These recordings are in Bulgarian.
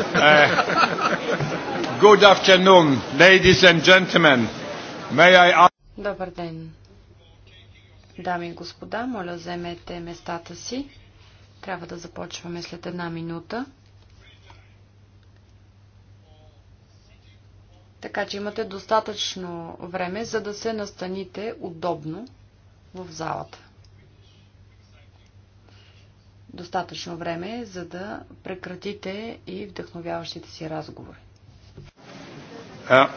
Uh, good afternoon, ladies and gentlemen. May I... Добър ден. Дами и господа, моля вземете местата си. Трябва да започваме след една минута. Така че имате достатъчно време, за да се настаните удобно в залата достатъчно време, за да прекратите и вдъхновяващите си разговори. Uh,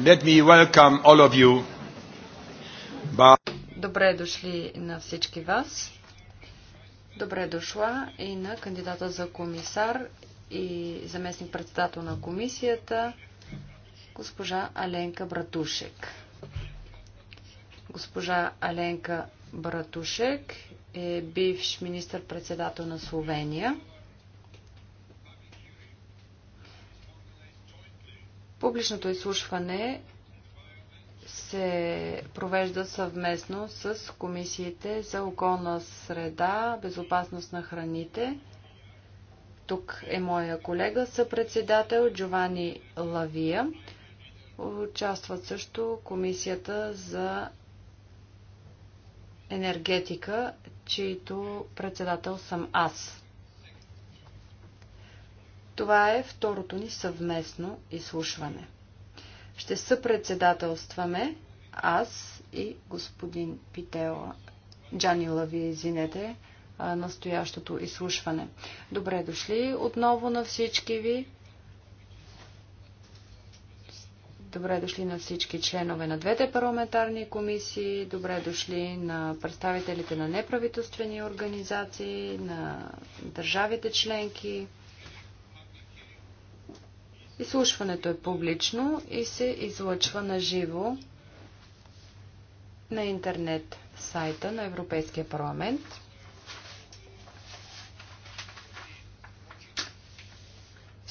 let me welcome all of you. Добре дошли на всички вас. Добре дошла и на кандидата за комисар и заместник председател на комисията, госпожа Аленка Братушек. Госпожа Аленка Братушек е бивш министър-председател на Словения. Публичното изслушване се провежда съвместно с комисиите за околна среда, безопасност на храните. Тук е моя колега, съпредседател Джовани Лавия. Участват също комисията за енергетика чието председател съм аз. Това е второто ни съвместно изслушване. Ще съпредседателстваме аз и господин Питела, Джани Лави, извинете, настоящото изслушване. Добре дошли отново на всички ви. Добре дошли на всички членове на двете парламентарни комисии, добре дошли на представителите на неправителствени организации, на държавите членки. Изслушването е публично и се излъчва на живо на интернет сайта на Европейския парламент.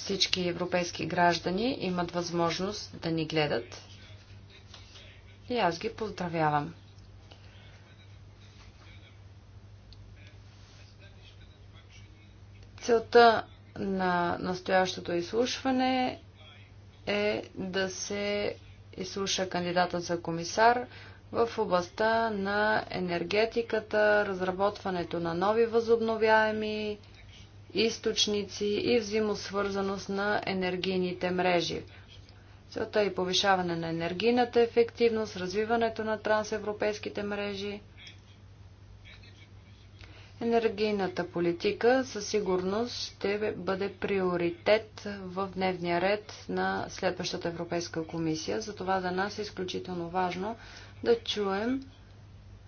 всички европейски граждани имат възможност да ни гледат. И аз ги поздравявам. Целта на настоящото изслушване е да се изслуша кандидата за комисар в областта на енергетиката, разработването на нови възобновяеми източници и взаимосвързаност на енергийните мрежи. Целта е повишаване на енергийната ефективност, развиването на трансевропейските мрежи. Енергийната политика със сигурност ще бъде приоритет в дневния ред на следващата Европейска комисия. Затова за нас е изключително важно да чуем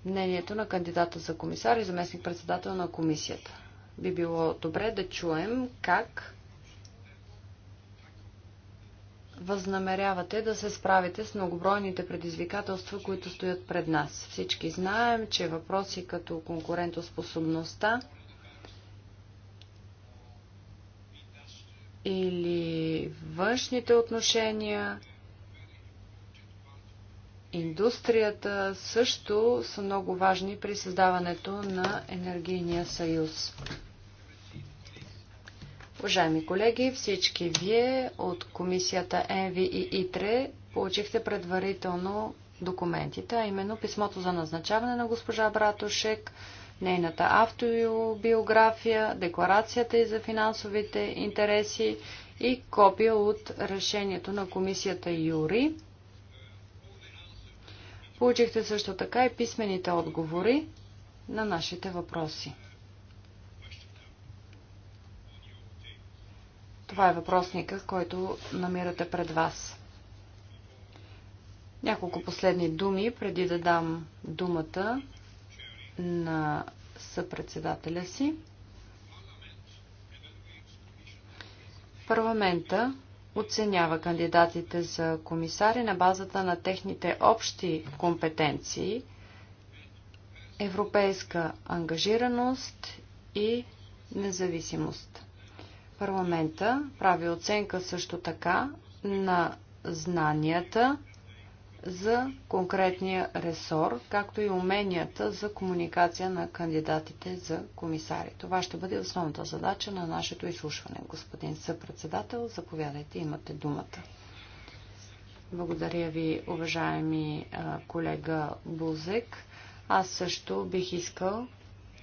мнението на кандидата за комисар и заместник-председател на комисията би било добре да чуем как възнамерявате да се справите с многобройните предизвикателства, които стоят пред нас. Всички знаем, че въпроси като конкурентоспособността или външните отношения индустрията също са много важни при създаването на енергийния съюз. Уважаеми колеги, всички вие от комисията ЕНВИ и ИТРЕ получихте предварително документите, а именно писмото за назначаване на госпожа Братушек, нейната автобиография, декларацията и за финансовите интереси и копия от решението на комисията Юри Получихте също така и писмените отговори на нашите въпроси. Това е въпросника, който намирате пред вас. Няколко последни думи, преди да дам думата на съпредседателя си. Парламента оценява кандидатите за комисари на базата на техните общи компетенции, европейска ангажираност и независимост. Парламента прави оценка също така на знанията, за конкретния ресор, както и уменията за комуникация на кандидатите за комисари. Това ще бъде основната задача на нашето изслушване. Господин съпредседател, заповядайте, имате думата. Благодаря ви, уважаеми колега Бузек. Аз също бих искал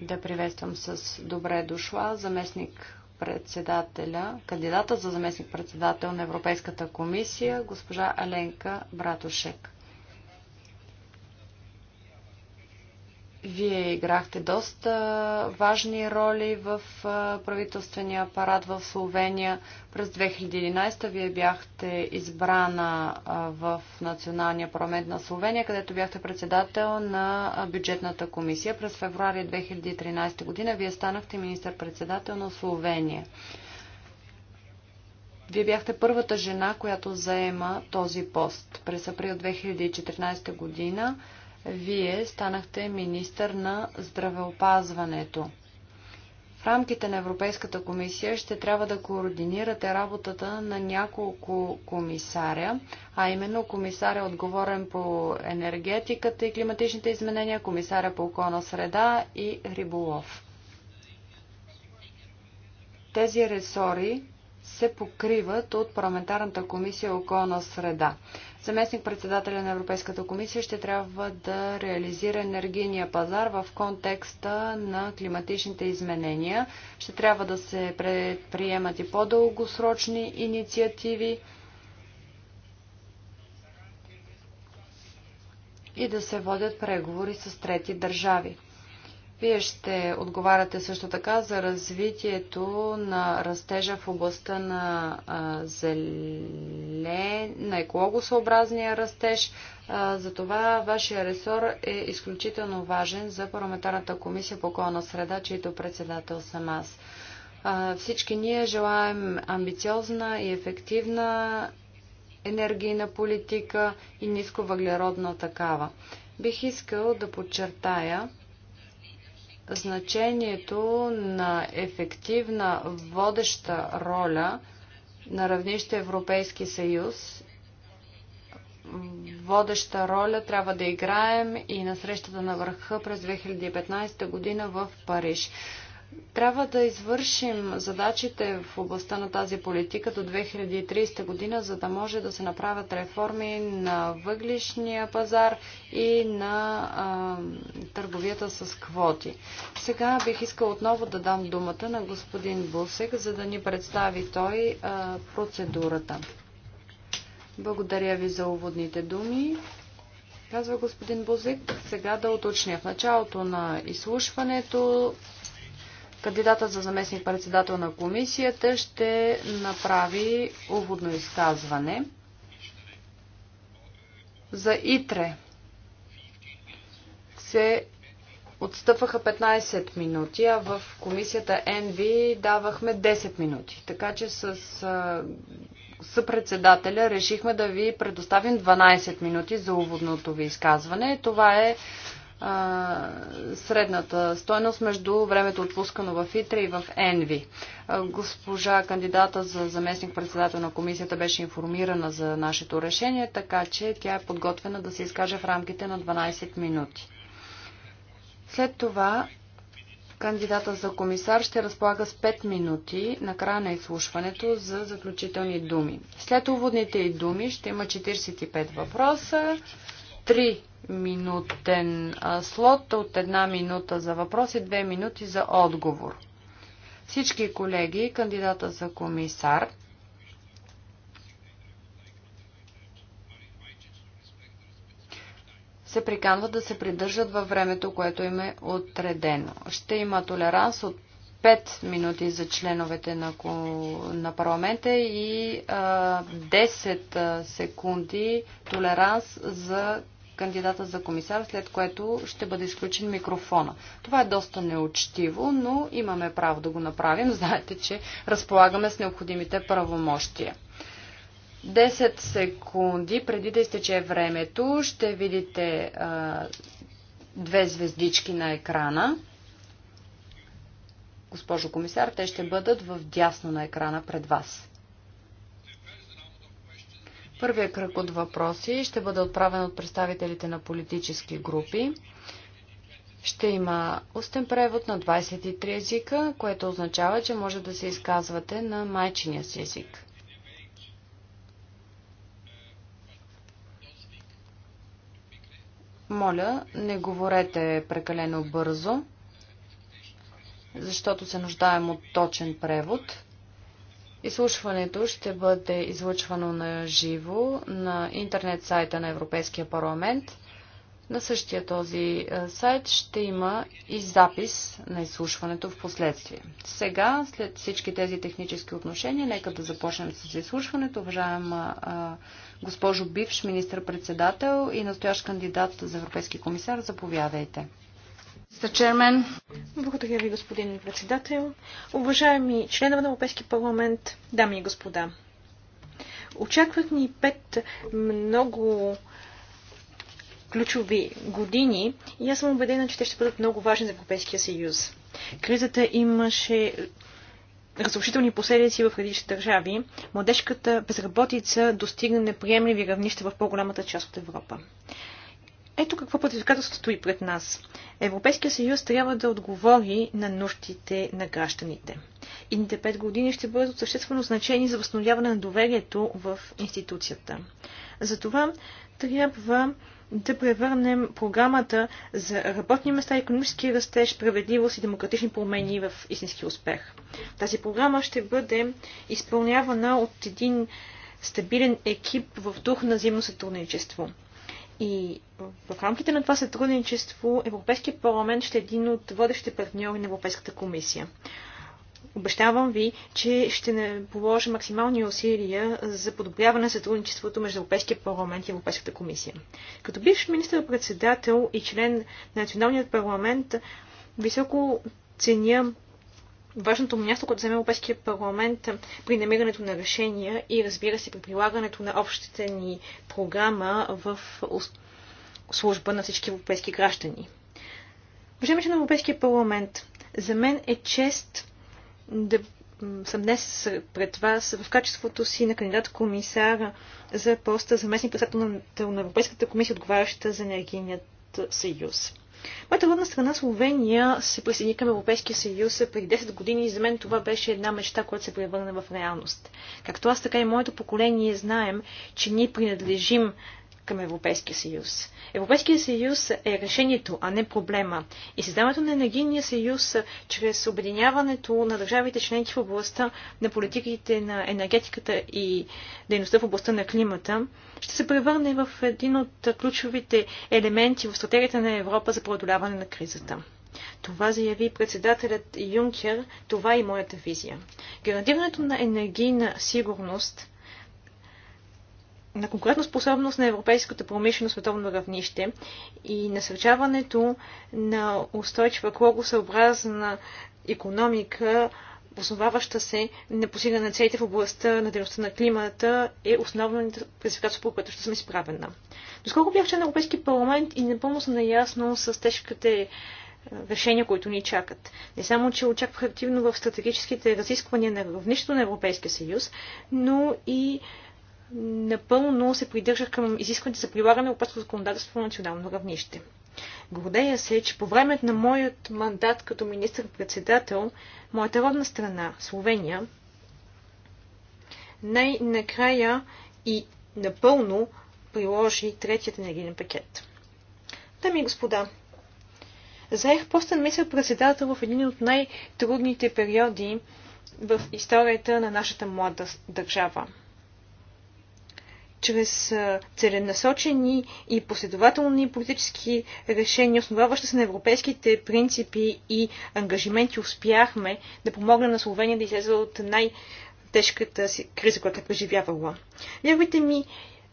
да приветствам с добре дошла заместник председателя, кандидата за заместник председател на Европейската комисия, госпожа Аленка Братушек. Вие играхте доста важни роли в правителствения апарат в Словения. През 2011 вие бяхте избрана в Националния парламент на Словения, където бяхте председател на бюджетната комисия. През февруари 2013 година вие станахте министър-председател на Словения. Вие бяхте първата жена, която заема този пост. През април 2014 година вие станахте министър на здравеопазването. В рамките на Европейската комисия ще трябва да координирате работата на няколко комисаря, а именно комисаря отговорен по енергетиката и климатичните изменения, комисаря по околна среда и риболов. Тези ресори се покриват от парламентарната комисия околна среда. Заместник председателя на Европейската комисия ще трябва да реализира енергийния пазар в контекста на климатичните изменения. Ще трябва да се предприемат и по-дългосрочни инициативи и да се водят преговори с трети държави. Вие ще отговаряте също така за развитието на растежа в областта на, зелен, на екологосъобразния растеж. затова вашия ресор е изключително важен за парламентарната комисия по околна среда, чието председател съм аз. всички ние желаем амбициозна и ефективна енергийна политика и нисковъглеродна такава. Бих искал да подчертая, значението на ефективна водеща роля на равнище Европейски съюз. Водеща роля трябва да играем и на срещата на върха през 2015 година в Париж. Трябва да извършим задачите в областта на тази политика до 2030 година, за да може да се направят реформи на въглишния пазар и на а, търговията с квоти. Сега бих искал отново да дам думата на господин Бусек, за да ни представи той а, процедурата. Благодаря ви за уводните думи. Казва господин Бузик, сега да уточня. В началото на изслушването Кандидатът за заместник председател на комисията ще направи уводно изказване. За ИТРЕ се отстъпваха 15 минути, а в комисията НВ давахме 10 минути. Така че с съпредседателя решихме да ви предоставим 12 минути за уводното ви изказване. Това е средната стойност между времето отпускано в ИТРА и в ЕНВИ. Госпожа кандидата за заместник председател на комисията беше информирана за нашето решение, така че тя е подготвена да се изкаже в рамките на 12 минути. След това кандидата за комисар ще разполага с 5 минути на края на изслушването за заключителни думи. След уводните и думи ще има 45 въпроса. 3-минутен слот от една минута за въпрос и 2 минути за отговор. Всички колеги, кандидата за комисар, се приканват да се придържат във времето, което им е отредено. Ще има толеранс от 5 минути за членовете на, на парламента и а, 10 секунди толеранс за кандидата за комисар, след което ще бъде изключен микрофона. Това е доста неучтиво, но имаме право да го направим. Знаете, че разполагаме с необходимите правомощия. 10 секунди преди да изтече времето ще видите а, две звездички на екрана. Госпожо комисар, те ще бъдат в дясно на екрана пред вас. Първият кръг от въпроси ще бъде отправен от представителите на политически групи. Ще има устен превод на 23 езика, което означава, че може да се изказвате на майчиния си език. Моля, не говорете прекалено бързо, защото се нуждаем от точен превод. Изслушването ще бъде излъчвано на живо на интернет сайта на Европейския парламент. На същия този е, сайт ще има и запис на изслушването в последствие. Сега, след всички тези технически отношения, нека да започнем с изслушването. Уважаема е, госпожо бивш министр-председател и настоящ кандидат за европейски комисар, заповядайте. Благодаря ви, господин председател. Уважаеми членове на Европейски парламент, дами и господа. Очакват ни пет много ключови години и аз съм убедена, че те ще бъдат много важни за Европейския съюз. Кризата имаше разрушителни последици в различни държави, младежката безработица достигна неприемливи равнища в по-голямата част от Европа. Ето какво предизвикателство стои пред нас. Европейския съюз трябва да отговори на нуждите на гражданите. Идните пет години ще бъдат от съществено значение за възстановяване на доверието в институцията. Затова трябва да превърнем програмата за работни места, економически растеж, справедливост и демократични промени в истински успех. Тази програма ще бъде изпълнявана от един стабилен екип в дух на взаимно сътрудничество. И в рамките на това сътрудничество Европейския парламент ще е един от водещите партньори на Европейската комисия. Обещавам ви, че ще не положа максимални усилия за подобряване на сътрудничеството между Европейския парламент и Европейската комисия. Като бивш министър-председател и член на Националният парламент, високо ценя важното място, което вземе Европейския парламент при намирането на решения и разбира се при прилагането на общата ни програма в служба на всички европейски граждани. Уважаеми че на Европейския парламент, за мен е чест да съм днес пред вас в качеството си на кандидат-комисар за поста заместник председател на Европейската комисия, отговаряща за енергийният съюз. Моята родна страна Словения се присъедини към Европейския съюз преди 10 години и за мен това беше една мечта, която се превърна в реалност. Както аз, така и моето поколение знаем, че ние принадлежим към Европейския съюз. Европейския съюз е решението, а не проблема. И създаването на енергийния съюз чрез обединяването на държавите членки в областта на политиките на енергетиката и дейността в областта на климата ще се превърне в един от ключовите елементи в стратегията на Европа за преодоляване на кризата. Това заяви председателят Юнкер, това е и моята визия. Гарантирането на енергийна сигурност – на конкретна способност на европейската промишлено световно равнище и насърчаването на устойчива клогосъобразна економика, основаваща се на постигане на целите в областта на дейността на климата, е основната предизвикателство, по което ще съм изправена. сколко бях член на Европейски парламент и напълно съм наясно с тежките е, решения, които ни чакат. Не само, че очаквах активно в стратегическите разисквания на равнището на Европейския съюз, но и напълно се придържах към изискването за прилагане на опасното законодателство на национално равнище. Гордея се, че по време на моят мандат като министър-председател, моята родна страна, Словения, най-накрая и напълно приложи третият енергиен пакет. Дами и господа, заех постен мисъл председател в един от най-трудните периоди в историята на нашата млада държава чрез целенасочени и последователни политически решения, основаващи се на европейските принципи и ангажименти, успяхме да помогнем на Словения да излезе от най-тежката си криза, която е преживявала. Вярвайте ми,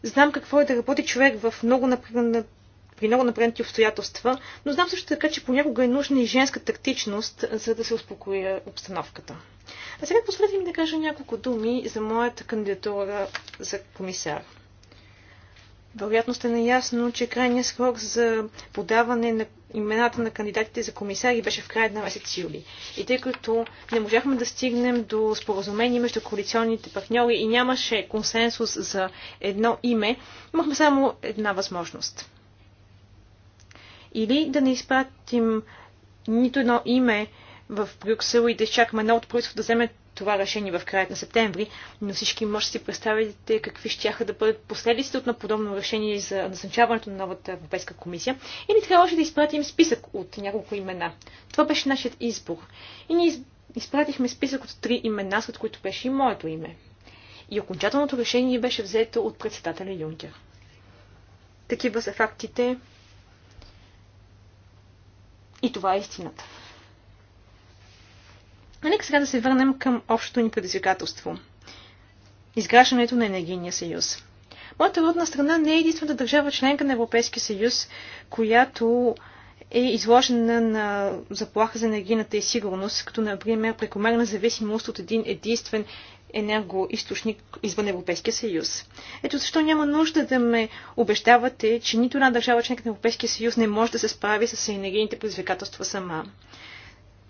знам какво е да работи човек в много напрегната при много напрегнати обстоятелства, но знам също така, че понякога е нужна и женска тактичност, за да се успокои обстановката. А сега позволете ми да кажа няколко думи за моята кандидатура за комисар. Вероятно сте наясно, че крайният срок за подаване на имената на кандидатите за комисари беше в края на месец юли. И тъй като не можахме да стигнем до споразумение между коалиционните партньори и нямаше консенсус за едно име, имахме само една възможност. Или да не изпратим нито едно име в Брюксел и да чакаме едно от правителството да вземе това решение в края на септември, но всички може да си представите какви ще да бъдат последиците от на подобно решение за назначаването на новата Европейска комисия. И ни трябваше да изпратим списък от няколко имена. Това беше нашият избор. И ние изпратихме списък от три имена, след които беше и моето име. И окончателното решение беше взето от председателя Юнкер. Такива са фактите. И това е истината. А нека сега да се върнем към общото ни предизвикателство. Изграждането на енергийния съюз. Моята родна страна не е единствената държава членка на Европейския съюз, която е изложена на заплаха за енергийната и сигурност, като например прекомерна зависимост от един единствен енергоисточник извън Европейския съюз. Ето защо няма нужда да ме обещавате, че нито една държава членка на Европейския съюз не може да се справи с енергийните предизвикателства сама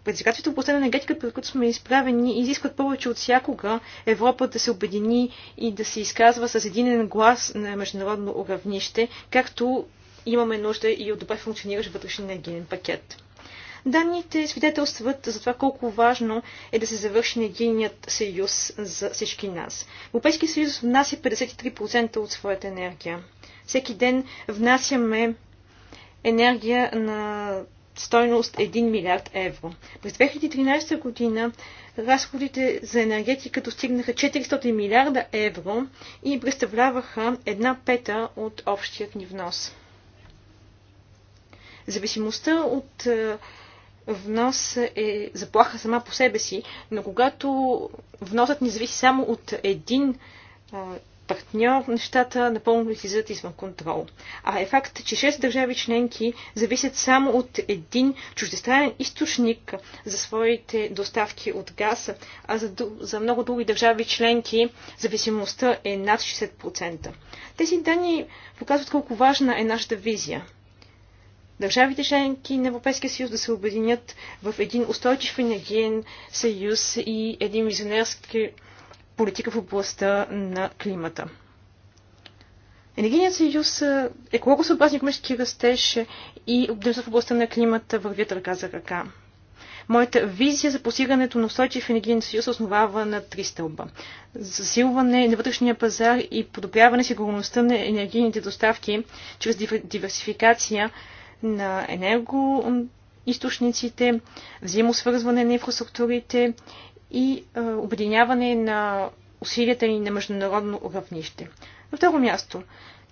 предизвикателството в областта на енергетиката, пред които сме изправени, изискват повече от всякога Европа да се обедини и да се изказва с единен глас на международно уравнище, както имаме нужда и от добре функциониращ вътрешен енергиен пакет. Данните свидетелстват за това колко важно е да се завърши енергийният съюз за всички нас. Европейския съюз внася 53% от своята енергия. Всеки ден внасяме енергия на стойност 1 милиард евро. През 2013 година разходите за енергетика достигнаха 400 милиарда евро и представляваха една пета от общият ни внос. Зависимостта от е, внос е заплаха сама по себе си, но когато вносът ни зависи само от един е, партньор, нещата напълно излизат извън контрол. А е факт, че 6 държави членки зависят само от един чуждестранен източник за своите доставки от газ, а за, за много други държави членки зависимостта е над 60%. Тези данни показват колко важна е нашата визия. Държавите членки на Европейския съюз да се объединят в един устойчив енергиен съюз и един визионерски политика в областта на климата. Енергийният съюз, екологосъобразни е економически растеж е, и обдържа в областта на климата вървят ръка за ръка. Моята визия за постигането на устойчив енергиен съюз основава на три стълба. Засилване на вътрешния пазар и подобряване сигурността на енергийните доставки чрез диверсификация на енергоисточниците, взаимосвързване на инфраструктурите и обединяване на усилията ни на международно равнище. На второ място,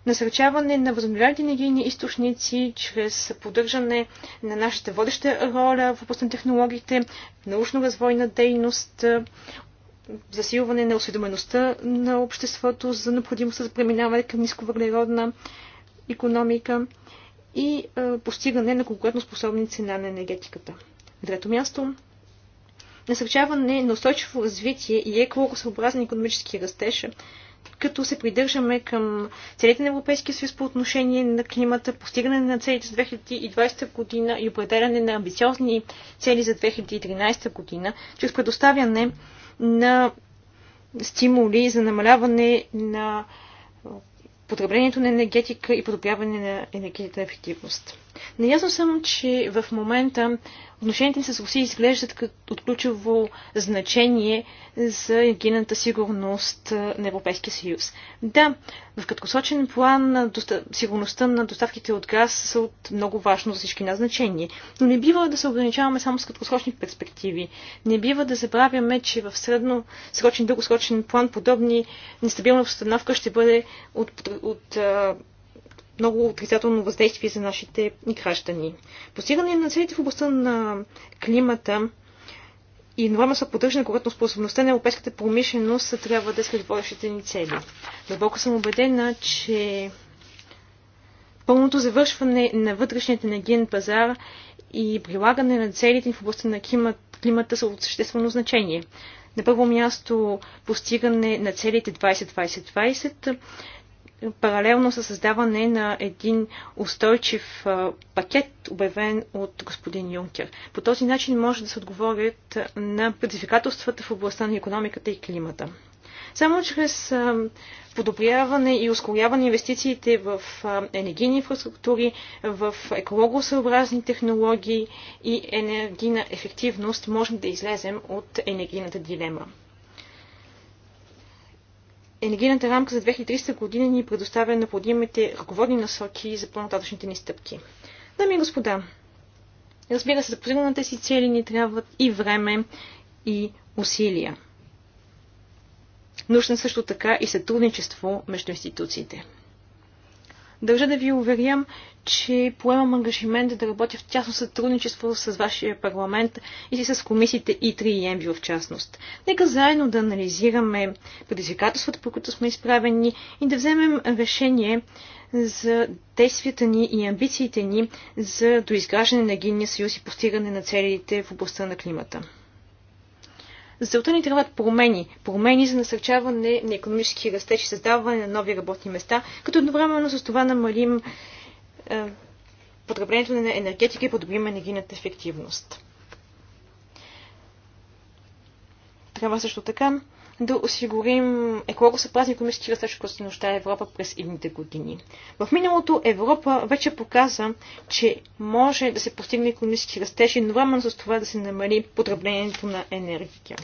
насърчаване на възобновяемите енергийни източници чрез поддържане на нашата водеща роля в областта на технологиите, научно-развойна дейност, засилване на осведомеността на обществото за необходимостта за преминаване към нисковъглеродна економика и постигане на конкурентоспособни цена на енергетиката. На трето място насърчаване на устойчиво развитие и екологосъобразен економически растеж, като се придържаме към целите на Европейския съюз по отношение на климата, постигане на целите за 2020 година и определяне на амбициозни цели за 2013 година, чрез предоставяне на стимули за намаляване на потреблението на енергетика и подобряване на енергийната ефективност. Неясно съм, че в момента отношенията ни с Русия изглеждат като от ключово значение за енергийната сигурност на Европейския съюз. Да, в краткосрочен план сигурността на доставките от газ са от много важно за всички нас значение. Но не бива да се ограничаваме само с краткосрочни перспективи. Не бива да забравяме, че в средно срочен и дългосрочен план подобни нестабилна обстановка ще бъде от, от, от много отрицателно въздействие за нашите граждани. Постигане на целите в областта на климата и норма са поддържане, когато способността на европейската промишленост трябва да след сред водещите ни цели. Дълбоко съм убедена, че пълното завършване на вътрешният енергиен пазар и прилагане на целите в областта на климата са от съществено значение. На първо място постигане на целите 20-20-20, паралелно с създаване на един устойчив пакет, обявен от господин Юнкер. По този начин може да се отговорят на предизвикателствата в областта на економиката и климата. Само чрез подобряване и ускоряване инвестициите в енергийни инфраструктури, в екологосъобразни технологии и енергийна ефективност можем да излезем от енергийната дилема енергийната рамка за 2300 година ни предоставя необходимите ръководни насоки за по-нататъчните ни стъпки. Дами и господа, разбира се, за на си цели ни трябват и време, и усилия. Нужно е също така и сътрудничество между институциите. Държа да ви уверям, че поемам ангажимент да работя в тясно сътрудничество с вашия парламент и с комисиите И3 и МВ в частност. Нека заедно да анализираме предизвикателствата, по които сме изправени и да вземем решение за действията ни и амбициите ни за доизграждане на Гинния съюз и постигане на целите в областта на климата. За целта ни трябват промени. Промени за насърчаване на економически растеж и създаване на нови работни места, като едновременно с това намалим е, потреблението на енергетика и подобрим енергийната ефективност. Трябва също така да осигурим екологосъпразен економически растеж, който се нуждае Европа през едните години. В миналото Европа вече показа, че може да се постигне економически растеж, едновременно с това да се намали потреблението на енергия.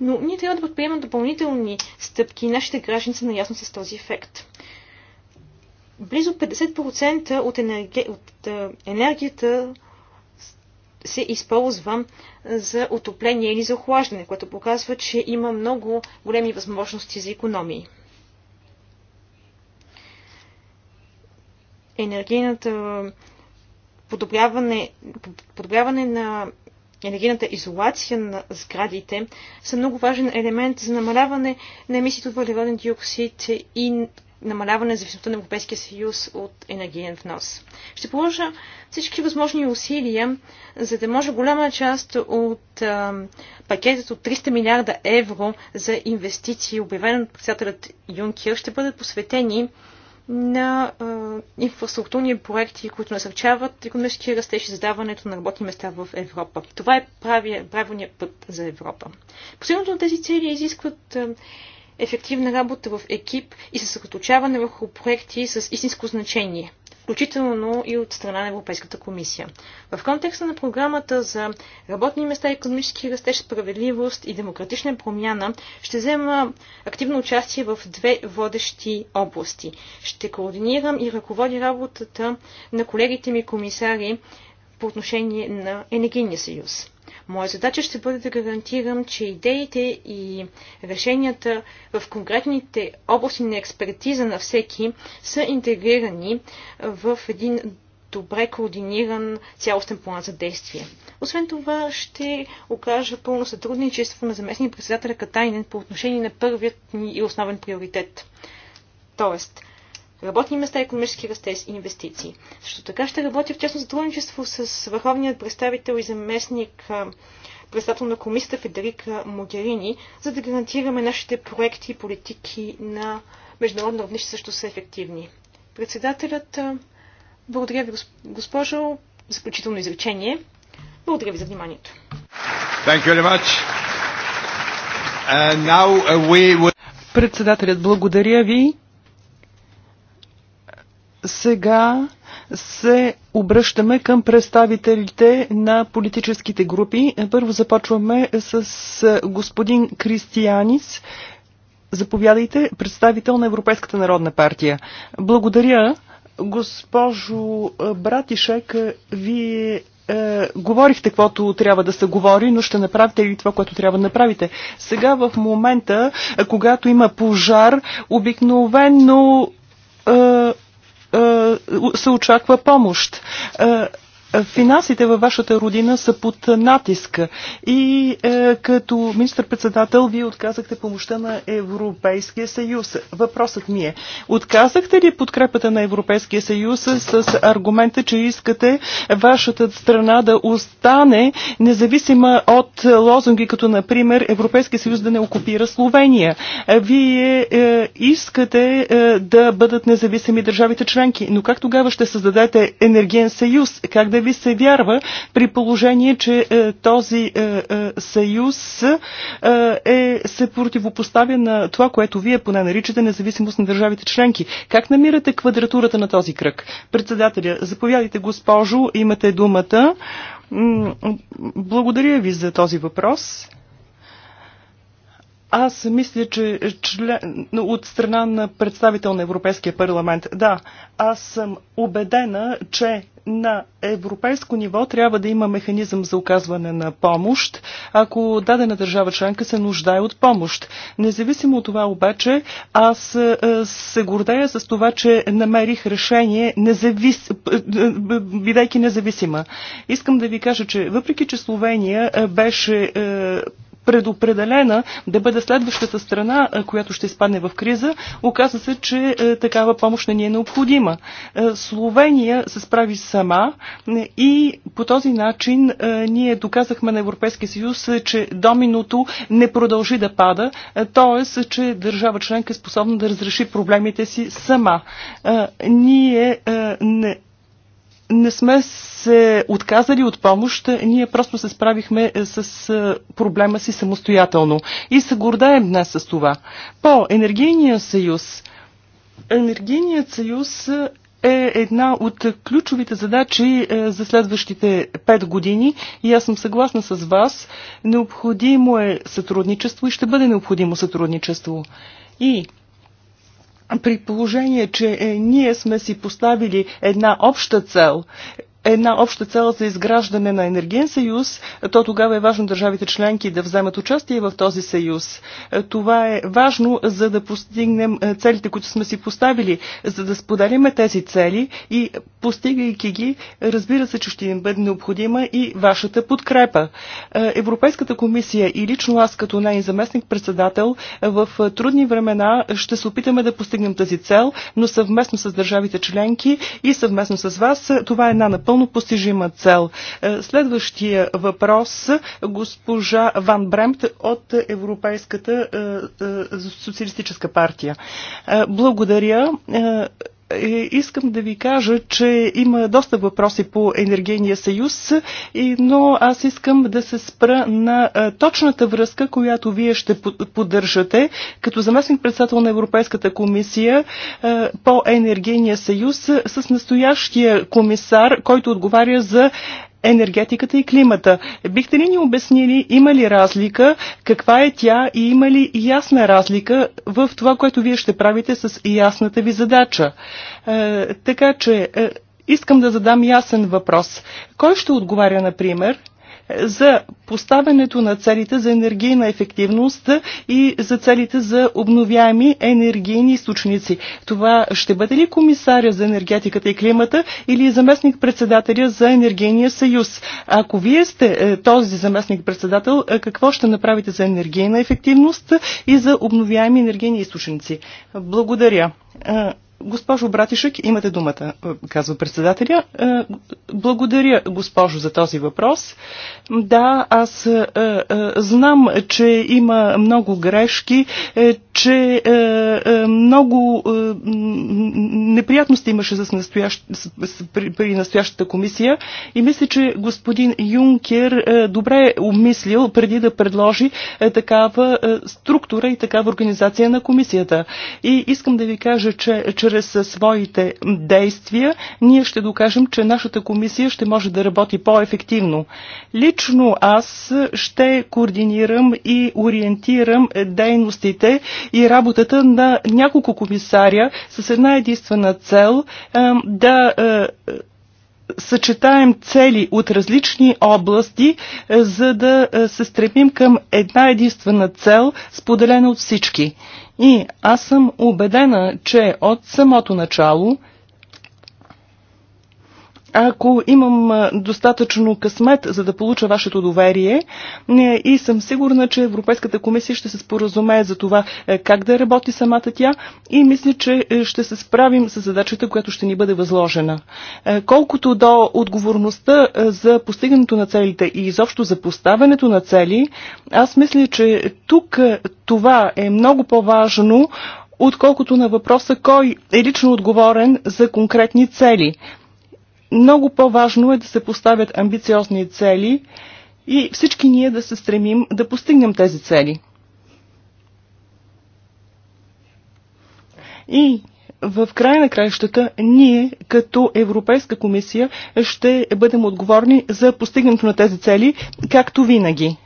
Но ние трябва да предприемем допълнителни стъпки и нашите граждани са наясно с този ефект. Близо 50% от, енерги... от е, енергията се използва за отопление или за охлаждане, което показва, че има много големи възможности за економии. Енергийната подобряване, подобряване на енергийната изолация на сградите са много важен елемент за намаляване на емисиите от въглероден диоксид и намаляване зависимостта на Европейския съюз от енергиен внос. Ще положа всички възможни усилия, за да може голяма част от а, пакетът от 300 милиарда евро за инвестиции, обявен от председателят Юнкер, ще бъдат посветени на а, инфраструктурни проекти, които насърчават економически растеж и задаването на работни места в Европа. Това е правилният път за Европа. Последното на тези цели изискват а, ефективна работа в екип и съсредоточаване върху проекти с истинско значение, включително и от страна на Европейската комисия. В контекста на програмата за работни места, економически растеж, справедливост и демократична промяна ще взема активно участие в две водещи области. Ще координирам и ръководя работата на колегите ми комисари по отношение на Енергийния съюз. Моя задача ще бъде да гарантирам, че идеите и решенията в конкретните области на експертиза на всеки са интегрирани в един добре координиран цялостен план за действие. Освен това ще окажа пълно сътрудничество на заместния председателя Катайнен по отношение на първият ни и основен приоритет. Тоест, работни места, економически растеж и инвестиции. Също така ще работя в тясно сътрудничество с върховният представител и заместник председател на комисията Федерика Могерини, за да гарантираме нашите проекти и политики на международно равнище също са ефективни. Председателят, благодаря ви, госпожо, заключително изречение. Благодаря ви за вниманието. Will... Uh, Председателят, благодаря ви сега се обръщаме към представителите на политическите групи. Първо започваме с господин Кристиянис. Заповядайте, представител на Европейската народна партия. Благодаря, госпожо Братишек. Вие е, говорихте каквото трябва да се говори, но ще направите и това, което трябва да направите. Сега в момента, когато има пожар, обикновено е, е, се очаква помощ. Е, Финансите във вашата родина са под натиск и е, като министр-председател вие отказахте помощта на Европейския съюз. Въпросът ми е, отказахте ли подкрепата на Европейския съюз с аргумента, че искате вашата страна да остане независима от лозунги, като например Европейския съюз да не окупира Словения? Вие е, искате е, да бъдат независими държавите членки, но как тогава ще създадете енергиен съюз? Как да ви се вярва, при положение, че е, този е, е, съюз е, се противопоставя на това, което вие поне наричате независимост на държавите членки. Как намирате квадратурата на този кръг? Председателя, заповядайте, госпожо, имате думата. Благодаря ви за този въпрос. Аз мисля, че член, от страна на представител на Европейския парламент, да, аз съм убедена, че на европейско ниво трябва да има механизъм за оказване на помощ, ако дадена държава членка се нуждае от помощ. Независимо от това обаче, аз е, се гордея с това, че намерих решение, независ... Е, бидейки независима. Искам да ви кажа, че въпреки, че Словения е, беше предопределена да бъде следващата страна, е, която ще изпадне в криза, оказа се, че е, такава помощ не ни е необходима. Е, Словения се справи сама и по този начин ние доказахме на Европейския съюз, че доминото не продължи да пада, т.е. че държава членка е способна да разреши проблемите си сама. Ние не не сме се отказали от помощ, ние просто се справихме е, с е, проблема си самостоятелно и се гордаем днес с това. По енергийния съюз. Енергийният съюз е, е една от ключовите задачи за следващите 5 години и аз съм съгласна с вас. Необходимо е сътрудничество и ще бъде необходимо сътрудничество. И при положение, че е, ние сме си поставили една обща цел, една обща цел за изграждане на енергиен съюз, то тогава е важно държавите членки да вземат участие в този съюз. Е, това е важно, за да постигнем е, целите, които сме си поставили, за да споделиме тези цели и постигайки ги, разбира се, че ще им бъде необходима и вашата подкрепа. Е, Европейската комисия и лично аз като най заместник-председател в трудни времена ще се опитаме да постигнем тази цел, но съвместно с държавите членки и съвместно с вас това е една напълно напълно постижима цел. Е, следващия въпрос госпожа Ван Бремт от Европейската е, е, социалистическа партия. Благодаря. Е, искам да ви кажа, че има доста въпроси по енергийния съюз, но аз искам да се спра на точната връзка, която вие ще поддържате като заместник председател на Европейската комисия по енергийния съюз с настоящия комисар, който отговаря за енергетиката и климата. Бихте ли ни обяснили, има ли разлика, каква е тя и има ли ясна разлика в това, което вие ще правите с ясната ви задача? Е, така че е, искам да задам ясен въпрос. Кой ще отговаря, например, за поставянето на целите за енергийна ефективност и за целите за обновяеми енергийни източници. Това ще бъде ли комисаря за енергетиката и климата или заместник председателя за енергийния съюз? Ако вие сте е, този заместник председател, е, какво ще направите за енергийна ефективност и за обновяеми енергийни източници? Благодаря. Е, Госпожо Братишек, имате думата, е, казва председателя. Е, благодаря, госпожо, за този въпрос. Да, аз е, знам, че има много грешки, че много неприятности имаше с настоящ, при настоящата комисия и мисля, че господин Юнкер добре е умислил преди да предложи такава структура и такава организация на комисията. И искам да ви кажа, че чрез чрез своите действия ние ще докажем, че нашата комисия ще може да работи по-ефективно. Лично аз ще координирам и ориентирам дейностите и работата на няколко комисаря с една единствена цел да е, съчетаем цели от различни области, е, за да е, се стремим към една единствена цел, споделена от всички. И аз съм убедена, че от самото начало – ако имам достатъчно късмет, за да получа вашето доверие е, и съм сигурна, че Европейската комисия ще се споразумее за това е, как да работи самата тя и мисля, че е, ще се справим с задачата, която ще ни бъде възложена. Колкото до отговорността за постигането на целите и изобщо за поставянето на цели, аз мисля, че тук това е много по-важно, отколкото на въпроса кой е лично отговорен за конкретни цели – много по-важно е да се поставят амбициозни цели и всички ние да се стремим да постигнем тези цели. И в края на краищата ние като Европейска комисия ще бъдем отговорни за постигането на тези цели, както винаги.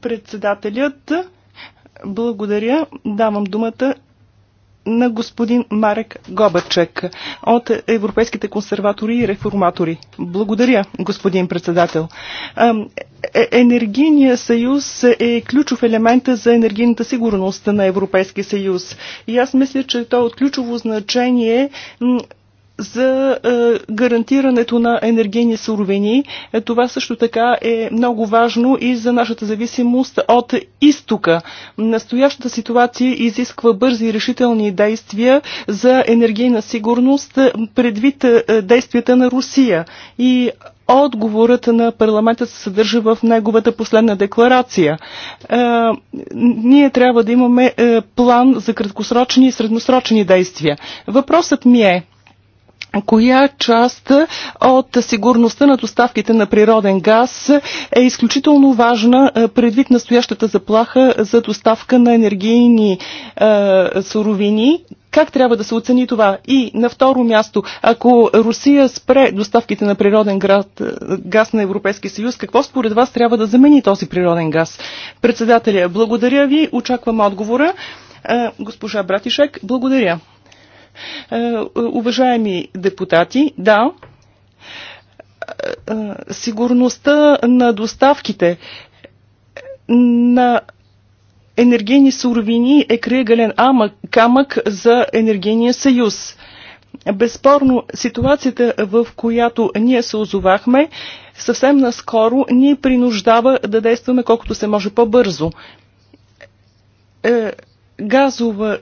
Председателят, благодаря, давам думата на господин Марек Гобачек от Европейските консерватори и реформатори. Благодаря, господин председател. Е, енергийният съюз е ключов елемент за енергийната сигурност на Европейския съюз. И аз мисля, че то е от ключово значение за е, гарантирането на енергийни суровини. Е, това също така е много важно и за нашата зависимост от изтока. Настоящата ситуация изисква бързи и решителни действия за енергийна сигурност е, предвид действията на Русия. И Отговорът на парламента се съдържа в неговата последна декларация. Е, ние трябва да имаме е, план за краткосрочни и средносрочни действия. Въпросът ми е, коя част от сигурността на доставките на природен газ е изключително важна е, предвид настоящата заплаха за доставка на енергийни е, суровини. Как трябва да се оцени това? И на второ място, ако Русия спре доставките на природен е, газ на Европейския съюз, какво според вас трябва да замени този природен газ? Председателя, благодаря ви, очаквам отговора. Е, госпожа Братишек, благодаря. Е, уважаеми депутати, да, е, е, сигурността на доставките на енергийни суровини е кръгален камък за енергийния съюз. Безспорно, ситуацията, в която ние се озовахме, съвсем наскоро ни принуждава да действаме колкото се може по-бързо. Газова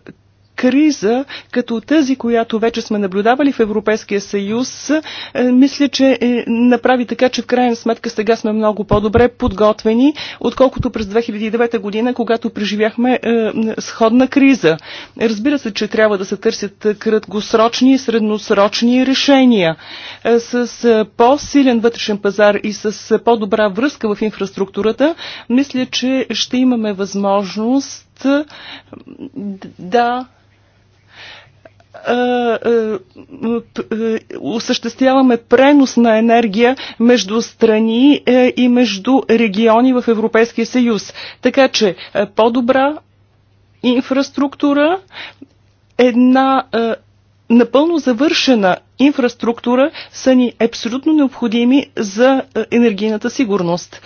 криза, като тази, която вече сме наблюдавали в Европейския съюз, е, мисля, че е, направи така, че в крайна сметка сега сме много по-добре подготвени, отколкото през 2009 година, когато преживяхме е, сходна криза. Разбира се, че трябва да се търсят краткосрочни и средносрочни решения. С по-силен вътрешен пазар и с по-добра връзка в инфраструктурата, мисля, че ще имаме възможност да осъществяваме пренос на енергия между страни е, и между региони в Европейския съюз. Така че е, по-добра инфраструктура, една е, напълно завършена инфраструктура са ни абсолютно необходими за енергийната сигурност.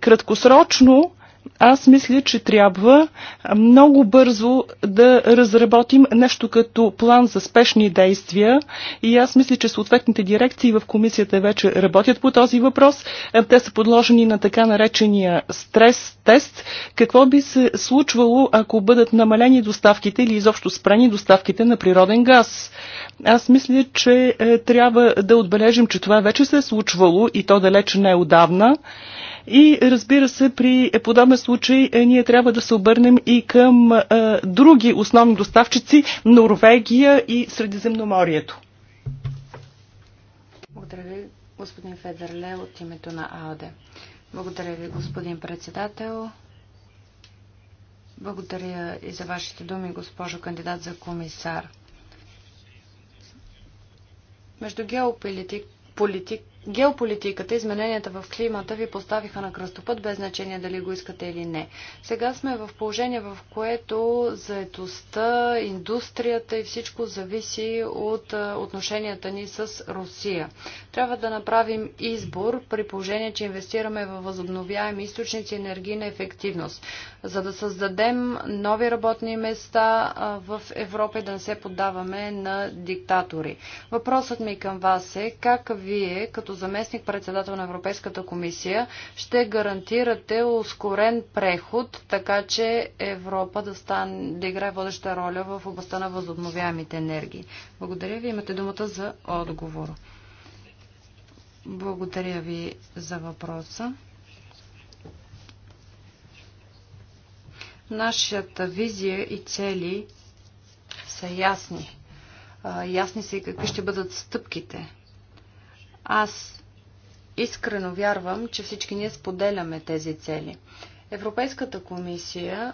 Краткосрочно аз мисля, че трябва много бързо да разработим нещо като план за спешни действия и аз мисля, че съответните дирекции в комисията вече работят по този въпрос. Те са подложени на така наречения стрес тест. Какво би се случвало, ако бъдат намалени доставките или изобщо спрени доставките на природен газ? Аз мисля, че е, трябва да отбележим, че това вече се е случвало и то далеч не е отдавна. И разбира се, при е, подобен случай е, ние трябва да се обърнем и към а, е, други основни доставчици Норвегия и Средиземноморието. Благодаря ви, господин Федерле, от името на АОД. Благодаря ви, господин председател. Благодаря и за вашите думи, госпожо кандидат за комисар. Между геополитик политик Геополитиката, измененията в климата ви поставиха на кръстопът, без значение дали го искате или не. Сега сме в положение, в което заетостта, индустрията и всичко зависи от отношенията ни с Русия. Трябва да направим избор при положение, че инвестираме в възобновяеми източници енергийна ефективност, за да създадем нови работни места в Европа и да не се поддаваме на диктатори. Въпросът ми към вас е как вие, като като заместник председател на Европейската комисия ще гарантирате ускорен преход, така че Европа да, стан, да играе водеща роля в областта на възобновяемите енергии? Благодаря ви. Имате думата за отговор. Благодаря ви за въпроса. Нашата визия и цели са ясни. Ясни са и какви ще бъдат стъпките. Аз искрено вярвам, че всички ние споделяме тези цели. Европейската комисия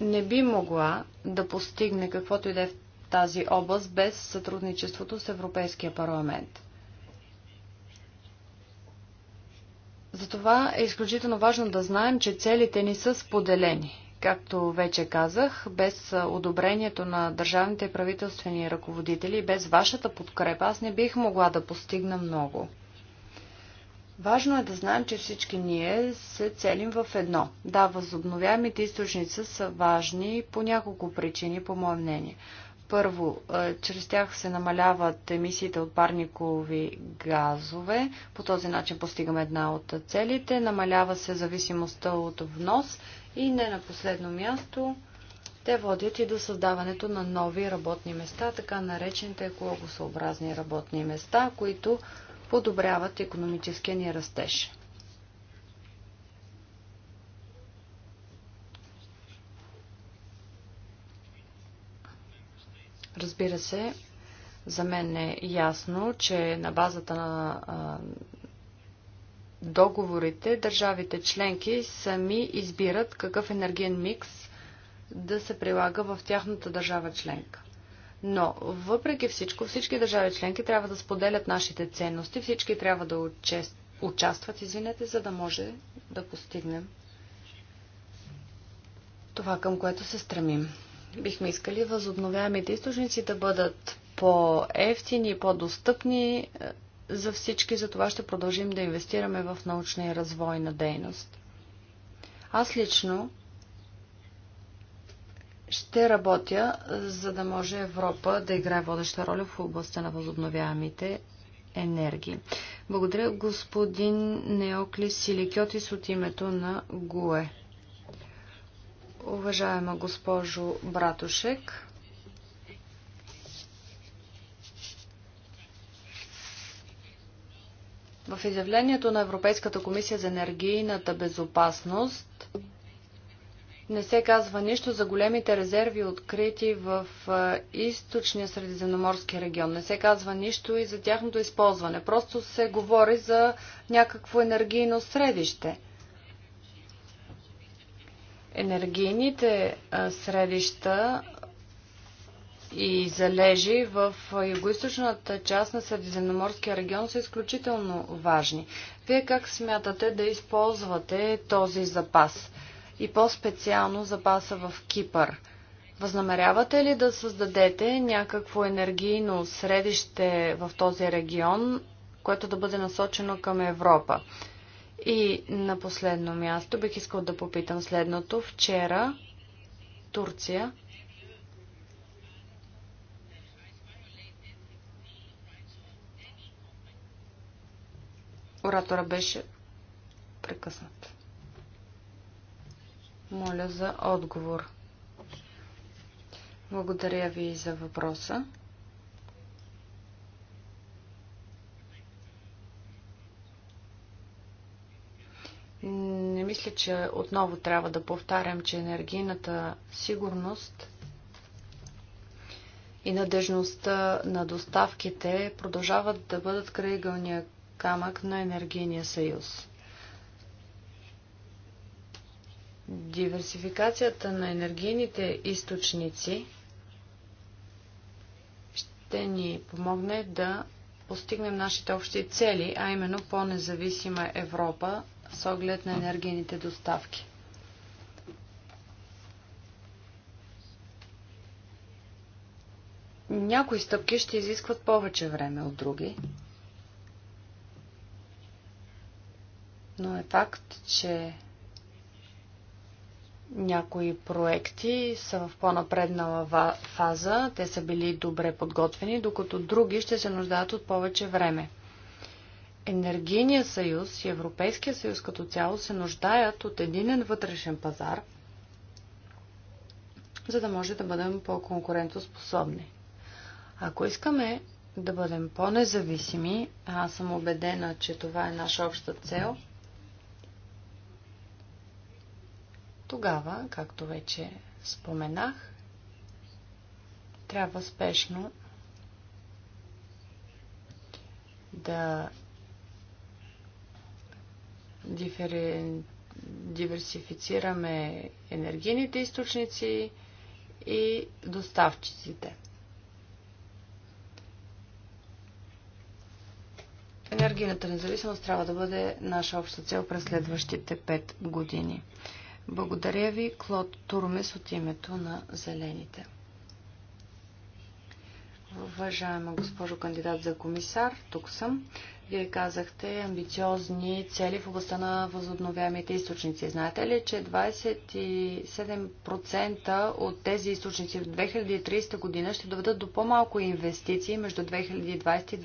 не би могла да постигне каквото и да е в тази област без сътрудничеството с Европейския парламент. Затова е изключително важно да знаем, че целите ни са споделени. Както вече казах, без одобрението на държавните правителствени ръководители без вашата подкрепа аз не бих могла да постигна много. Важно е да знаем, че всички ние се целим в едно. Да, възобновяемите източници са важни по няколко причини, по мое мнение. Първо, е, чрез тях се намаляват емисиите от парникови газове. По този начин постигаме една от целите. Намалява се зависимостта от внос. И не на последно място, те водят и до създаването на нови работни места, така наречените екологосъобразни работни места, които подобряват економическия ни растеж. Разбира се, за мен е ясно, че на базата на договорите държавите членки сами избират какъв енергиен микс да се прилага в тяхната държава членка. Но, въпреки всичко, всички държави членки трябва да споделят нашите ценности, всички трябва да участват, извинете, за да може да постигнем това, към което се стремим. Бихме искали възобновяемите източници да бъдат по-ефтини, по-достъпни, за всички, затова ще продължим да инвестираме в научна и развойна дейност. Аз лично ще работя, за да може Европа да играе водеща роля в областта на възобновяемите енергии. Благодаря господин Неокли Силикиотис от името на ГУЕ. Уважаема госпожо Братушек, В изявлението на Европейската комисия за енергийната безопасност не се казва нищо за големите резерви, открити в източния средиземноморски регион. Не се казва нищо и за тяхното използване. Просто се говори за някакво енергийно средище. Енергийните средища и залежи в югоизточната част на Средиземноморския регион са изключително важни. Вие как смятате да използвате този запас? И по-специално запаса в Кипър. Възнамерявате ли да създадете някакво енергийно средище в този регион, което да бъде насочено към Европа? И на последно място бих искал да попитам следното. Вчера Турция Оратора беше прекъснат. Моля за отговор. Благодаря ви за въпроса. Не мисля, че отново трябва да повтарям, че енергийната сигурност и надежността на доставките продължават да бъдат крайъгълния камък на енергийния съюз. Диверсификацията на енергийните източници ще ни помогне да постигнем нашите общи цели, а именно по-независима Европа с оглед на енергийните доставки. Някои стъпки ще изискват повече време от други, но е факт, че някои проекти са в по-напреднала фаза, те са били добре подготвени, докато други ще се нуждаят от повече време. Енергийният съюз и Европейския съюз като цяло се нуждаят от единен вътрешен пазар, за да може да бъдем по-конкурентоспособни. Ако искаме да бъдем по-независими, аз съм убедена, че това е наша обща цел – Тогава, както вече споменах, трябва спешно да диверсифицираме енергийните източници и доставчиците. Енергийната независимост трябва да бъде наша обща цел през следващите 5 години. Благодаря ви, Клод Турмес, от името на Зелените. Уважаема госпожо кандидат за комисар, тук съм. Вие казахте амбициозни цели в областта на възобновяемите източници. Знаете ли, че 27% от тези източници в 2030 година ще доведат до по-малко инвестиции между 2020 и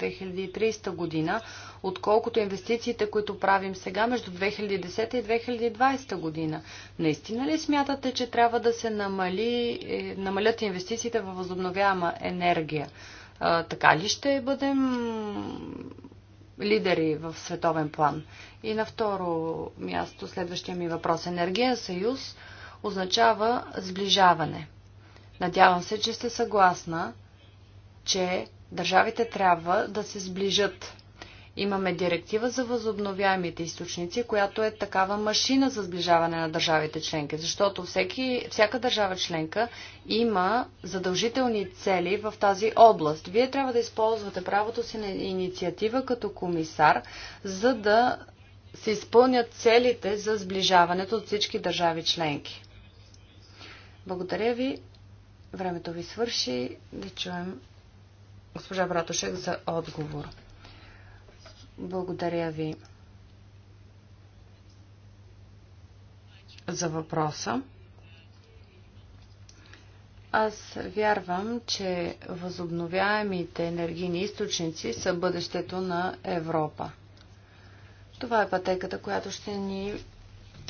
2030 година, отколкото инвестициите, които правим сега между 2010 и 2020 година? Наистина ли смятате, че трябва да се намали, е, намалят инвестициите във възобновяема енергия? А, така ли ще бъдем лидери в световен план. И на второ място, следващия ми въпрос. Енергия съюз означава сближаване. Надявам се, че сте съгласна, че държавите трябва да се сближат Имаме директива за възобновяемите източници, която е такава машина за сближаване на държавите членки, защото всеки, всяка държава членка има задължителни цели в тази област. Вие трябва да използвате правото си на инициатива като комисар, за да се изпълнят целите за сближаването от всички държави членки. Благодаря ви. Времето ви свърши. Да чуем госпожа Братошек за отговор. Благодаря ви за въпроса. Аз вярвам, че възобновяемите енергийни източници са бъдещето на Европа. Това е пътеката, която ще ни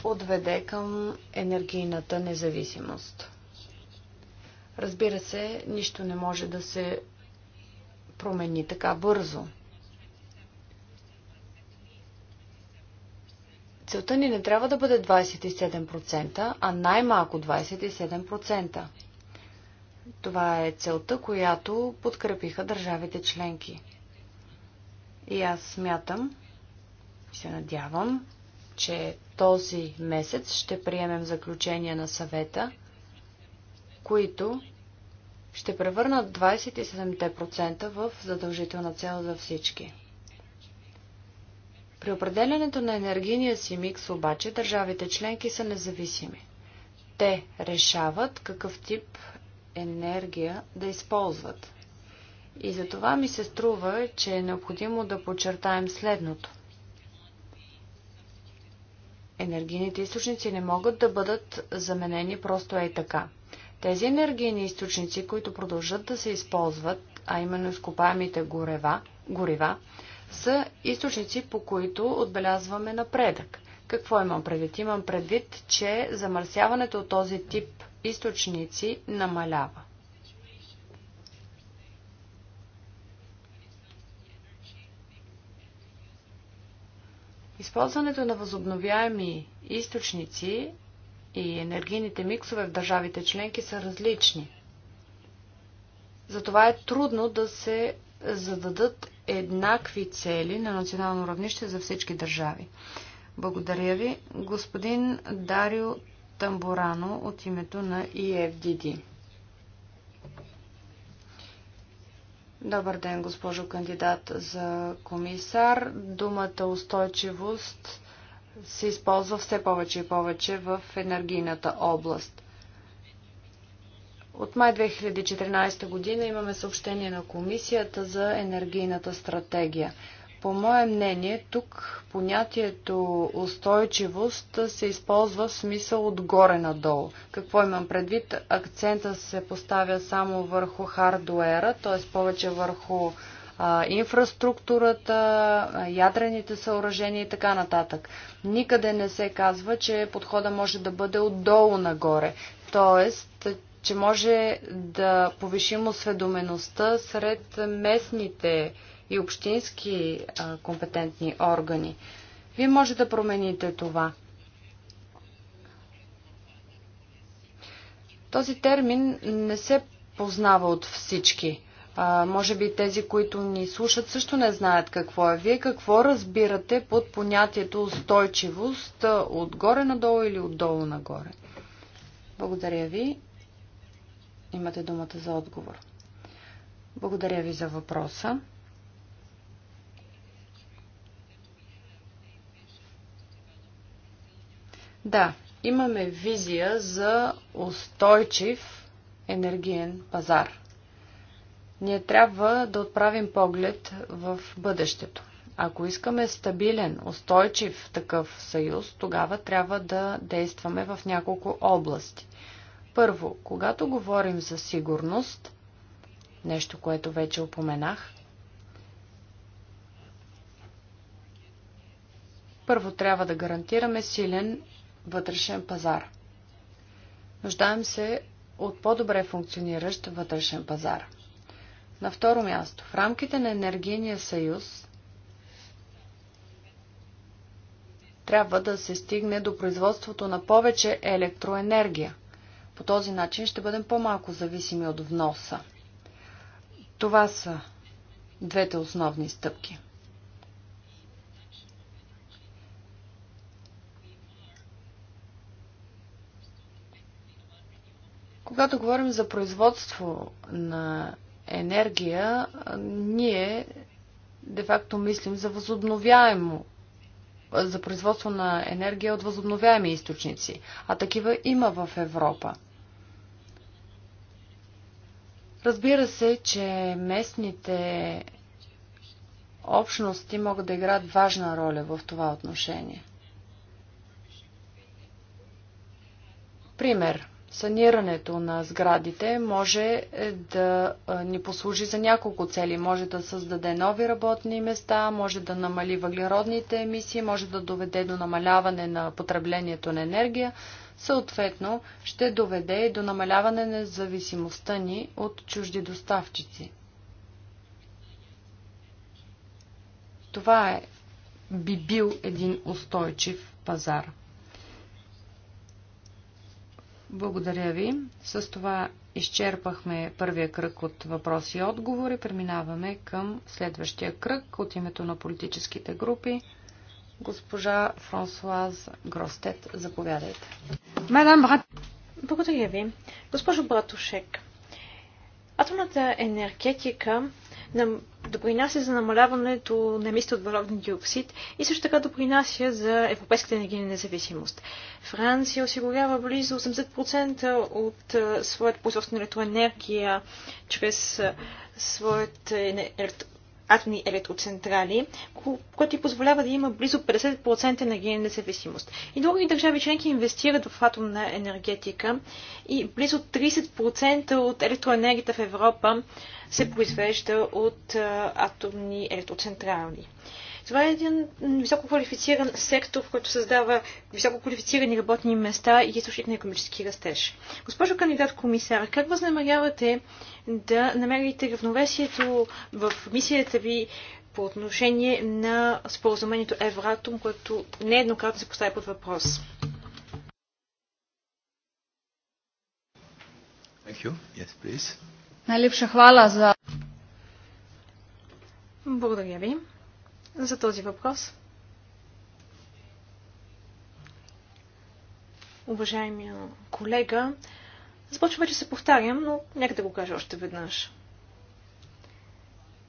отведе към енергийната независимост. Разбира се, нищо не може да се промени така бързо – Целта ни не трябва да бъде 27%, а най-малко 27%. Това е целта, която подкрепиха държавите членки. И аз смятам и се надявам, че този месец ще приемем заключения на съвета, които ще превърнат 27% в задължителна цел за всички. При определенето на енергийния си микс обаче държавите членки са независими. Те решават какъв тип енергия да използват. И за това ми се струва, че е необходимо да подчертаем следното. Енергийните източници не могат да бъдат заменени просто ей така. Тези енергийни източници, които продължат да се използват, а именно изкопаемите горева, горива, горива са източници, по които отбелязваме напредък. Какво имам предвид? Имам предвид, че замърсяването от този тип източници намалява. Използването на възобновяеми източници и енергийните миксове в държавите членки са различни. Затова е трудно да се зададат еднакви цели на национално равнище за всички държави. Благодаря ви, господин Дарио Тамбурано от името на EFDD. Е Добър ден, госпожо кандидат за комисар. Думата устойчивост се използва все повече и повече в енергийната област. От май 2014 година имаме съобщение на Комисията за енергийната стратегия. По мое мнение, тук понятието устойчивост се използва в смисъл отгоре надолу. Какво имам предвид? Акцента се поставя само върху хардуера, т.е. повече върху а, инфраструктурата, ядрените съоръжения и така нататък. Никъде не се казва, че подхода може да бъде отдолу нагоре. Тоест, че може да повишим осведомеността сред местните и общински компетентни органи. Вие може да промените това. Този термин не се познава от всички. А, може би тези, които ни слушат, също не знаят какво е. Вие какво разбирате под понятието устойчивост отгоре надолу или отдолу нагоре? Благодаря ви. Имате думата за отговор. Благодаря ви за въпроса. Да, имаме визия за устойчив енергиен пазар. Ние трябва да отправим поглед в бъдещето. Ако искаме стабилен, устойчив такъв съюз, тогава трябва да действаме в няколко области – първо, когато говорим за сигурност, нещо, което вече упоменах, първо трябва да гарантираме силен вътрешен пазар. Нуждаем се от по-добре функциониращ вътрешен пазар. На второ място, в рамките на енергийния съюз трябва да се стигне до производството на повече електроенергия – по този начин ще бъдем по-малко зависими от вноса. Това са двете основни стъпки. Когато говорим за производство на енергия, ние де-факто мислим за възобновяемо за производство на енергия от възобновяеми източници, а такива има в Европа. Разбира се, че местните общности могат да играят важна роля в това отношение. Пример. Санирането на сградите може да ни послужи за няколко цели. Може да създаде нови работни места, може да намали въглеродните емисии, може да доведе до намаляване на потреблението на енергия, съответно ще доведе и до намаляване на зависимостта ни от чужди доставчици. Това е, би бил един устойчив пазар. Благодаря ви. С това изчерпахме първия кръг от въпроси и отговори. Преминаваме към следващия кръг от името на политическите групи. Госпожа Франсуаз Гростет, заповядайте. Мадам Брат... Благодаря ви. Госпожо Братушек, атомната енергетика допринася за намаляването на емисията от въглероден диоксид и също така допринася за европейската енергийна независимост. Франция осигурява близо 80% от своята производство на електроенергия чрез своят атомни електроцентрали, което ти позволява да има близо 50% енергийна независимост. И други държави членки инвестират в атомна енергетика и близо 30% от електроенергията в Европа се произвежда от атомни електроцентрали. Това е един високо квалифициран сектор, в който създава високо квалифицирани работни места и източник на економически растеж. Госпожо кандидат комисар, как възнамерявате да намерите равновесието в мисията ви по отношение на споразумението Евратум, което нееднократно се поставя под въпрос? Yes, Благодаря ви за този въпрос. Уважаемия колега, започвам вече се повтарям, но нека да го кажа още веднъж.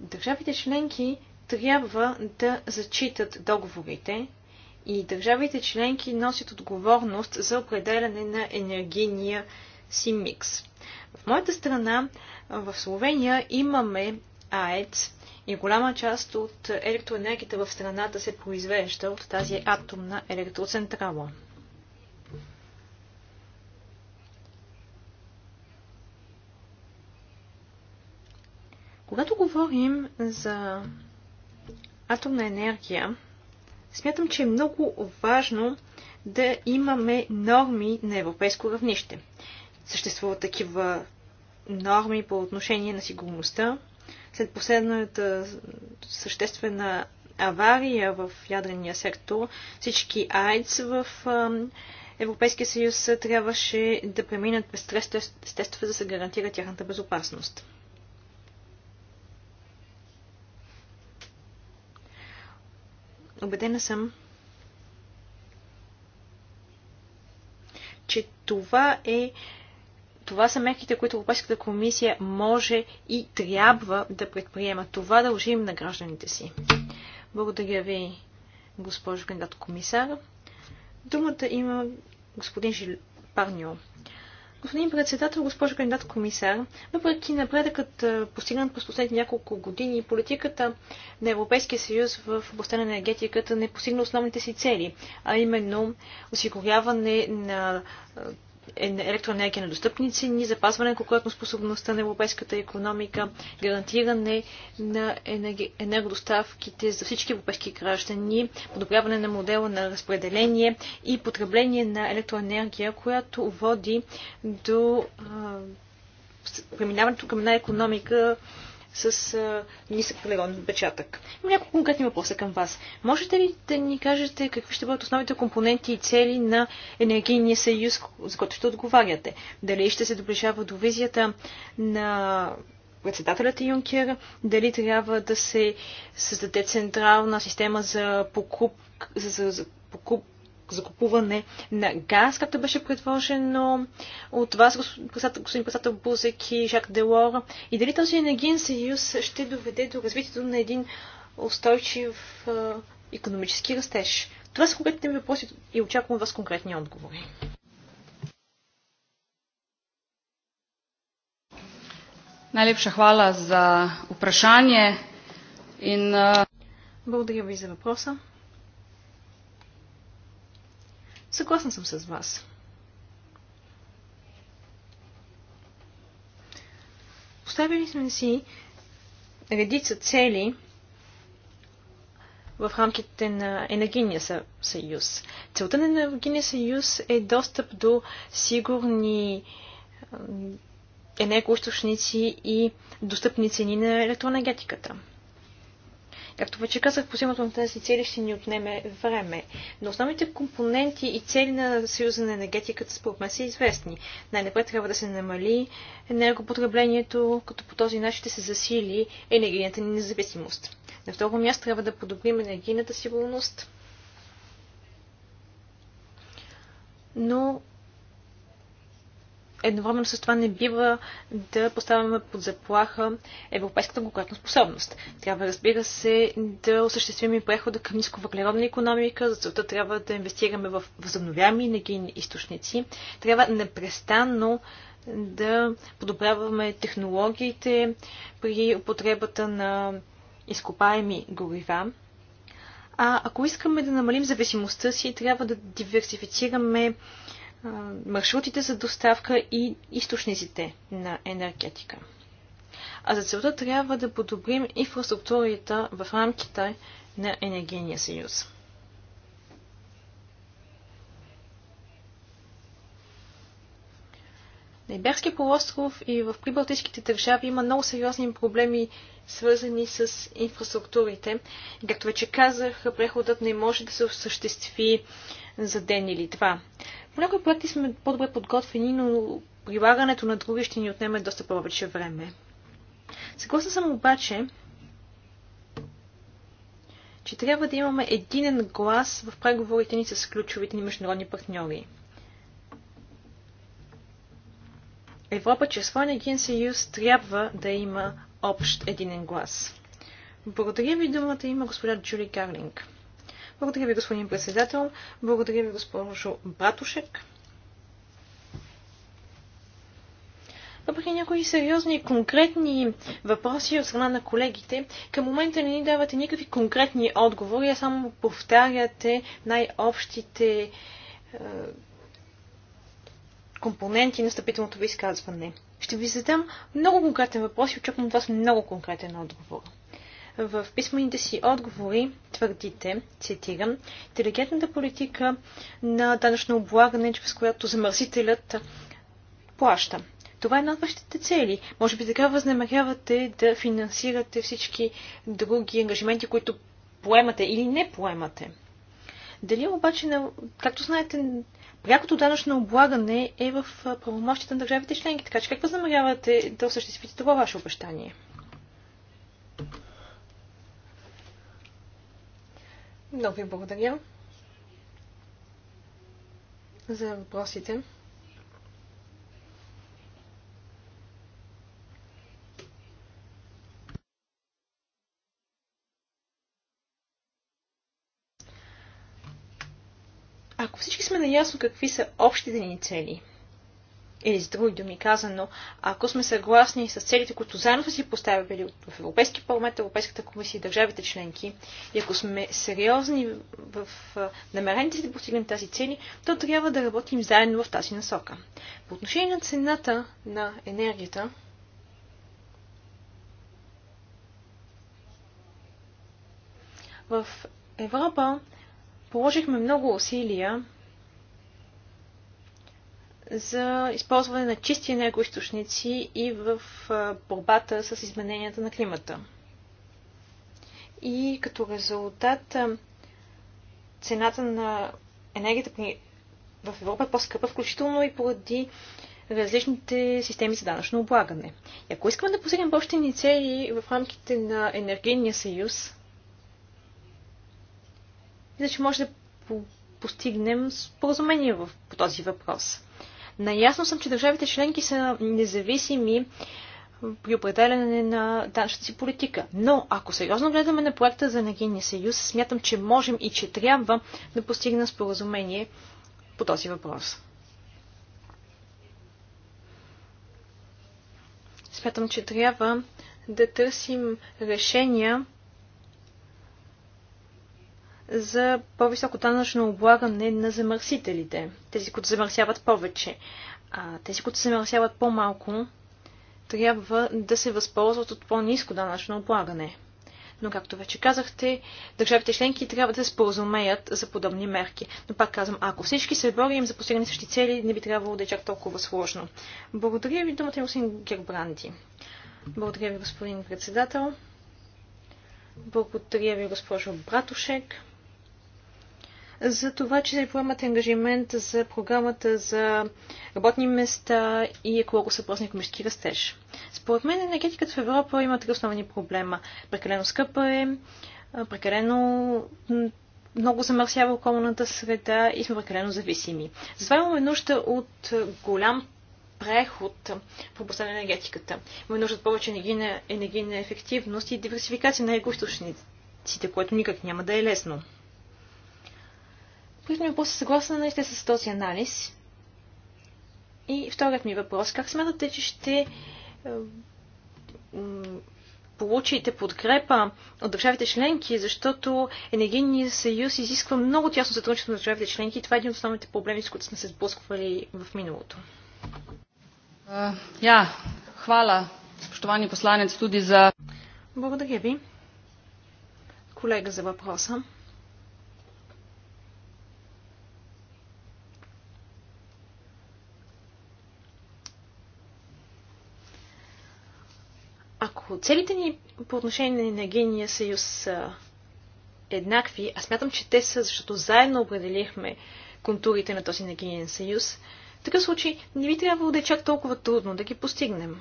Държавите членки трябва да зачитат договорите и държавите членки носят отговорност за определяне на енергийния си микс. В моята страна, в Словения, имаме АЕЦ, и голяма част от електроенергията в страната се произвежда от тази атомна електроцентрала. Когато говорим за атомна енергия, смятам, че е много важно да имаме норми на европейско равнище. Съществуват такива норми по отношение на сигурността, след последната съществена авария в ядрения сектор, всички АЕЦ в Европейския съюз трябваше да преминат през стрес тестове, за да се гарантира тяхната безопасност. Обедена съм, че това е това са мерките, които Европейската комисия може и трябва да предприема. Това дължим на гражданите си. Благодаря ви, госпожо кандидат комисар. Думата има господин Жил... Парньо. Господин председател, госпожо кандидат комисар, въпреки напредъкът постигнат през последните няколко години, политиката на Европейския съюз в областта на енергетиката не постигна основните си цели, а именно осигуряване на електроенергия на достъпни цени, запазване на конкурентоспособността на европейската економика, гарантиране на енергодоставките за всички европейски граждани, подобряване на модела на разпределение и потребление на електроенергия, която води до преминаването към една економика, с а, нисък полирон отпечатък. Има няколко конкретни въпроса към вас. Можете ли да ни кажете какви ще бъдат основните компоненти и цели на енергийния съюз, за който ще отговаряте? Дали ще се доближава до визията на председателят Юнкер, дали трябва да се създаде централна система за покуп, за, за покуп закупуване на газ, както беше предложено от вас, господин председател Бузек и Жак Делор. И дали този енергиен съюз ще доведе до развитието на един устойчив економически растеж? Това са конкретните ми въпроси и очаквам вас конкретни отговори. Najlepša hvala za vprašanje. In, uh... Благодаря ви за въпроса. Съгласна съм с вас. Поставили сме си редица цели в рамките на енергийния съюз. Целта на енергийния съюз е достъп до сигурни енергоисточници и достъпни цени на електроенергетиката. Както вече казах, постигането на тези цели ще ни отнеме време. Но основните компоненти и цели на Съюза на енергетиката според мен са известни. Най-напред трябва да се намали енергопотреблението, като по този начин ще се засили енергийната ни независимост. На второ място трябва да подобрим енергийната сигурност, но едновременно с това не бива да поставяме под заплаха европейската конкурентна способност. Трябва, разбира се, да осъществим и прехода към нисковъглеродна економика. За целта трябва да инвестираме в възобновяеми енергийни източници. Трябва непрестанно да подобряваме технологиите при употребата на изкопаеми горива. А ако искаме да намалим зависимостта си, трябва да диверсифицираме маршрутите за доставка и източниците на енергетика. А за целта трябва да подобрим инфраструктурата в рамките на Енергийния съюз. На Иберския полуостров и в прибалтийските държави има много сериозни проблеми, свързани с инфраструктурите. И както вече казах, преходът не може да се осъществи за ден или два. По някои проекти сме по-добре подготвени, но прилагането на други ще ни отнеме доста повече време. Съгласна съм обаче, че трябва да имаме единен глас в преговорите ни с ключовите ни международни партньори. Европа чрез своя един съюз трябва да има общ единен глас. Благодаря ви думата има госпожа Джули Гарлинг. Благодаря ви, господин председател. Благодаря ви, госпожо Братушек. въпреки някои сериозни и конкретни въпроси от страна на колегите, към момента не ни давате никакви конкретни отговори, а само повтаряте най-общите е, компоненти на стъпителното ви изказване. Ще ви задам много конкретен въпрос и очаквам от вас много конкретен отговор. В писмените си отговори твърдите, цитирам, интелигентната политика на данъчно облагане, чрез която замърсителят плаща. Това е една вашите цели. Може би така възнамерявате да финансирате всички други ангажименти, които поемате или не поемате. Дали обаче, както знаете, прякото данъчно облагане е в правомощите на държавите членки, така че как възнамерявате да осъществите това ваше обещание? Много ви благодаря за въпросите. Ако всички сме наясно какви са общите ни цели – или с други думи казано, ако сме съгласни с целите, които заедно са си поставили в Европейски парламент, Европейската комисия и държавите членки, и ако сме сериозни в намерените да постигнем тази цели, то трябва да работим заедно в тази насока. По отношение на цената на енергията, в Европа положихме много усилия за използване на чисти енергоисточници и в борбата с измененията на климата. И като резултат цената на енергията в Европа е по-скъпа, включително и поради различните системи за данъчно облагане. И ако искаме да постигнем още цели в рамките на енергийния съюз, мисля, че може да постигнем споразумение по този въпрос. Наясно съм, че държавите членки са независими при определене на данъчната си политика. Но ако сериозно гледаме на проекта за енергийния съюз, смятам, че можем и че трябва да постигна споразумение по този въпрос. Смятам, че трябва да търсим решения, за по-високо данъчно облагане на замърсителите, тези, които замърсяват повече. А тези, които замърсяват по-малко, трябва да се възползват от по-низко данъчно облагане. Но, както вече казахте, държавите членки трябва да се споразумеят за подобни мерки. Но пак казвам, ако всички се борим за постигане същи цели, не би трябвало да е чак толкова сложно. Благодаря ви, думата е господин Гербранди. Благодаря ви, господин председател. Благодаря ви, госпожо Братушек за това, че поемат ангажимент за програмата за работни места и екологосъпросни економически растеж. Според мен енергетиката в Европа има три основни проблема. Прекалено скъпа е, прекалено много замърсява околната среда и сме прекалено зависими. Затова имаме нужда от голям преход в областта на енергетиката. Имаме нужда от повече енергийна, енергийна ефективност и диверсификация на екоисточниците, което никак няма да е лесно. Които ми въпрос е съгласна наистина с този анализ. И вторият ми въпрос. Как смятате, че ще е, получите подкрепа от държавите членки, защото енергийният съюз изисква много тясно сътрудничество на държавите членки и това е един от основните проблеми, с които сме се сблъсквали в миналото. Uh, ja, hvala, spoštovani poslanec, tudi Благодаря ви, колега, за въпроса. ако целите ни по отношение на енергийния съюз са еднакви, а смятам, че те са, защото заедно определихме контурите на този енергиен съюз, в такъв случай не би трябвало да е чак толкова трудно да ги постигнем.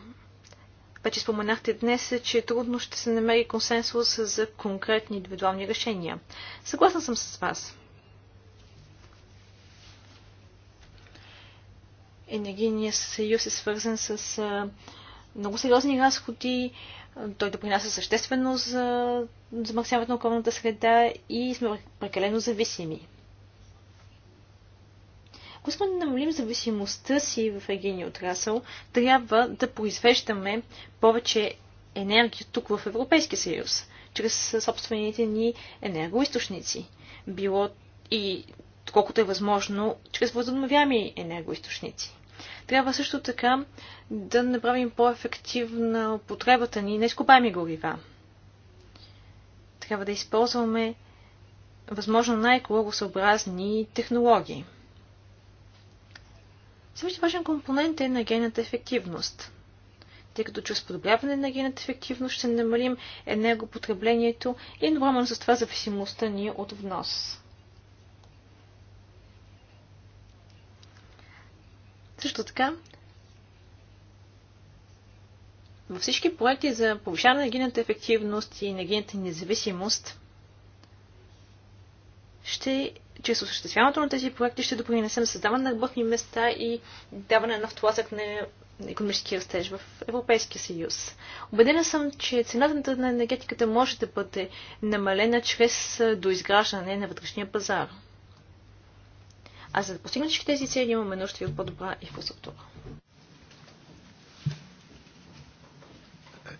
Вече споменахте днес, че трудно ще се намери консенсус за конкретни индивидуални решения. Съгласна съм с вас. Енергийният съюз е свързан с много сериозни разходи, той допринася съществено за замърсяването на околната среда и сме прекалено зависими. Ако искаме да намалим зависимостта си в от отрасъл, трябва да произвеждаме повече енергия тук в Европейския съюз, чрез собствените ни енергоисточници. Било и, колкото е възможно, чрез възобновяеми енергоисточници. Трябва също така да направим по-ефективна употребата ни на изкопаеми горива. Трябва да използваме възможно най-екологосъобразни технологии. Също важен компонент е на гената ефективност. Тъй като чрез подобряване на гената ефективност ще намалим енергопотреблението и едновременно с това зависимостта ни от внос. Също така, във всички проекти за повишаване на енергийната ефективност и енергийната независимост, ще, чрез осъществяването на тези проекти ще допринесем създаване на работни места и даване на втласък на економически растеж в Европейския съюз. Обедена съм, че цената на енергетиката може да бъде намалена чрез доизграждане на вътрешния пазар. А за да постигнем всички тези цели имаме нужда и от по-добра инфраструктура.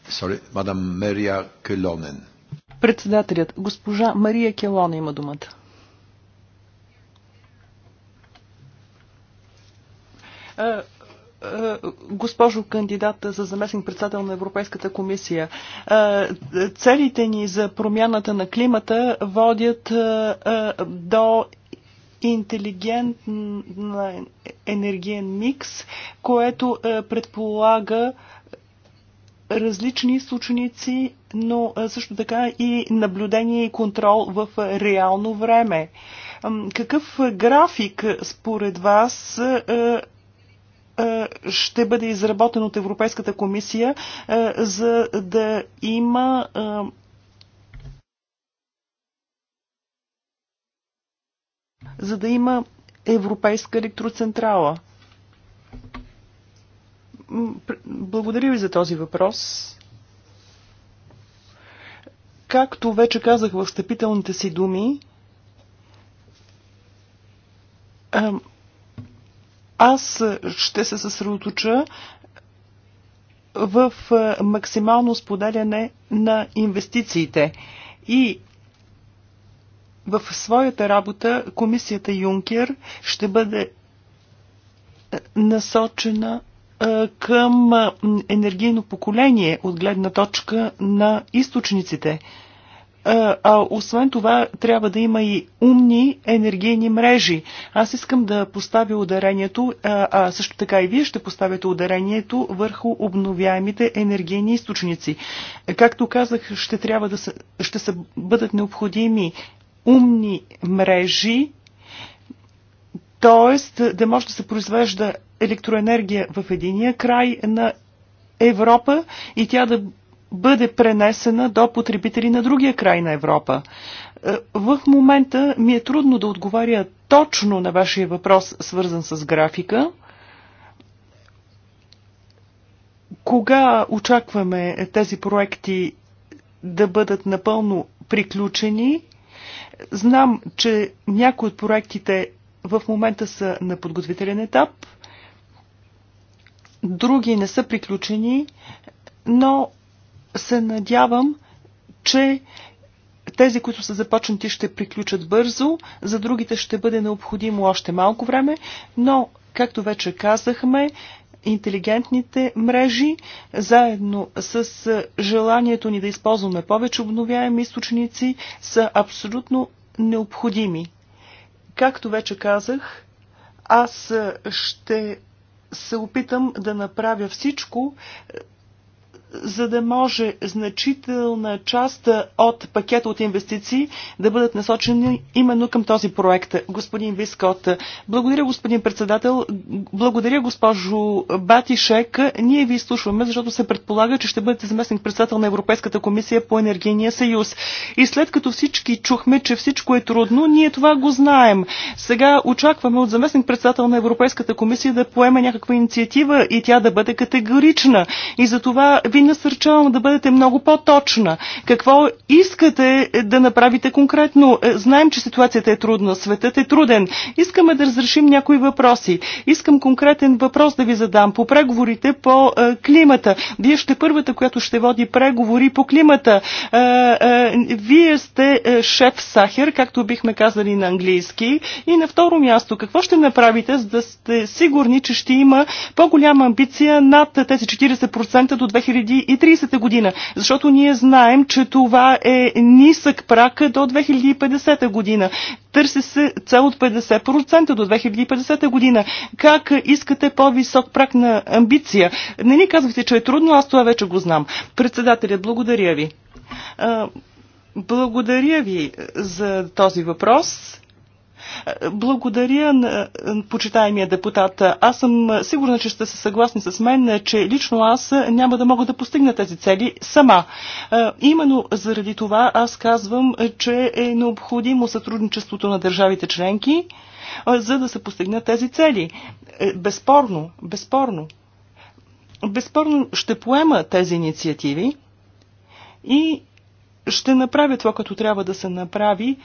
Е, sorry, мадам Мария Келонен. Председателят, госпожа Мария Келона има думата. Е, е, госпожо кандидата за заместник председател на Европейската комисия. Целите ни за промяната на климата водят до интелигентен енергиен микс, което е, предполага е, различни източници, но е, също така и наблюдение и контрол в реално време. Какъв график според вас ще бъде изработен от Европейската комисия, за да има за да има европейска електроцентрала? Благодаря ви за този въпрос. Както вече казах в встъпителните си думи, аз ще се съсредоточа в максимално споделяне на инвестициите. И в своята работа комисията Юнкер ще бъде е, насочена е, към е, енергийно поколение от гледна точка на източниците. А освен това, трябва да има и умни енергийни мрежи. Аз искам да поставя ударението, а също така и вие ще поставите ударението върху обновяемите енергийни източници. Както казах, ще трябва да са, ще са бъдат необходими умни мрежи, т.е. да може да се произвежда електроенергия в единия край на Европа и тя да бъде пренесена до потребители на другия край на Европа. В момента ми е трудно да отговаря точно на вашия въпрос, свързан с графика. Кога очакваме тези проекти да бъдат напълно приключени? Знам, че някои от проектите в момента са на подготвителен етап, други не са приключени, но се надявам, че тези, които са започнати, ще приключат бързо, за другите ще бъде необходимо още малко време, но, както вече казахме, интелигентните мрежи, заедно с желанието ни да използваме повече обновяеми източници, са абсолютно необходими. Както вече казах, аз ще се опитам да направя всичко, за да може значителна част от пакета от инвестиции да бъдат насочени именно към този проект. Господин Вискот, благодаря господин председател, благодаря госпожо Батишек. Ние ви изслушваме, защото се предполага, че ще бъдете заместник председател на Европейската комисия по енергийния съюз. И след като всички чухме, че всичко е трудно, ние това го знаем. Сега очакваме от заместник председател на Европейската комисия да поеме някаква инициатива и тя да бъде категорична. И за това ви насърчавам да бъдете много по-точна. Какво искате да направите конкретно? Е, знаем, че ситуацията е трудна, светът е труден. Искаме да разрешим някои въпроси. Искам конкретен въпрос да ви задам по преговорите по е, климата. Вие ще първата, която ще води преговори по климата. Е, вие сте шеф Сахер, както бихме казали на английски. И на второ място, какво ще направите, за да сте сигурни, че ще има по-голяма амбиция над тези 40% до 2000 2030 година, защото ние знаем, че това е нисък прак до 2050 година. Търси се цел от 50% до 2050 година. Как искате по-висок прак на амбиция? Не ни казвате, че е трудно, аз това вече го знам. Председателят, благодаря ви. Благодаря ви за този въпрос. Благодаря почитаемия депутат. Аз съм сигурна, че сте се съгласни с мен, че лично аз няма да мога да постигна тези цели сама. Именно заради това аз казвам, че е необходимо сътрудничеството на държавите членки, за да се постигнат тези цели. Е, безспорно, безспорно. Безспорно ще поема тези инициативи и ще направя това, като трябва да се направи,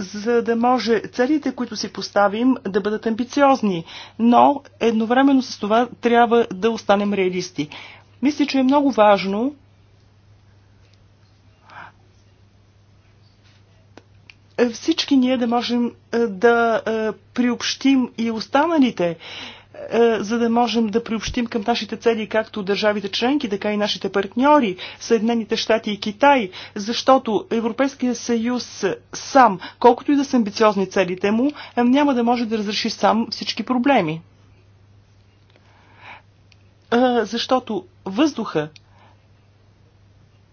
за да може целите, които си поставим, да бъдат амбициозни, но едновременно с това трябва да останем реалисти. Мисля, че е много важно всички ние да можем е, да е, приобщим и останалите. Е, за да можем да приобщим към нашите цели както държавите членки, така и нашите партньори, Съединените щати и Китай, защото Европейския съюз сам, колкото и да са амбициозни целите му, е, няма да може да разреши сам всички проблеми. Е, защото въздуха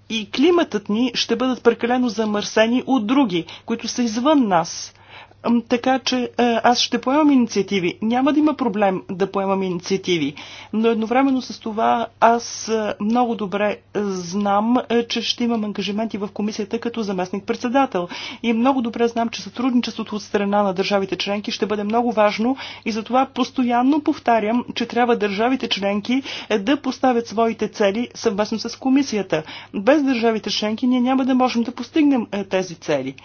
и климатът ни ще бъдат прекалено замърсени от други, които са извън нас – така че е, аз ще поемам инициативи. Няма да има проблем да поемам инициативи. Но едновременно с това аз е, много добре е, знам, че ще имам ангажименти в комисията като заместник-председател. И много добре знам, че сътрудничеството от страна на държавите членки ще бъде много важно. И затова постоянно повтарям, че трябва държавите членки да поставят своите цели съвместно с комисията. Без държавите членки ние няма да можем да постигнем тези цели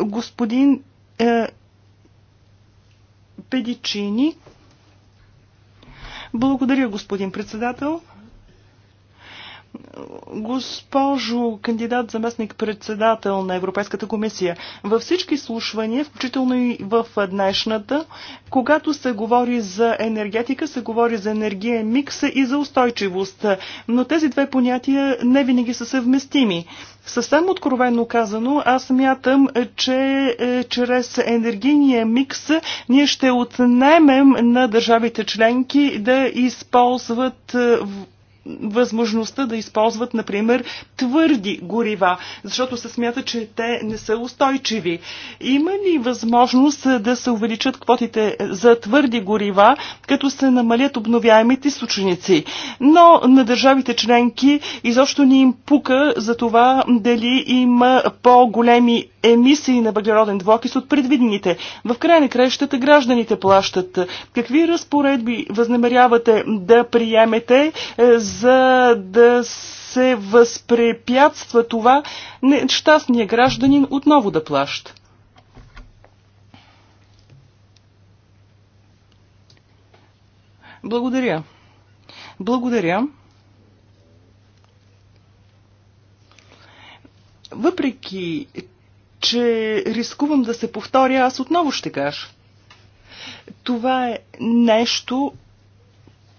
господин е, Педичини. Благодаря, господин председател. Госпожо кандидат заместник председател на Европейската комисия, във всички слушвания, включително и в днешната, когато се говори за енергетика, се говори за енергия микс и за устойчивост. Но тези две понятия не винаги са съвместими. Съвсем откровенно казано, аз мятам, че е, чрез енергийния микс ние ще отнемем на държавите членки да използват е, възможността да използват, например, твърди горива, защото се смята, че те не са устойчиви. Има ли възможност да се увеличат квотите за твърди горива, като се намалят обновяемите сученици? Но на държавите членки изобщо ни им пука за това дали има по-големи емисии на въглероден двокис от предвидените. В край на краищата гражданите плащат. Какви разпоредби възнамерявате да приемете, е, за да се възпрепятства това нещастния гражданин отново да плаща? Благодаря. Благодаря. Въпреки, че рискувам да се повторя, аз отново ще кажа. Това е нещо,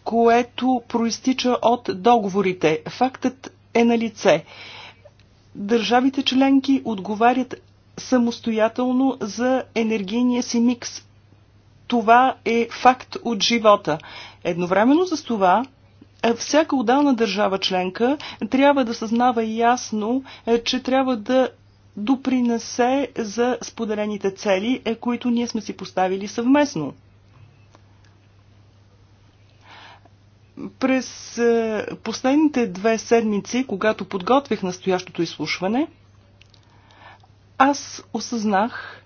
което проистича от договорите. Фактът е на лице. Държавите членки отговарят самостоятелно за енергийния си микс. Това е факт от живота. Едновременно с това всяка отдална държава членка трябва да съзнава ясно, е, че трябва да допринесе за споделените цели, е, които ние сме си поставили съвместно. През е, последните две седмици, когато подготвих настоящото изслушване, аз осъзнах,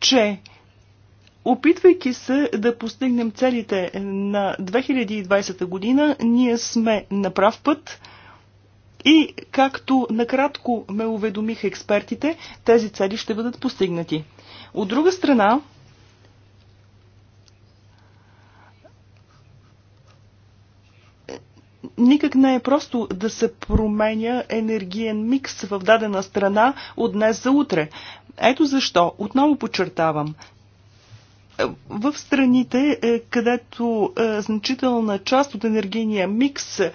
че Опитвайки се да постигнем целите на 2020 година, ние сме на прав път – и, както накратко ме уведомих експертите, тези цели ще бъдат постигнати. От друга страна, никак не е просто да се променя енергиен микс в дадена страна от днес за утре. Ето защо, отново подчертавам, в страните, е, където е, значителна част от енергийния микс е,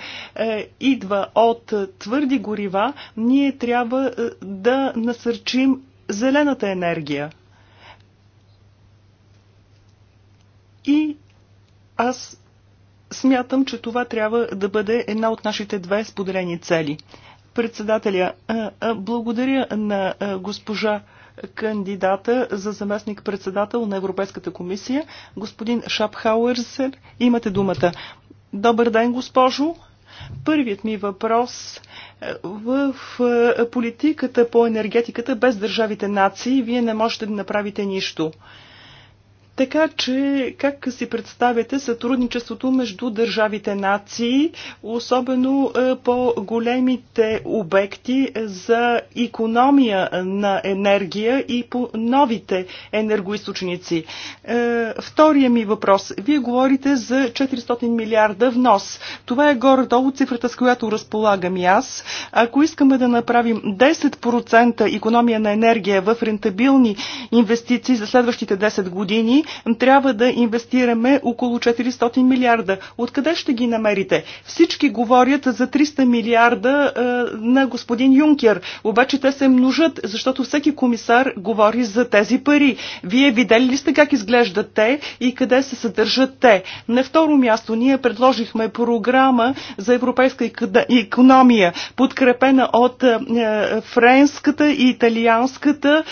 идва от твърди горива, ние трябва да насърчим зелената енергия. И аз смятам, че това трябва да бъде една от нашите две споделени цели. Председателя, благодаря на госпожа кандидата за заместник-председател на Европейската комисия, господин Шапхауерсер. Имате думата. Добър ден, госпожо. Първият ми въпрос е, в е, политиката по енергетиката без държавите нации вие не можете да направите нищо. Така че как си представяте сътрудничеството между държавите нации, особено е, по големите обекти за економия на енергия и по новите енергоисточници? Е, втория ми въпрос. Вие говорите за 400 милиарда внос. Това е горе-долу цифрата, с която разполагам и аз. Ако искаме да направим 10% економия на енергия в рентабилни инвестиции за следващите 10 години, трябва да инвестираме около 400 милиарда. Откъде ще ги намерите? Всички говорят за 300 милиарда е, на господин Юнкер, обаче те се множат, защото всеки комисар говори за тези пари. Вие видели ли сте как изглеждат те и къде се съдържат те? На второ място ние предложихме програма за европейска економия, подкрепена от е, френската и италианската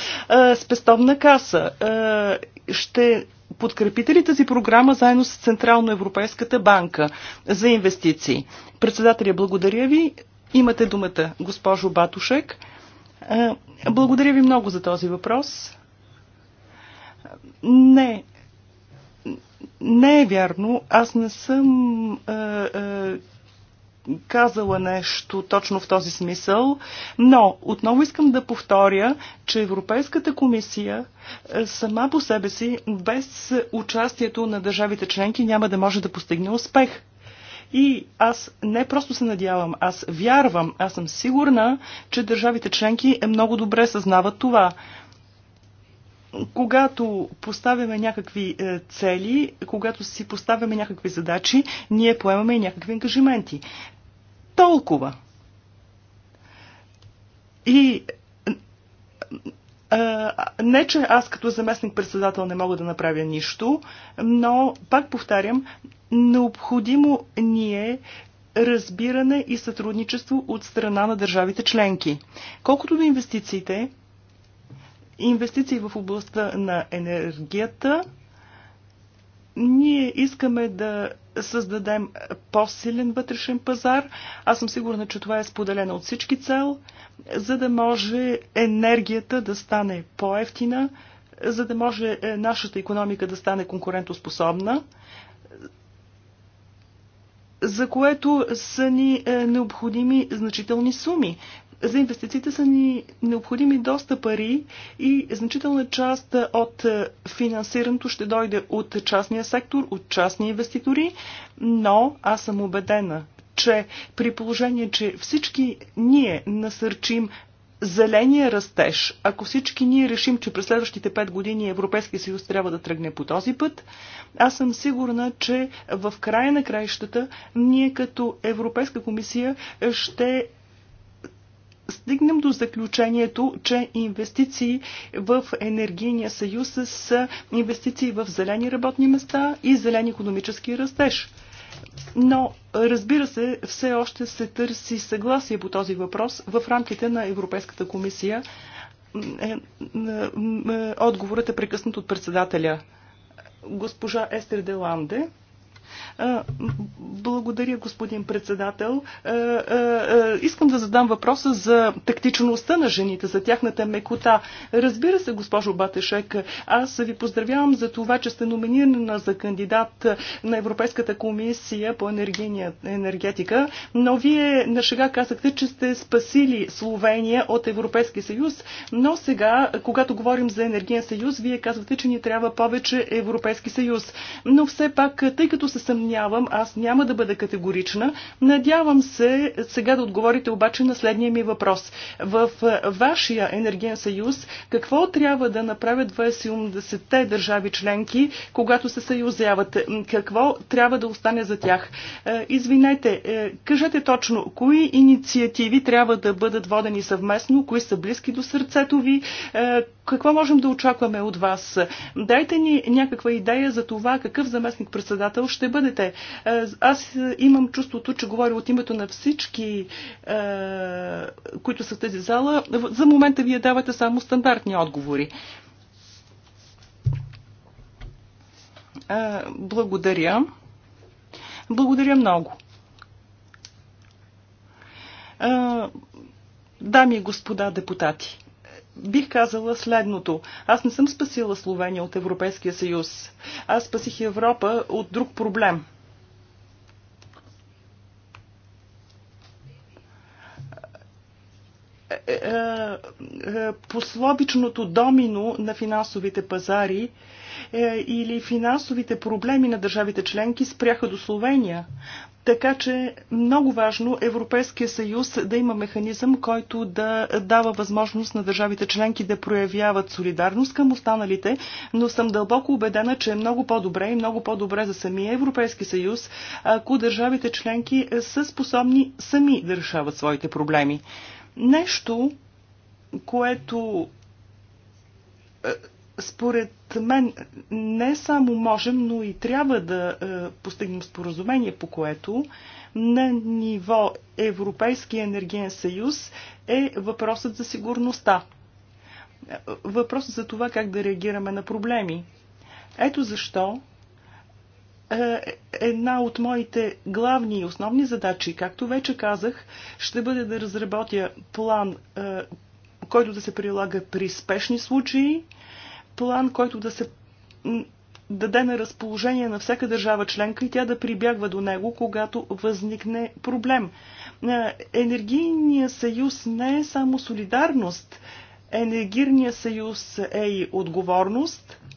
е, спестовна каса. Е, ще подкрепите ли тази програма заедно с Централноевропейската банка за инвестиции? Председателя, благодаря ви. Имате думата, госпожо Батушек. Благодаря ви много за този въпрос. Не, не е вярно. Аз не съм казала нещо точно в този смисъл, но отново искам да повторя, че Европейската комисия е, сама по себе си, без участието на държавите членки, няма да може да постигне успех. И аз не просто се надявам, аз вярвам, аз съм сигурна, че държавите членки много добре съзнават това когато поставяме някакви е, цели, когато си поставяме някакви задачи, ние поемаме и някакви ангажименти. Толкова. И е, не, че аз като заместник-председател не мога да направя нищо, но, пак повтарям, необходимо ни е разбиране и сътрудничество от страна на държавите членки. Колкото до инвестициите, инвестиции в областта на енергията. Ние искаме да създадем по-силен вътрешен пазар. Аз съм сигурна, че това е споделено от всички цел, за да може енергията да стане по-ефтина, за да може е, нашата економика да стане конкурентоспособна, за което са ни е, необходими значителни суми. За инвестициите са ни необходими доста пари и значителна част от финансирането ще дойде от частния сектор, от частни инвеститори, но аз съм убедена, че при положение, че всички ние насърчим зеления растеж, ако всички ние решим, че през следващите 5 години Европейския съюз трябва да тръгне по този път, аз съм сигурна, че в края на краищата ние като Европейска комисия ще стигнем до заключението, че инвестиции в енергийния съюз са инвестиции в зелени работни места и зелен економически растеж. Но, разбира се, все още се търси съгласие по този въпрос в рамките на Европейската комисия. Е, отговорът е прекъснат от председателя. Госпожа Естер Деланде. Благодаря, господин председател. Искам да задам въпроса за тактичността на жените, за тяхната мекота. Разбира се, госпожо Батешек, аз ви поздравявам за това, че сте номинирана за кандидат на Европейската комисия по енергетика, но вие на шега казахте, че сте спасили Словения от Европейския съюз, но сега, когато говорим за енергиен съюз, вие казвате, че ни трябва повече Европейски съюз. Но все пак, тъй като се съмнявам, аз няма да бъда категорична. Надявам се сега да отговорите обаче на следния ми въпрос. В е, вашия енергиен съюз какво трябва да направят 20-те държави членки, когато се съюзяват? Какво трябва да остане за тях? Е, извинете, е, кажете точно, кои инициативи трябва да бъдат водени съвместно, кои са близки до сърцето ви, какво можем да очакваме от вас? Дайте ни някаква идея за това какъв заместник председател ще бъдете. Е, аз имам чувството, че говоря от името на всички, е, които са в тази зала. За момента вие давате само стандартни отговори. Е, благодаря. Благодаря много. Дами и господа депутати, бих казала следното. Аз не съм спасила Словения от Европейския съюз. Аз спасих Европа от друг проблем. Е, е, е, пословичното домино на финансовите пазари или финансовите проблеми на държавите членки спряха до Словения. Така че много важно Европейския съюз да има механизъм, който да дава възможност на държавите членки да проявяват солидарност към останалите, но съм дълбоко убедена, че е много по-добре и много по-добре за самия Европейски съюз, ако държавите членки са способни сами да решават своите проблеми. Нещо, което е, според мен не само можем, но и трябва да е, постигнем споразумение, по което на ниво Европейски енергиен съюз е въпросът за сигурността. Е, въпросът за това как да реагираме на проблеми. Ето защо е, една от моите главни и основни задачи, както вече казах, ще бъде да разработя план, е, който да се прилага при спешни случаи, план, който да се даде на разположение на всяка държава членка и тя да прибягва до него, когато възникне проблем. Е, Енергийният съюз не е само солидарност. Енергийният съюз е и отговорност –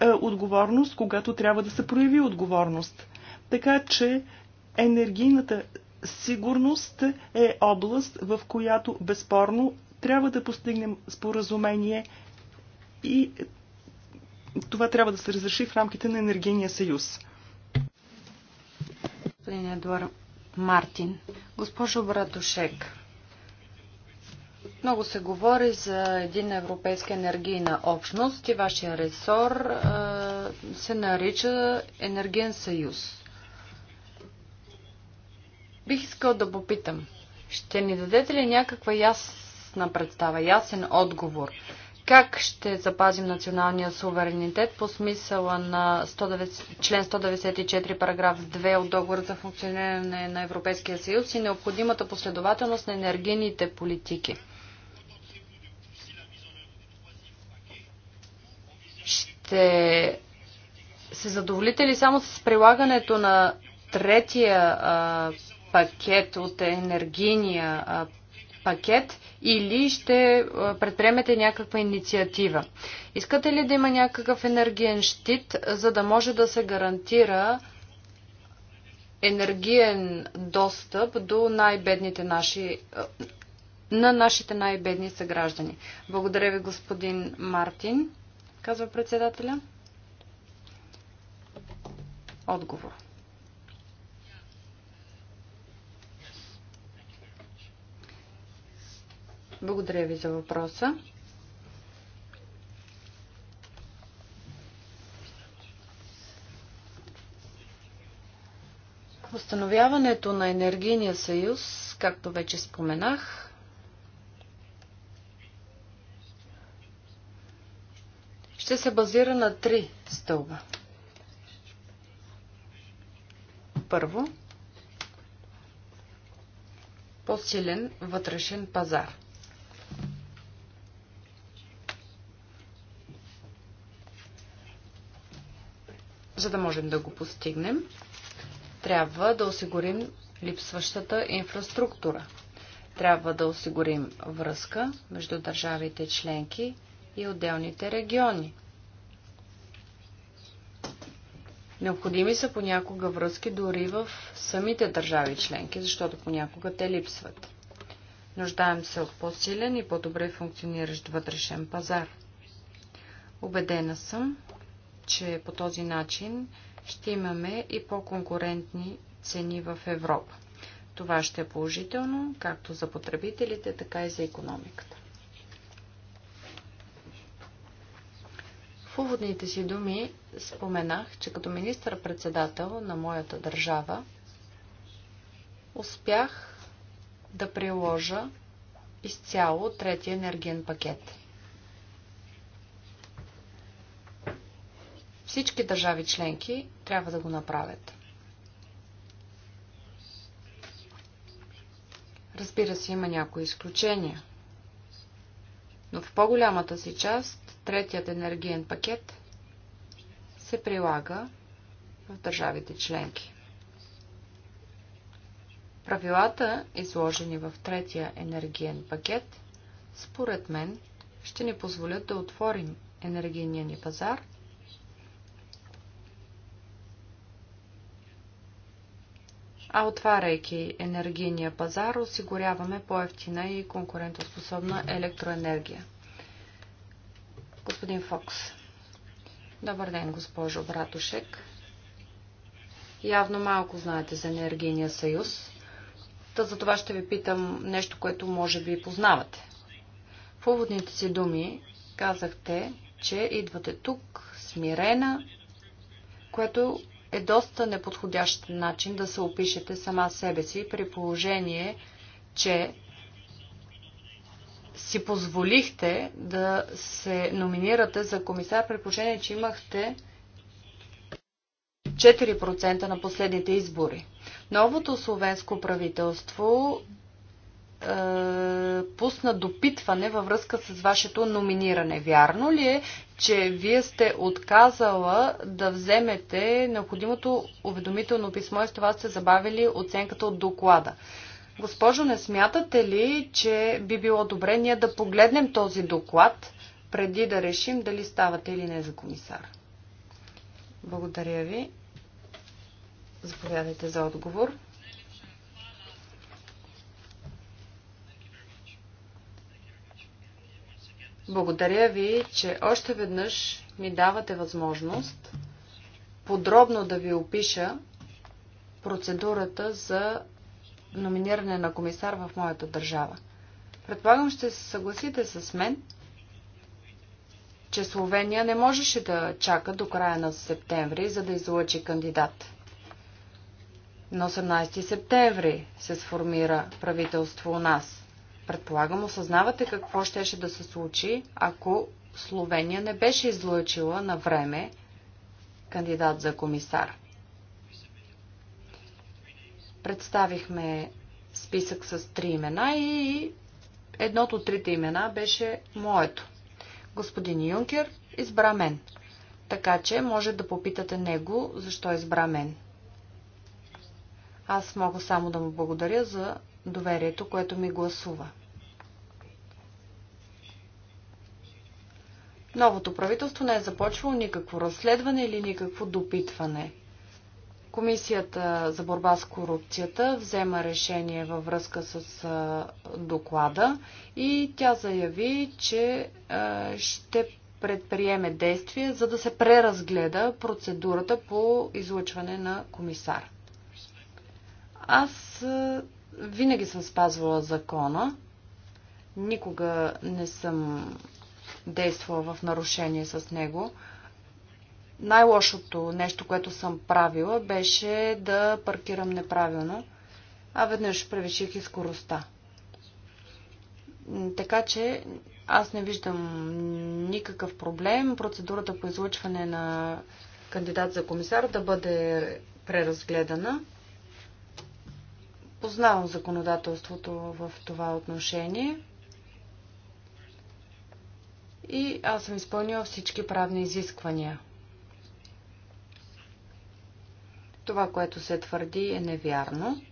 е, отговорност, когато трябва да се прояви отговорност. Така че енергийната сигурност е област, в която безспорно трябва да постигнем споразумение и това трябва да се разреши в рамките на енергийния съюз. Господин Едуард Мартин, госпожо Братушек, много се говори за един европейска енергийна общност и вашия ресор а, се нарича Енергиен съюз. Бих искал да попитам, ще ни дадете ли някаква ясна представа, ясен отговор? Как ще запазим националния суверенитет по смисъла на 190, член 194, параграф 2 от договора за функциониране на Европейския съюз и необходимата последователност на енергийните политики? ще се задоволите ли само с прилагането на третия а, пакет от енергийния а, пакет или ще предприемете някаква инициатива? Искате ли да има някакъв енергиен щит, за да може да се гарантира енергиен достъп до най-бедните наши на нашите най-бедни съграждани. Благодаря ви, господин Мартин казва председателя. Отговор. Благодаря ви за въпроса. Установяването на енергийния съюз, както вече споменах, ще се базира на три стълба. Първо, по-силен вътрешен пазар. За да можем да го постигнем, трябва да осигурим липсващата инфраструктура. Трябва да осигурим връзка между държавите членки и отделните региони. Необходими са понякога връзки дори в самите държави членки, защото понякога те липсват. Нуждаем се от по-силен и по-добре функциониращ вътрешен пазар. Обедена съм, че по този начин ще имаме и по-конкурентни цени в Европа. Това ще е положително както за потребителите, така и за економиката. уводните си думи споменах, че като министър-председател на моята държава успях да приложа изцяло третия енергиен пакет. Всички държави членки трябва да го направят. Разбира се, има някои изключения – но в по-голямата си част третият енергиен пакет се прилага в държавите членки. Правилата, изложени в третия енергиен пакет, според мен ще ни позволят да отворим енергийния ни пазар – а отваряйки енергийния пазар, осигуряваме по-ефтина и конкурентоспособна електроенергия. Господин Фокс. Добър ден, госпожо Братушек. Явно малко знаете за енергийния съюз. Та за това ще ви питам нещо, което може би познавате. В уводните си думи казахте, че идвате тук смирена, което е доста неподходящ начин да се опишете сама себе си при положение, че си позволихте да се номинирате за комисар при положение, че имахте 4% на последните избори. Новото словенско правителство е, пусна допитване във връзка с вашето номиниране. Вярно ли е, че вие сте отказала да вземете необходимото уведомително писмо и с това сте забавили оценката от доклада? Госпожо, не смятате ли, че би било добре ние да погледнем този доклад преди да решим дали ставате или не за комисар? Благодаря ви. Заповядайте за отговор. Благодаря ви, че още веднъж ми давате възможност подробно да ви опиша процедурата за номиниране на комисар в моята държава. Предполагам, ще се съгласите с мен, че Словения не можеше да чака до края на септември, за да излъчи кандидат. На 18 септември се сформира правителство у нас – Предполагам, осъзнавате какво щеше да се случи, ако Словения не беше излъчила на време кандидат за комисар. Представихме списък с три имена и едното от трите имена беше моето. Господин Юнкер избра мен. Така че може да попитате него, защо избра мен. Аз мога само да му благодаря за доверието, което ми гласува. Новото правителство не е започвало никакво разследване или никакво допитване. Комисията за борба с корупцията взема решение във връзка с доклада и тя заяви, че ще предприеме действие, за да се преразгледа процедурата по излъчване на комисар. Аз винаги съм спазвала закона. Никога не съм действала в нарушение с него. Най-лошото нещо, което съм правила, беше да паркирам неправилно, а веднъж превиших и скоростта. Така че аз не виждам никакъв проблем процедурата по излъчване на кандидат за комисар да бъде преразгледана. Познавам законодателството в това отношение и аз съм изпълнила всички правни изисквания. Това, което се твърди, е невярно.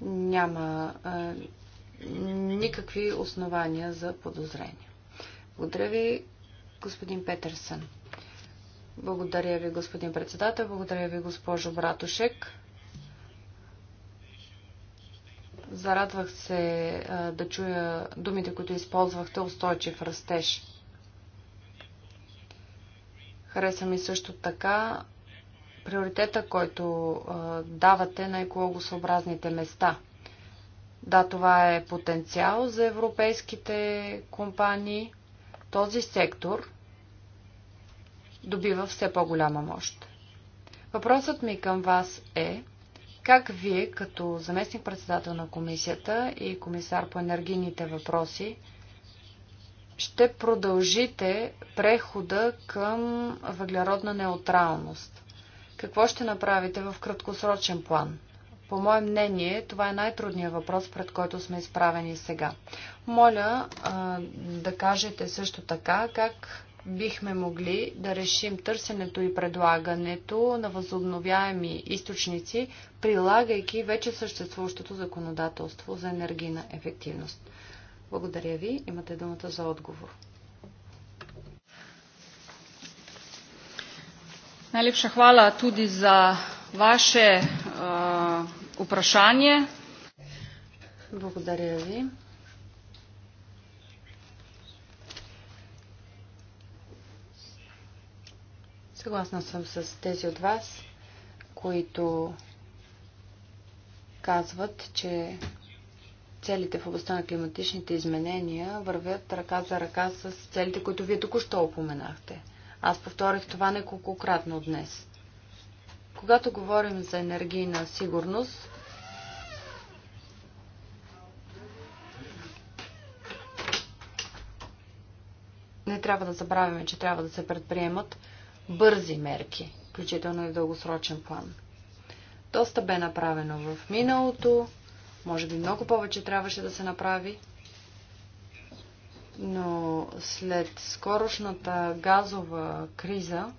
Няма никакви основания за подозрение. Благодаря ви, господин Петерсън. Благодаря ви, господин председател. Благодаря ви, госпожо Братушек. Зарадвах се да чуя думите, които използвахте устойчив растеж. Хареса ми също така приоритета, който давате на екологосъобразните места. Да, това е потенциал за европейските компании. Този сектор – добива все по-голяма мощ. Въпросът ми към вас е как вие, като заместник председател на комисията и комисар по енергийните въпроси, ще продължите прехода към въглеродна неутралност? Какво ще направите в краткосрочен план? По мое мнение, това е най-трудният въпрос, пред който сме изправени сега. Моля а, да кажете също така как бихме могли да решим търсенето и предлагането на възобновяеми източници, прилагайки вече съществуващото законодателство за енергийна ефективност? Благодаря ви. Имате думата за отговор. Najlepša hvala tudi za vaše uh, vprašanje. Благодаря ви. Съгласна съм с тези от вас, които казват, че целите в областта на климатичните изменения вървят ръка за ръка с целите, които вие току-що опоменахте. Аз повторих това неколкократно днес. Когато говорим за енергийна сигурност, не трябва да забравяме, че трябва да се предприемат бързи мерки, включително и в дългосрочен план. Доста бе направено в миналото, може би много повече трябваше да се направи, но след скорошната газова криза,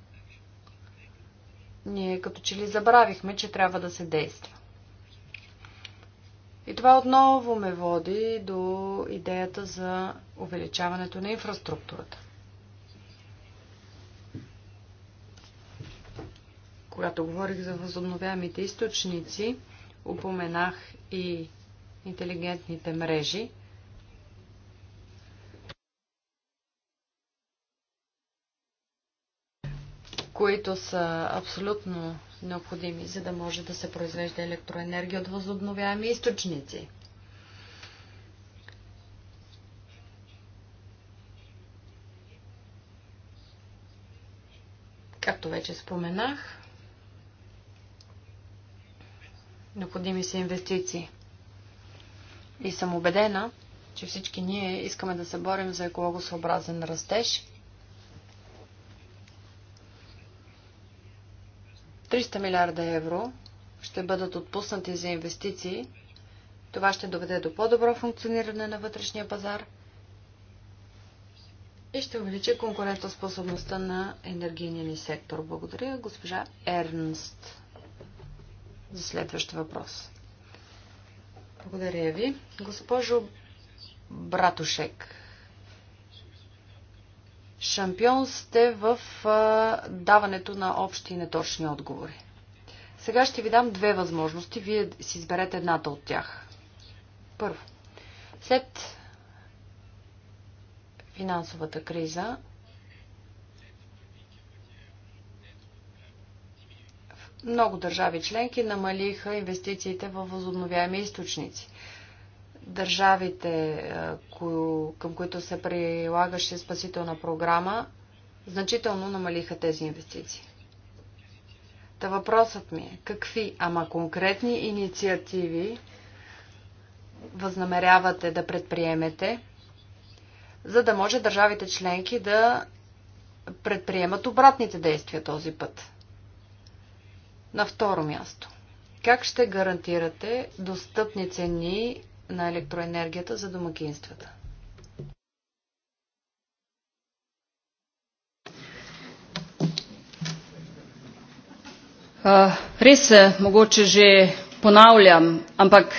ние като че ли забравихме, че трябва да се действа. И това отново ме води до идеята за увеличаването на инфраструктурата. Когато говорих за възобновяемите източници, упоменах и интелигентните мрежи. които са абсолютно необходими, за да може да се произвежда електроенергия от възобновяеми източници. Както вече споменах, Необходими си инвестиции. И съм убедена, че всички ние искаме да се борим за екологосъобразен растеж. 300 милиарда евро ще бъдат отпуснати за инвестиции. Това ще доведе до по-добро функциониране на вътрешния пазар и ще увеличи конкурентоспособността на енергийния ни сектор. Благодаря, госпожа Ернст за следващ въпрос. Благодаря ви. Госпожо Братушек, шампион сте в даването на общи и неточни отговори. Сега ще ви дам две възможности. Вие си изберете едната от тях. Първо, след финансовата криза Много държави членки намалиха инвестициите в възобновяеми източници. Държавите, е, към които се прилагаше спасителна програма, значително намалиха тези инвестиции. Та въпросът ми е, какви, ама конкретни инициативи възнамерявате да предприемете, за да може държавите членки да предприемат обратните действия този път? На второ място, как ще гарантирате достъпни цени на електроенергията за домакинствата? Uh, res se е, mogoče že ponavljam, ampak.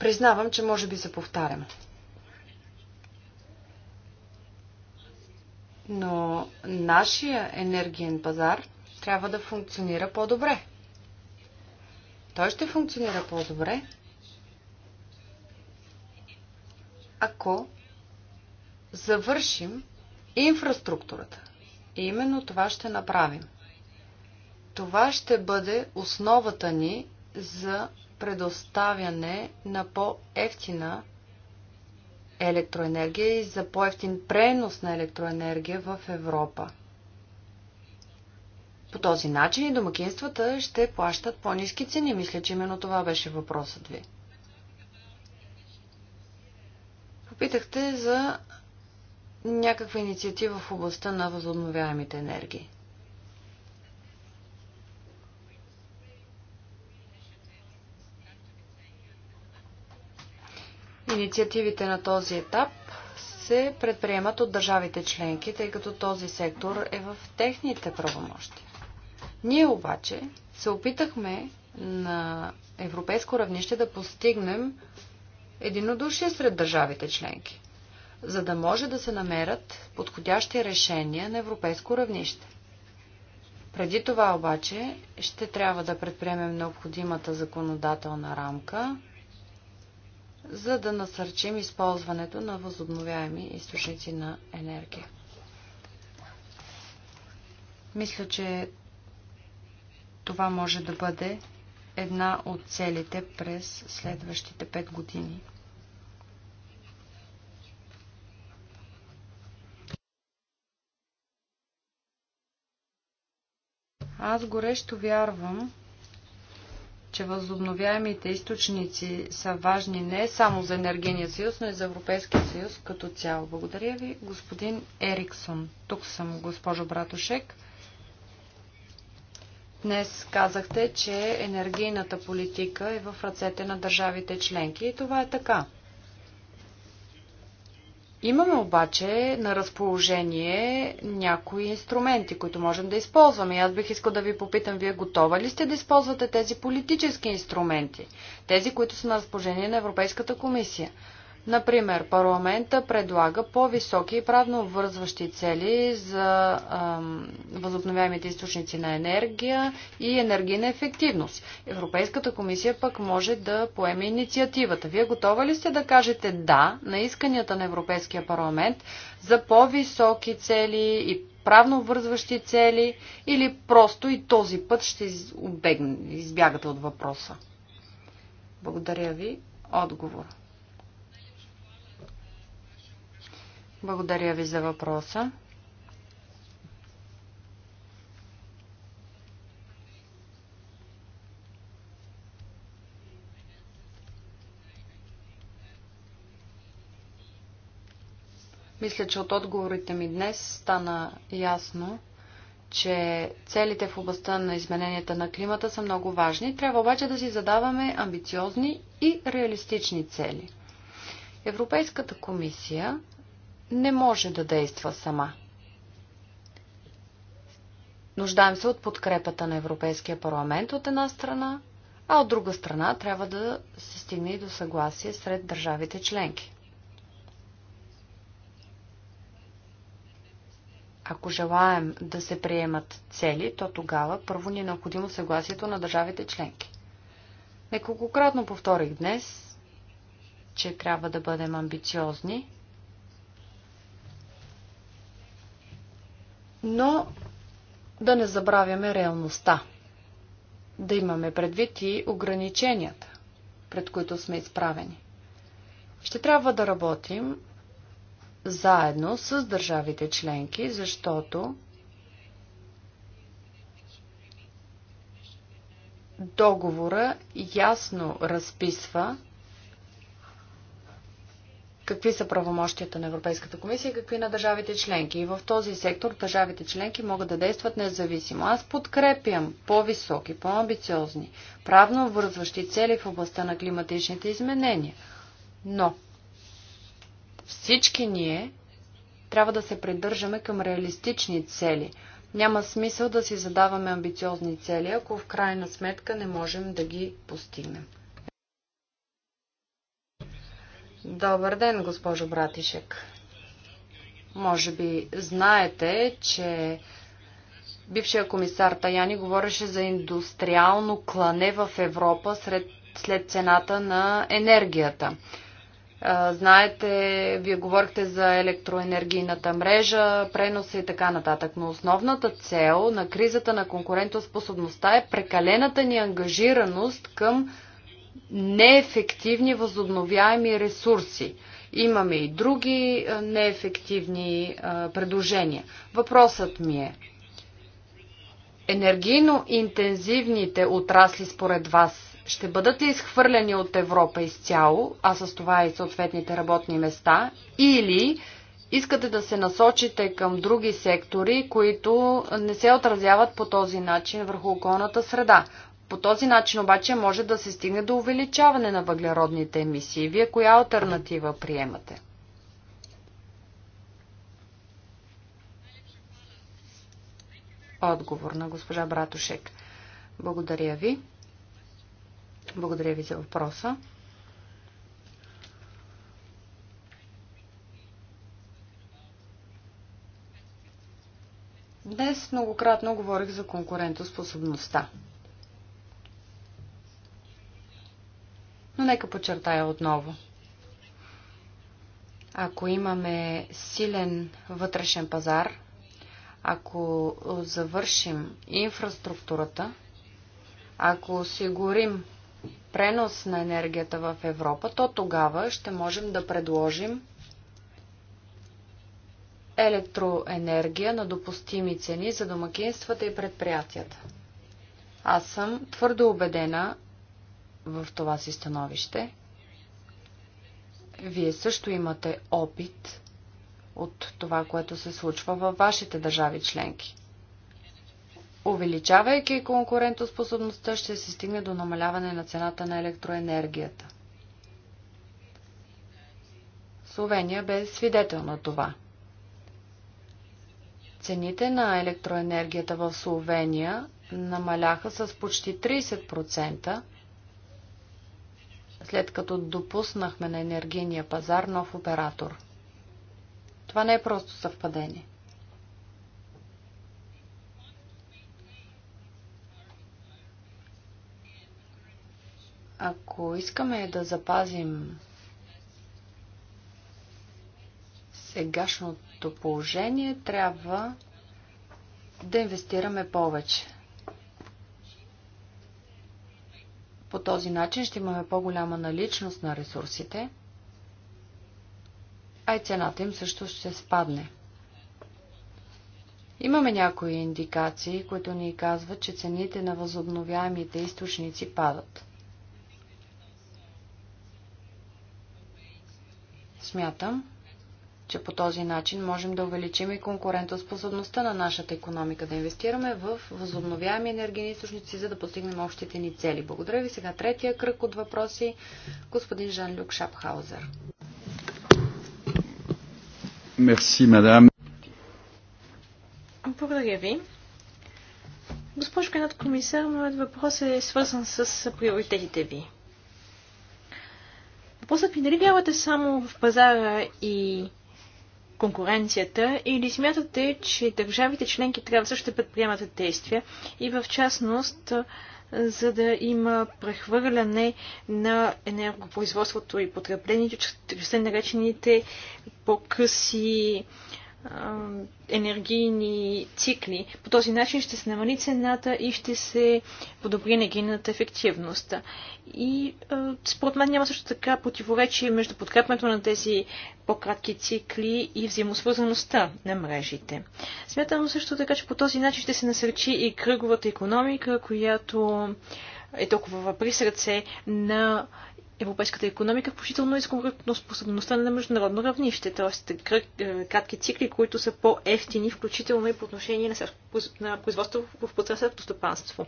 Priznavam, če može bi se повтарям. Но нашия енергиен пазар трябва да функционира по-добре. Той ще функционира по-добре, ако завършим инфраструктурата. И именно това ще направим. Това ще бъде основата ни за предоставяне на по-ефтина електроенергия и за по-ефтин пренос на електроенергия в Европа. По този начин и домакинствата ще плащат по-низки цени. Мисля, че именно това беше въпросът ви. Попитахте за някаква инициатива в областта на възобновяемите енергии. Инициативите на този етап се предприемат от държавите членки, тъй като този сектор е в техните правомощи. Ние обаче се опитахме на европейско равнище да постигнем единодушие сред държавите членки, за да може да се намерят подходящи решения на европейско равнище. Преди това обаче ще трябва да предприемем необходимата законодателна рамка, за да насърчим използването на възобновяеми източници на енергия. Мисля, че това може да бъде една от целите през следващите 5 години. Аз горещо вярвам, че възобновяемите източници са важни не само за Енергийния съюз, но и за Европейския съюз като цяло. Благодаря ви, господин Ериксон. Тук съм, госпожо Братошек. Днес казахте, че енергийната политика е в ръцете на държавите членки и това е така. Имаме обаче на разположение някои инструменти, които можем да използваме. И аз бих искал да ви попитам, вие готова ли сте да използвате тези политически инструменти? Тези, които са на разположение на Европейската комисия. Например, парламента предлага по-високи и правно вързващи цели за ам, възобновяемите източници на енергия и енергийна ефективност. Европейската комисия пък може да поеме инициативата. Вие готова ли сте да кажете да на исканията на Европейския парламент за по-високи цели и правно вързващи цели или просто и този път ще избегне, избягате от въпроса? Благодаря ви. Отговор. Благодаря ви за въпроса. Мисля, че от отговорите ми днес стана ясно, че целите в областта на измененията на климата са много важни. Трябва обаче да си задаваме амбициозни и реалистични цели. Европейската комисия не може да действа сама. Нуждаем се от подкрепата на Европейския парламент от една страна, а от друга страна трябва да се стигне и до съгласие сред държавите членки. Ако желаем да се приемат цели, то тогава първо ни е необходимо съгласието на държавите членки. Неколкократно повторих днес, че трябва да бъдем амбициозни но да не забравяме реалността. Да имаме предвид и ограниченията, пред които сме изправени. Ще трябва да работим заедно с държавите членки, защото договора ясно разписва, какви са правомощията на Европейската комисия и какви на държавите членки. И в този сектор държавите членки могат да действат независимо. Аз подкрепям по-високи, по-амбициозни, правно вързващи цели в областта на климатичните изменения. Но всички ние трябва да се придържаме към реалистични цели. Няма смисъл да си задаваме амбициозни цели, ако в крайна сметка не можем да ги постигнем. Добър ден, госпожо Братишек. Може би знаете, че бившия комисар Таяни говореше за индустриално клане в Европа сред, след цената на енергията. Знаете, вие говорихте за електроенергийната мрежа, преноса и така нататък, но основната цел на кризата на конкурентоспособността е прекалената ни ангажираност към неефективни възобновяеми ресурси. Имаме и други неефективни предложения. Въпросът ми е, енергийно интензивните отрасли според вас ще бъдат ли изхвърлени от Европа изцяло, а с това и съответните работни места, или искате да се насочите към други сектори, които не се отразяват по този начин върху околната среда. По този начин обаче може да се стигне до увеличаване на въглеродните емисии. Вие коя альтернатива приемате? Отговор на госпожа Братушек. Благодаря ви. Благодаря ви за въпроса. Днес многократно говорих за конкурентоспособността. Но нека подчертая отново. Ако имаме силен вътрешен пазар, ако завършим инфраструктурата, ако осигурим пренос на енергията в Европа, то тогава ще можем да предложим електроенергия на допустими цени за домакинствата и предприятията. Аз съм твърдо убедена, в това си становище. Вие също имате опит от това, което се случва във вашите държави членки. Увеличавайки конкурентоспособността, ще се стигне до намаляване на цената на електроенергията. Словения бе свидетел на това. Цените на електроенергията в Словения намаляха с почти 30%, след като допуснахме на енергийния пазар нов оператор. Това не е просто съвпадение. Ако искаме да запазим сегашното положение, трябва да инвестираме повече. По този начин ще имаме по-голяма наличност на ресурсите, а и цената им също ще спадне. Имаме някои индикации, които ни казват, че цените на възобновяемите източници падат. Смятам, че по този начин можем да увеличим и конкурентоспособността на нашата економика, да инвестираме в възобновяеми енергийни източници, за да постигнем общите ни цели. Благодаря ви. Сега третия кръг от въпроси. Господин Жан-Люк Шапхаузер. Мерси, мадам. Благодаря ви. Госпожо Канат комисар, моят въпрос е свързан с приоритетите ви. Въпросът не дали вярвате само в пазара и конкуренцията или смятате, че държавите членки трябва също да предприемат действия и в частност за да има прехвърляне на енергопроизводството и потреблението чрез наречените по-къси енергийни цикли. По този начин ще се намали цената и ще се подобри енергийната ефективност. И според мен няма също така противоречие между подкрепането на тези по-кратки цикли и взаимосвързаността на мрежите. Смятам също така, че по този начин ще се насърчи и кръговата економика, която е толкова при сърце на европейската економика, включително и с способността на международно равнище, т.е. Е, кратки цикли, които са по-ефтини, включително и по отношение на производство в процеса стопанство.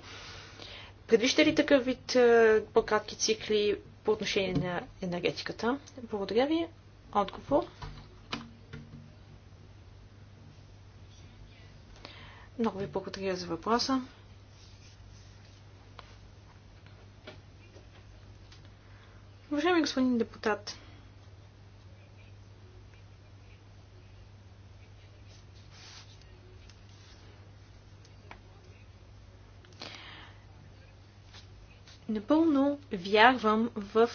Предвиждате ли такъв вид е, по-кратки цикли по отношение на енергетиката? Благодаря ви. Отговор. Много ви благодаря за въпроса. Уважаеми господин депутат, напълно вярвам в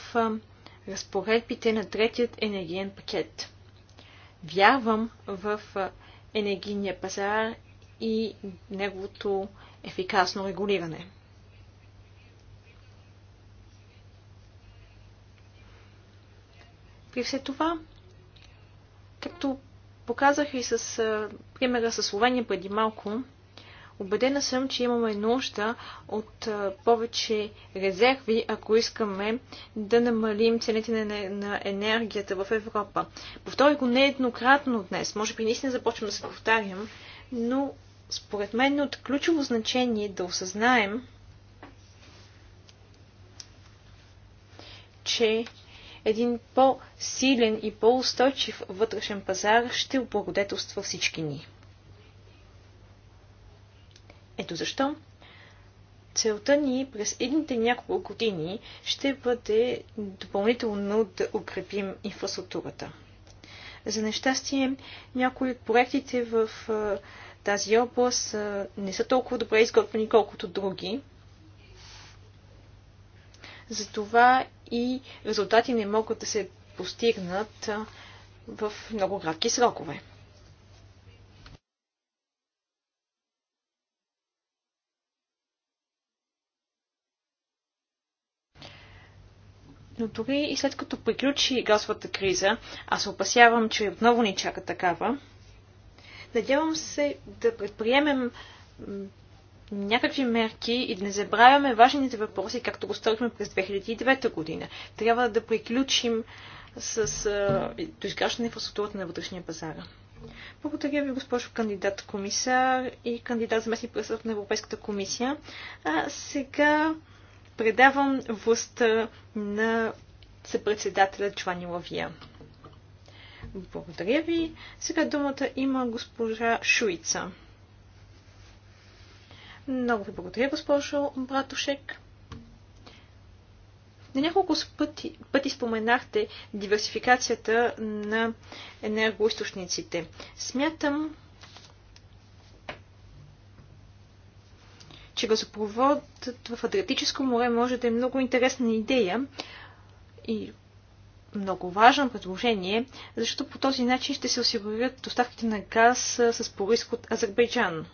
разпоредбите на третият енергиен пакет. Вярвам в енергийния пазар и неговото ефикасно регулиране. При все това, както показах и с примера с Словения преди малко, убедена съм, че имаме нужда от повече резерви, ако искаме да намалим цените на, на енергията в Европа. Повторя го нееднократно днес. Може би наистина започвам да се повтарям, но според мен от ключово значение е да осъзнаем, че един по-силен и по-устойчив вътрешен пазар ще облагодетелства всички ни. Ето защо целта ни през едните няколко години ще бъде допълнително да укрепим инфраструктурата. За нещастие, някои от проектите в тази област не са толкова добре изготвени, колкото други. Затова и резултати не могат да се постигнат в много кратки срокове. Но дори и след като приключи газовата криза, аз се опасявам, че отново ни чака такава, надявам се да предприемем някакви мерки и да не забравяме важните въпроси, както го сторихме през 2009 година. Трябва да приключим с а, доизграждане инфраструктурата на вътрешния пазар. Благодаря ви, госпожо кандидат комисар и кандидат за местни на Европейската комисия. А сега предавам властта на съпредседателя Джоани Лавия. Благодаря ви. Сега думата има госпожа Шуица. Много ви благодаря, госпожо Братушек. На няколко пъти, пъти споменахте диверсификацията на енергоисточниците. Смятам, че газопроводът в Адриатическо море може да е много интересна идея и много важно предложение, защото по този начин ще се осигурят доставките на газ с пориск от Азербайджан.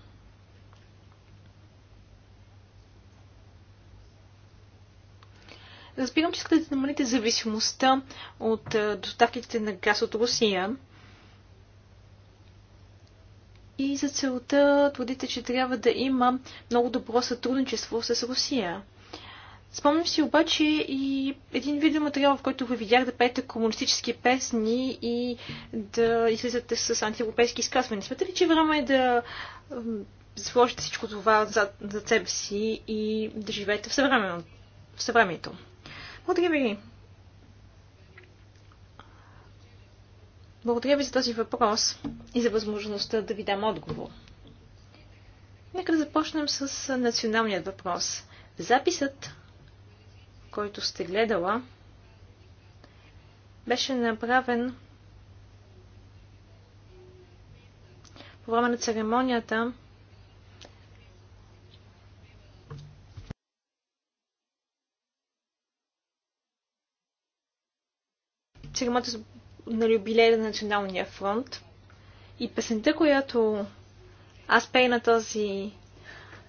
Разбирам, че искате да намалите зависимостта от е, доставките на газ от Русия. И за целта твърдите, че трябва да има много добро сътрудничество с Русия. Спомням си обаче и един видеоматериал, в който ви видях да пеете комунистически песни и да излизате с антиевропейски изказвания. Смятате ли, че време е да сложите всичко това за, себе си и да живеете в, съвременето. Благодаря ви. Благодаря ви за този въпрос и за възможността да ви дам отговор. Нека да започнем с националният въпрос. Записът, който сте гледала, беше направен по време на церемонията церемонията на нали, юбилея на Националния фронт. И песента, която аз пея на този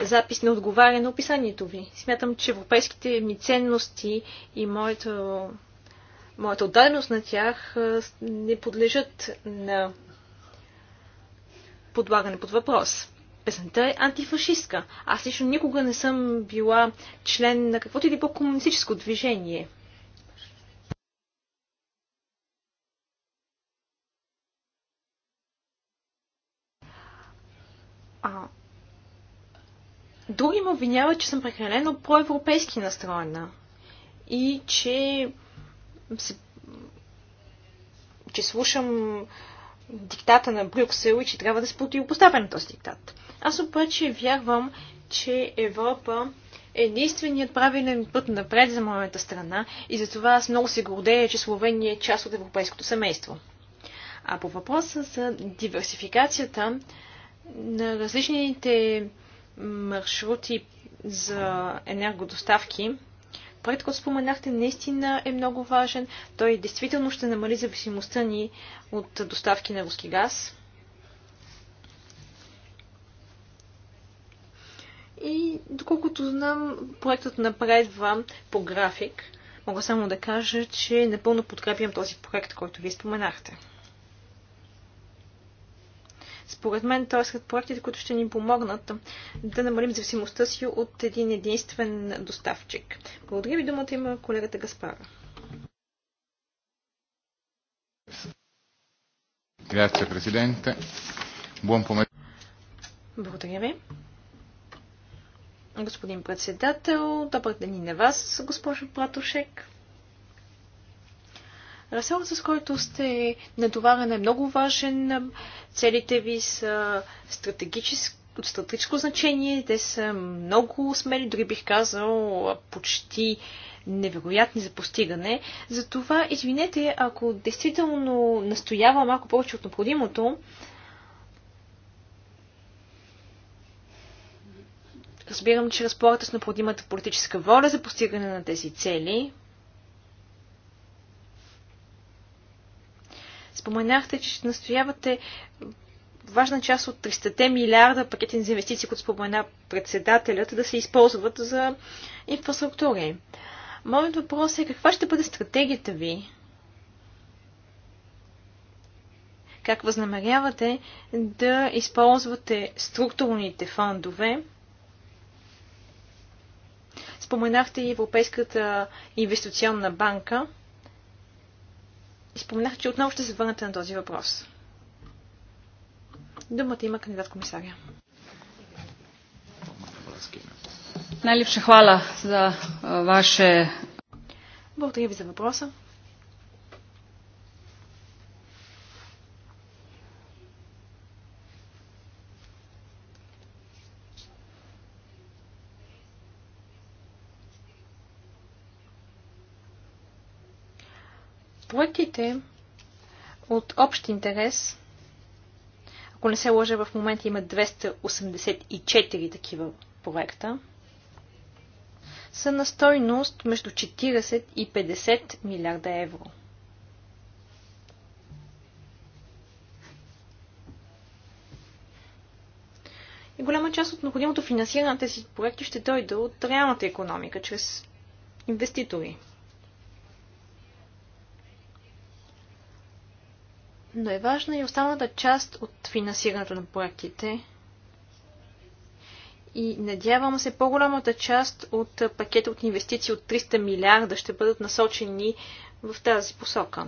запис, не отговаря на описанието ви. Смятам, че европейските ми ценности и моето, моята отдаденост на тях не подлежат на подлагане под въпрос. Песента е антифашистка. Аз лично никога не съм била член на каквото и да било комунистическо движение – Други ме обвиняват, че съм прекалено проевропейски настроена и че, се, че слушам диктата на Брюксел и че трябва да се противопоставя на този диктат. Аз обаче вярвам, че Европа е единственият правилен път напред за моята страна и затова аз много се гордея, че Словения е част от европейското семейство. А по въпроса за диверсификацията на различните маршрути за енергодоставки. проект, който споменахте, наистина е много важен. Той действително ще намали зависимостта ни от доставки на руски газ. И доколкото знам, проектът напредва по график. Мога само да кажа, че напълно подкрепям този проект, който ви споменахте. Според мен, т.е. е сред проектите, които ще ни помогнат да намалим зависимостта си от един единствен доставчик. Благодаря ви, думата има колегата Гаспара. Грация, президенте. buon Благодаря ви. Господин председател, добър ден и на вас, госпожо Платошек. Ресурът, с който сте натоварен е много важен. Целите ви са стратегически от стратегическо значение. Те са много смели, дори бих казал почти невероятни за постигане. Затова, извинете, ако действително настоява малко повече от необходимото, разбирам, че разполагате с необходимата политическа воля за постигане на тези цели. Споменахте, че ще настоявате важна част от 300 милиарда пакети за инвестиции, които спомена председателят, да се използват за инфраструктури. Моят въпрос е каква ще бъде стратегията ви? Как възнамерявате да използвате структурните фондове? Споменахте и Европейската инвестиционна банка споменах, че отново ще се върнете на този въпрос. Думата има кандидат комисаря. Най-липше хвала за ваше... Благодаря ви за въпроса. проектите от общ интерес, ако не се лъжа, в момента има 284 такива проекта, са на стойност между 40 и 50 милиарда евро. И голяма част от необходимото финансиране на тези проекти ще дойде от реалната економика, чрез инвеститори. но е важна и останалата част от финансирането на проектите. И надявам се по-голямата част от пакета от инвестиции от 300 милиарда ще бъдат насочени в тази посока.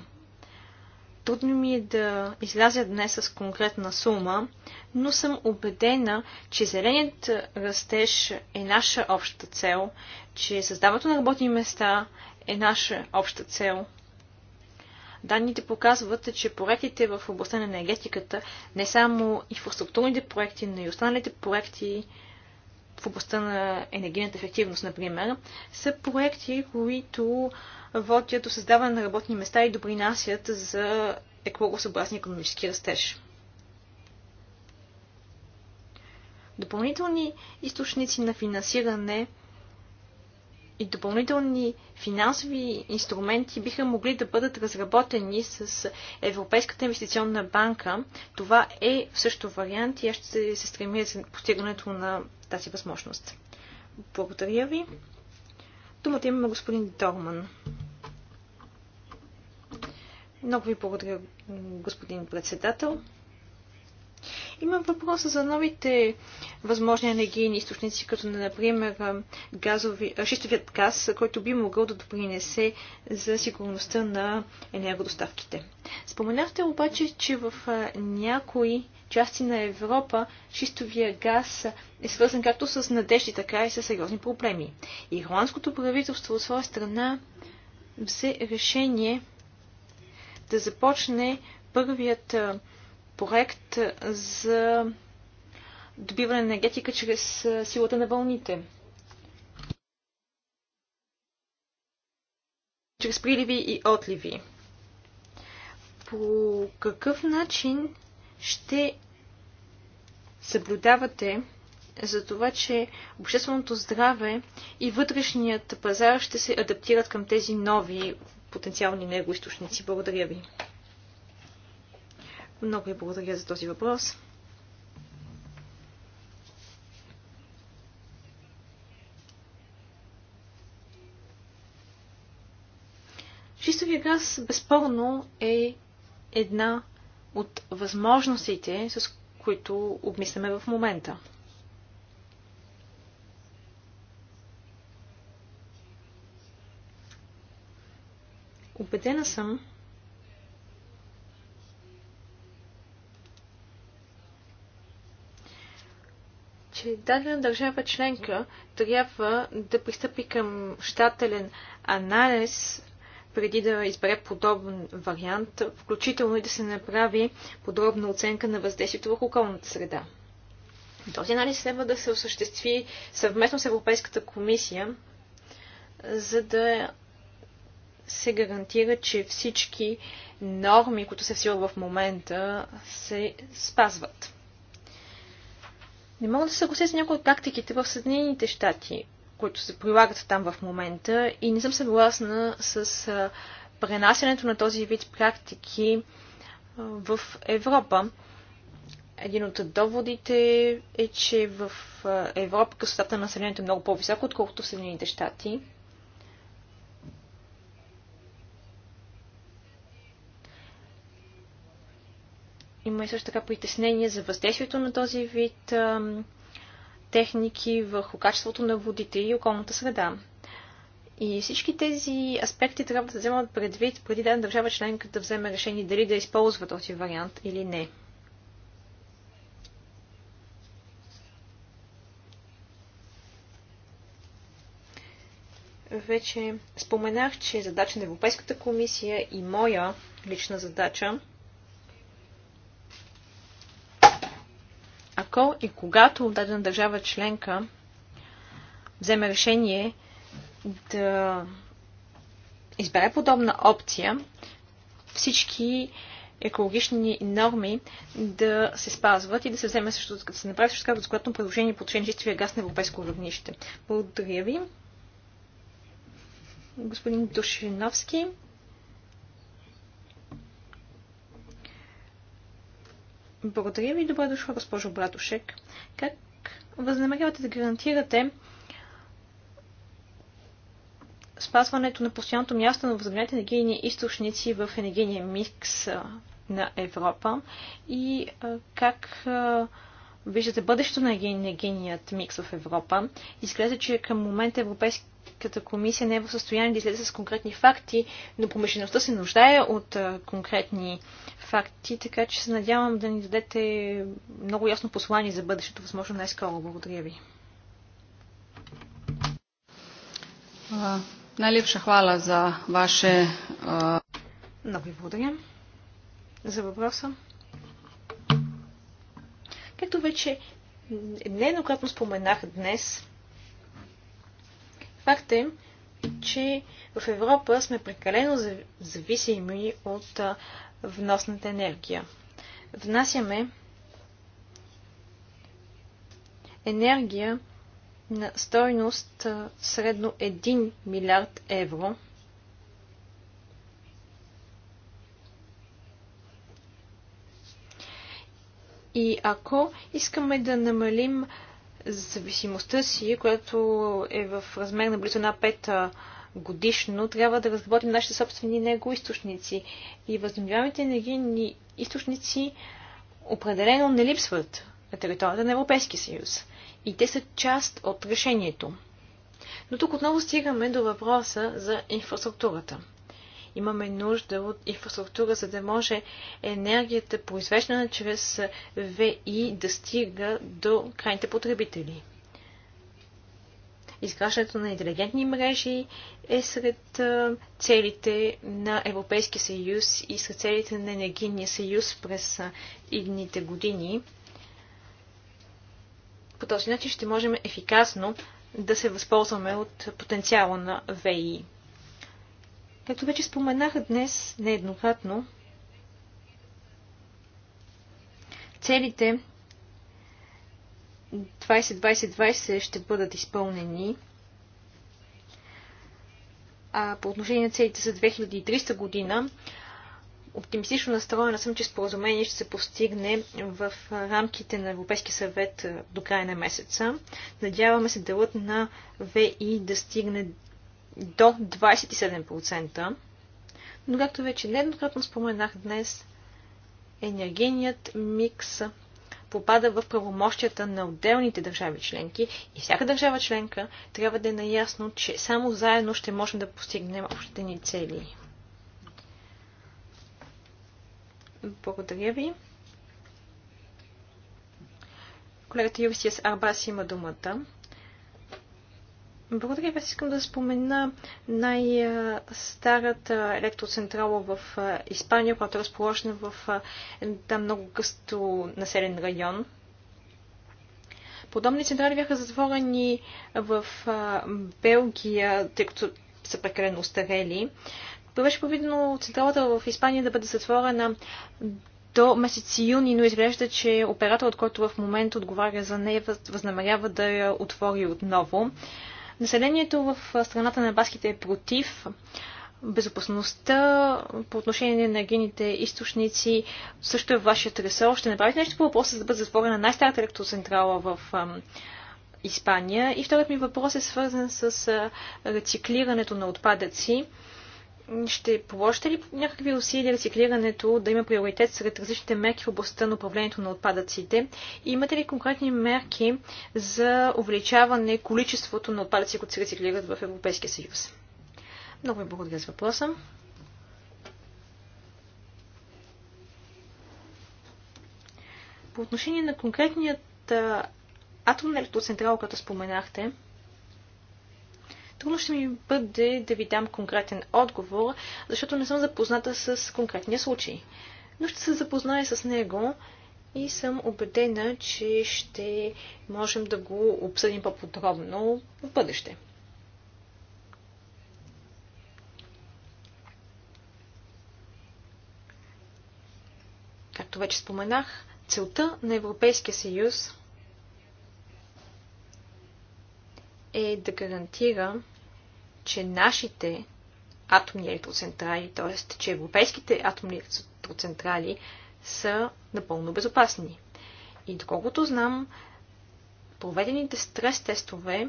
Трудно ми е да изляза днес с конкретна сума, но съм убедена, че зеленият растеж е наша обща цел, че създаването на работни места е наша обща цел – Данните показват, че проектите в областта на енергетиката, не само инфраструктурните проекти, но и останалите проекти в областта на енергийната ефективност, например, са проекти, които водят до създаване на работни места и допринасят за екологосъобразни економически растеж. Допълнителни източници на финансиране – и допълнителни финансови инструменти биха могли да бъдат разработени с Европейската инвестиционна банка. Това е също вариант и аз ще се стремя за постигането на тази възможност. Благодаря ви. Думата имаме господин Дорман. Много ви благодаря, господин председател. Има въпроса за новите възможни енергийни източници, като например газови, шистовият газ, който би могъл да допринесе за сигурността на енергодоставките. Споменахте обаче, че в някои части на Европа шистовия газ е свързан както с надежди, така и с сериозни проблеми. Ирландското правителство от своя страна взе решение да започне първият проект за добиване на енергетика чрез силата на вълните. Чрез приливи и отливи. По какъв начин ще съблюдавате за това, че общественото здраве и вътрешният пазар ще се адаптират към тези нови потенциални негоисточници. Благодаря ви. Много ви благодаря за този въпрос. Шистовия газ безспорно е една от възможностите, с които обмисляме в момента. Убедена съм, че дадена държава членка трябва да пристъпи към щателен анализ преди да избере подобен вариант, включително и да се направи подробна оценка на въздействието върху околната среда. Този анализ трябва да се осъществи съвместно с Европейската комисия, за да се гарантира, че всички норми, които са в сила в момента, се спазват. Не мога да се съглася с някои от практиките в Съединените щати, които се прилагат там в момента и не съм съгласна с пренасянето на този вид практики в Европа. Един от доводите е, че в Европа късотата на населението е много по-висока, отколкото в Съединените щати. Има и също така притеснение за въздействието на този вид техники върху качеството на водите и околната среда. И всички тези аспекти трябва да вземат предвид преди да държава членка да вземе решение дали да използва този вариант или не. Вече споменах, че задача на Европейската комисия и моя лична задача – протокол и когато дадена държава членка вземе решение да избере подобна опция, всички екологични норми да се спазват и да се вземе също, да се направи също така безплатно предложение по отношение чистия газ на европейско равнище. Благодаря ви. Господин Душиновски. Благодаря ви. Добре дошла, госпожо Братушек. Как възнамерявате да гарантирате спазването на постоянното място на възобновяемите енергийни източници в енергийния микс на Европа и как виждате бъдещето на енергийният микс в Европа. Изглежда, че към момента европейски Европейската комисия не е в състояние да излезе с конкретни факти, но промишлеността се нуждае от конкретни факти, така че се надявам да ни дадете много ясно послание за бъдещето, възможно най-скоро. Благодаря ви. най лепша хвала за ваше... Uh... Много ви благодаря за въпроса. Както вече еднократно споменах днес, Факт е, че в Европа сме прекалено зависими от вносната енергия. Внасяме енергия на стойност средно 1 милиард евро. И ако искаме да намалим зависимостта си, която е в размер на близо една пета годишно, трябва да разработим нашите собствени негоисточници И възобновяемите енергийни източници определено не липсват на територията на Европейския съюз. И те са част от решението. Но тук отново стигаме до въпроса за инфраструктурата. Имаме нужда от инфраструктура, за да може енергията, произвеждана чрез ВИ, да стига до крайните потребители. Изграждането на интелигентни мрежи е сред целите на Европейския съюз и сред целите на Енергийния съюз през идните години. По този начин ще можем ефикасно да се възползваме от потенциала на ВИ. Както вече споменах днес нееднократно, целите 20-20-20 ще бъдат изпълнени. А по отношение на целите за 2300 година, оптимистично настроена съм, че споразумение ще се постигне в рамките на Европейския съвет до края на месеца. Надяваме се делът на ВИ да стигне до 27%. Но както вече нееднократно споменах днес, енергийният микс попада в правомощията на отделните държави членки и всяка държава членка трябва да е наясно, че само заедно ще можем да постигнем общите ни цели. Благодаря ви. Колегата Юрсиас Арбас има думата. Благодаря ви. Искам да спомена най-старата електроцентрала в Испания, която е разположена в една много гъсто населен район. Подобни централи бяха затворени в Белгия, тъй като са прекалено устарели. Беше повидно централата в Испания да бъде затворена до месец юни, но изглежда, че операторът, който в момента отговаря за нея, възнамерява да я отвори отново. Населението в страната на баските е против безопасността по отношение на енергийните източници също е вашият ресор. Ще направите нещо по въпроса за да бъде затворена най-старата електроцентрала в Испания. И вторият ми въпрос е свързан с рециклирането на отпадъци ще положите ли някакви усилия рециклирането да има приоритет сред различните мерки в областта на управлението на отпадъците? И имате ли конкретни мерки за увеличаване количеството на отпадъци, които се рециклират в Европейския съюз? Много ви благодаря за въпроса. По отношение на конкретният атомна електроцентрала, като споменахте, Трудно ще ми бъде да ви дам конкретен отговор, защото не съм запозната с конкретния случай. Но ще се запозная с него и съм убедена, че ще можем да го обсъдим по-подробно в бъдеще. Както вече споменах, целта на Европейския съюз е да гарантира че нашите атомни електроцентрали, т.е. че европейските атомни електроцентрали са напълно безопасни. И доколкото знам, проведените стрес тестове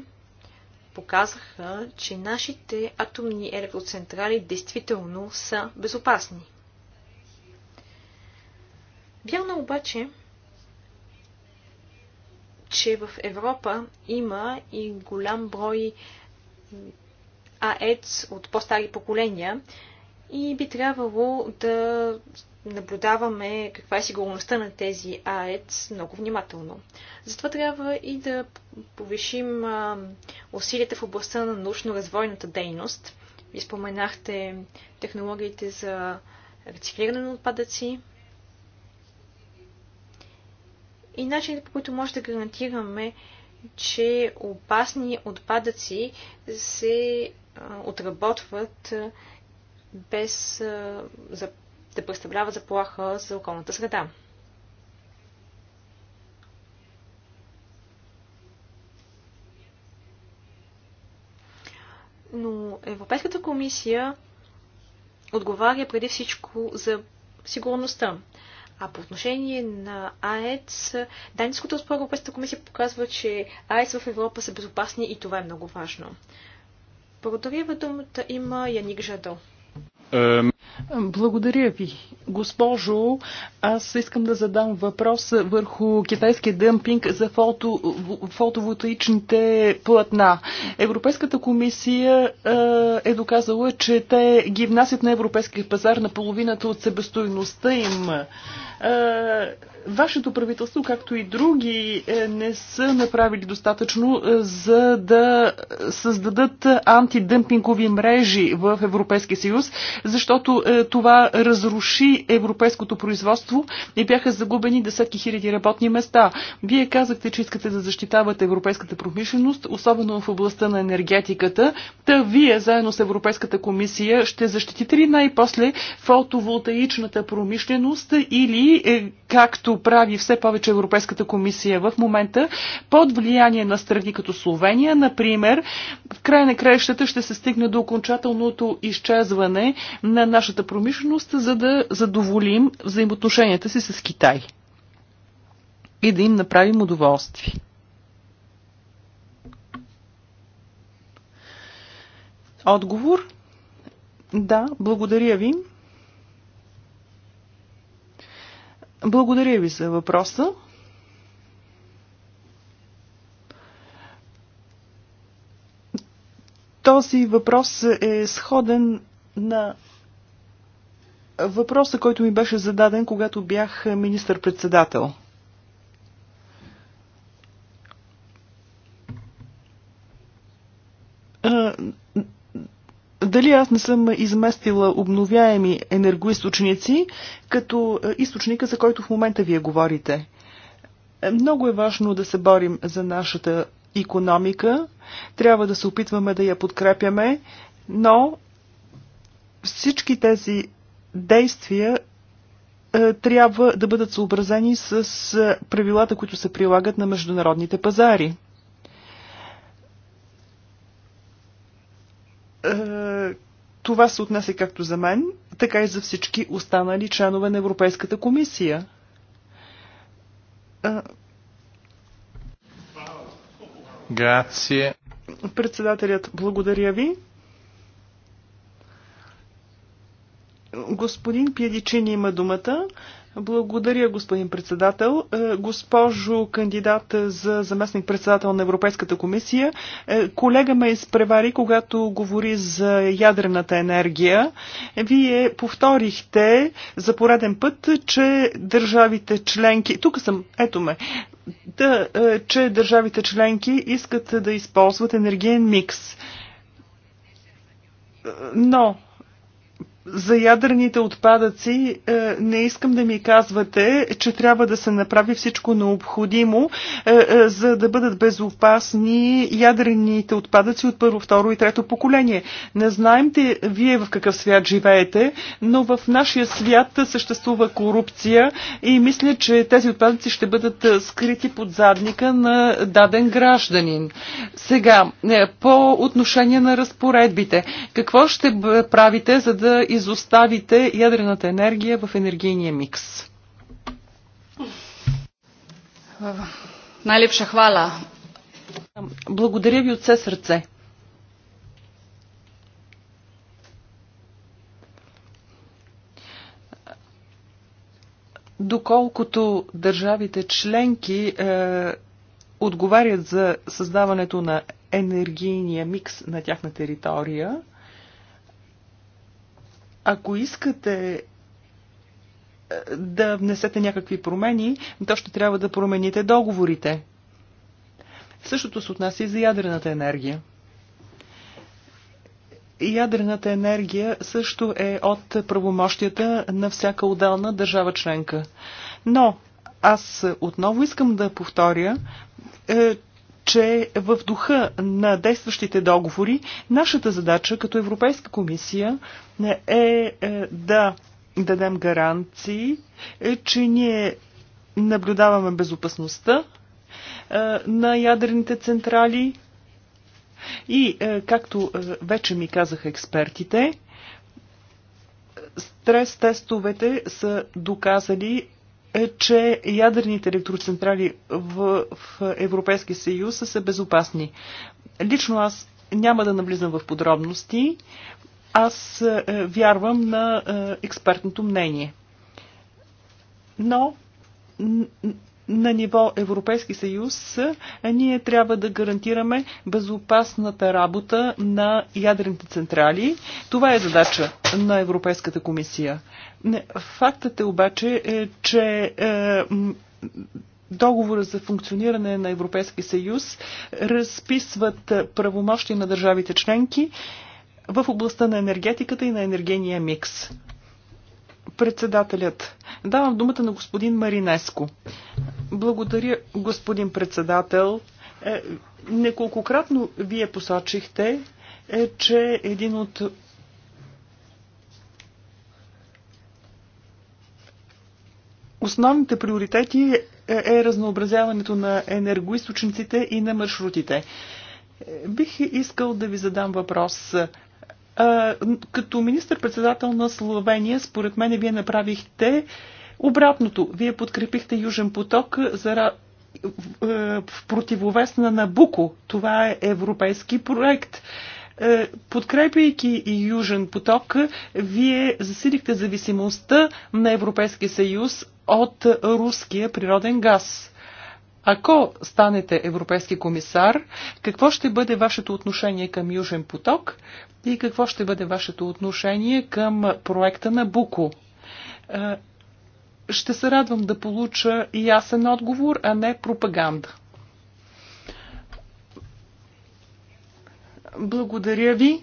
показаха, че нашите атомни електроцентрали действително са безопасни. Вярно обаче, че в Европа има и голям брой АЕЦ от по-стари поколения и би трябвало да наблюдаваме каква е сигурността на тези АЕЦ много внимателно. Затова трябва и да повишим усилията в областта на научно-развойната дейност. Ви споменахте технологиите за рециклиране на отпадъци и начините, по които може да гарантираме, че опасни отпадъци се отработват без да представляват заплаха за околната среда. Но Европейската комисия отговаря преди всичко за сигурността. А по отношение на АЕЦ, данни, с Европейската комисия показва, че АЕЦ в Европа са безопасни и това е много важно. Благодаря ви думата има Яник Жадо. Благодаря ви. Госпожо, аз искам да задам въпрос върху китайския дъмпинг за фото, фотоволтаичните платна. Европейската комисия е, е доказала, че те ги внасят на европейския пазар на половината от себестойността им. Е, вашето правителство, както и други, е, не са направили достатъчно за да създадат антидъмпингови мрежи в Европейския съюз, защото е, това разруши европейското производство и бяха загубени десетки хиляди работни места. Вие казахте, че искате да защитавате европейската промишленост, особено в областта на енергетиката. Та вие, заедно с Европейската комисия, ще защитите ли най-после фотоволтаичната промишленост или, е, както прави все повече Европейската комисия в момента, под влияние на страни като Словения, например, в края на краищата ще се стигне до окончателното изчезване на нашата нашата промишленост, за да задоволим взаимоотношенията си с Китай и да им направим удоволствие. Отговор? Да, благодаря ви. Благодаря ви за въпроса. Този въпрос е сходен на въпроса, който ми беше зададен, когато бях министър-председател. Дали аз не съм изместила обновяеми енергоисточници като източника, за който в момента вие говорите? Много е важно да се борим за нашата економика. Трябва да се опитваме да я подкрепяме, но всички тези действия е, трябва да бъдат съобразени с е, правилата, които се прилагат на международните пазари. Е, това се отнесе както за мен, така и за всички останали членове на Европейската комисия. Грация. Председателят, благодаря ви. Господин Пиедичин има думата. Благодаря, господин председател. Е, госпожо кандидат за заместник председател на Европейската комисия, е, колега ме изпревари, когато говори за ядрената енергия. Вие повторихте за пореден път, че държавите членки... Тук съм, ето ме. Да, е, че държавите членки искат да използват енергиен микс. Но за ядрените отпадъци е, не искам да ми казвате, че трябва да се направи всичко необходимо, е, е, за да бъдат безопасни ядрените отпадъци от първо, второ и трето поколение. Не те, вие в какъв свят живеете, но в нашия свят съществува корупция и мисля, че тези отпадъци ще бъдат скрити под задника на даден гражданин. Сега, по отношение на разпоредбите, какво ще правите, за да изоставите ядрената енергия в енергийния микс? Най-лепша хвала. Благодаря ви от все сърце. Доколкото държавите членки е, отговарят за създаването на енергийния микс на тяхна територия, ако искате е, да внесете някакви промени, то ще трябва да промените договорите. Същото се отнася и за ядрената енергия. Ядрената енергия също е от правомощията на всяка отделна държава членка. Но аз отново искам да повторя, е, че в духа на действащите договори нашата задача като Европейска комисия е, е да дадем гаранции, е, че ние наблюдаваме безопасността е, на ядрените централи и, както вече ми казаха експертите, стрес тестовете са доказали е, че ядрените електроцентрали в, в Европейския съюз са безопасни. Лично аз няма да навлизам в подробности. Аз е, вярвам на е, експертното мнение. Но на ниво Европейски съюз е, ние трябва да гарантираме безопасната работа на ядрените централи. Това е задача на Европейската комисия. Фактът е обаче, е, че е, договора за функциониране на Европейския съюз разписват правомощи на държавите членки в областта на енергетиката и на енергения микс. Председателят. Давам думата на господин Маринеско. Благодаря, господин председател. Е, неколкократно вие посочихте, е, че един от Основните приоритети е, е разнообразяването на енергоисточниците и на маршрутите. Бих искал да ви задам въпрос като министр-председател на Словения, според мен, вие направихте обратното. Вие подкрепихте Южен поток за е, в противовес на Набуко. Това е европейски проект. Е, подкрепяйки и Южен поток, вие засилихте зависимостта на Европейския съюз от руския природен газ. Ако станете европейски комисар, какво ще бъде вашето отношение към Южен поток и какво ще бъде вашето отношение към проекта на Буко? Е, ще се радвам да получа ясен отговор, а не пропаганда. Благодаря ви.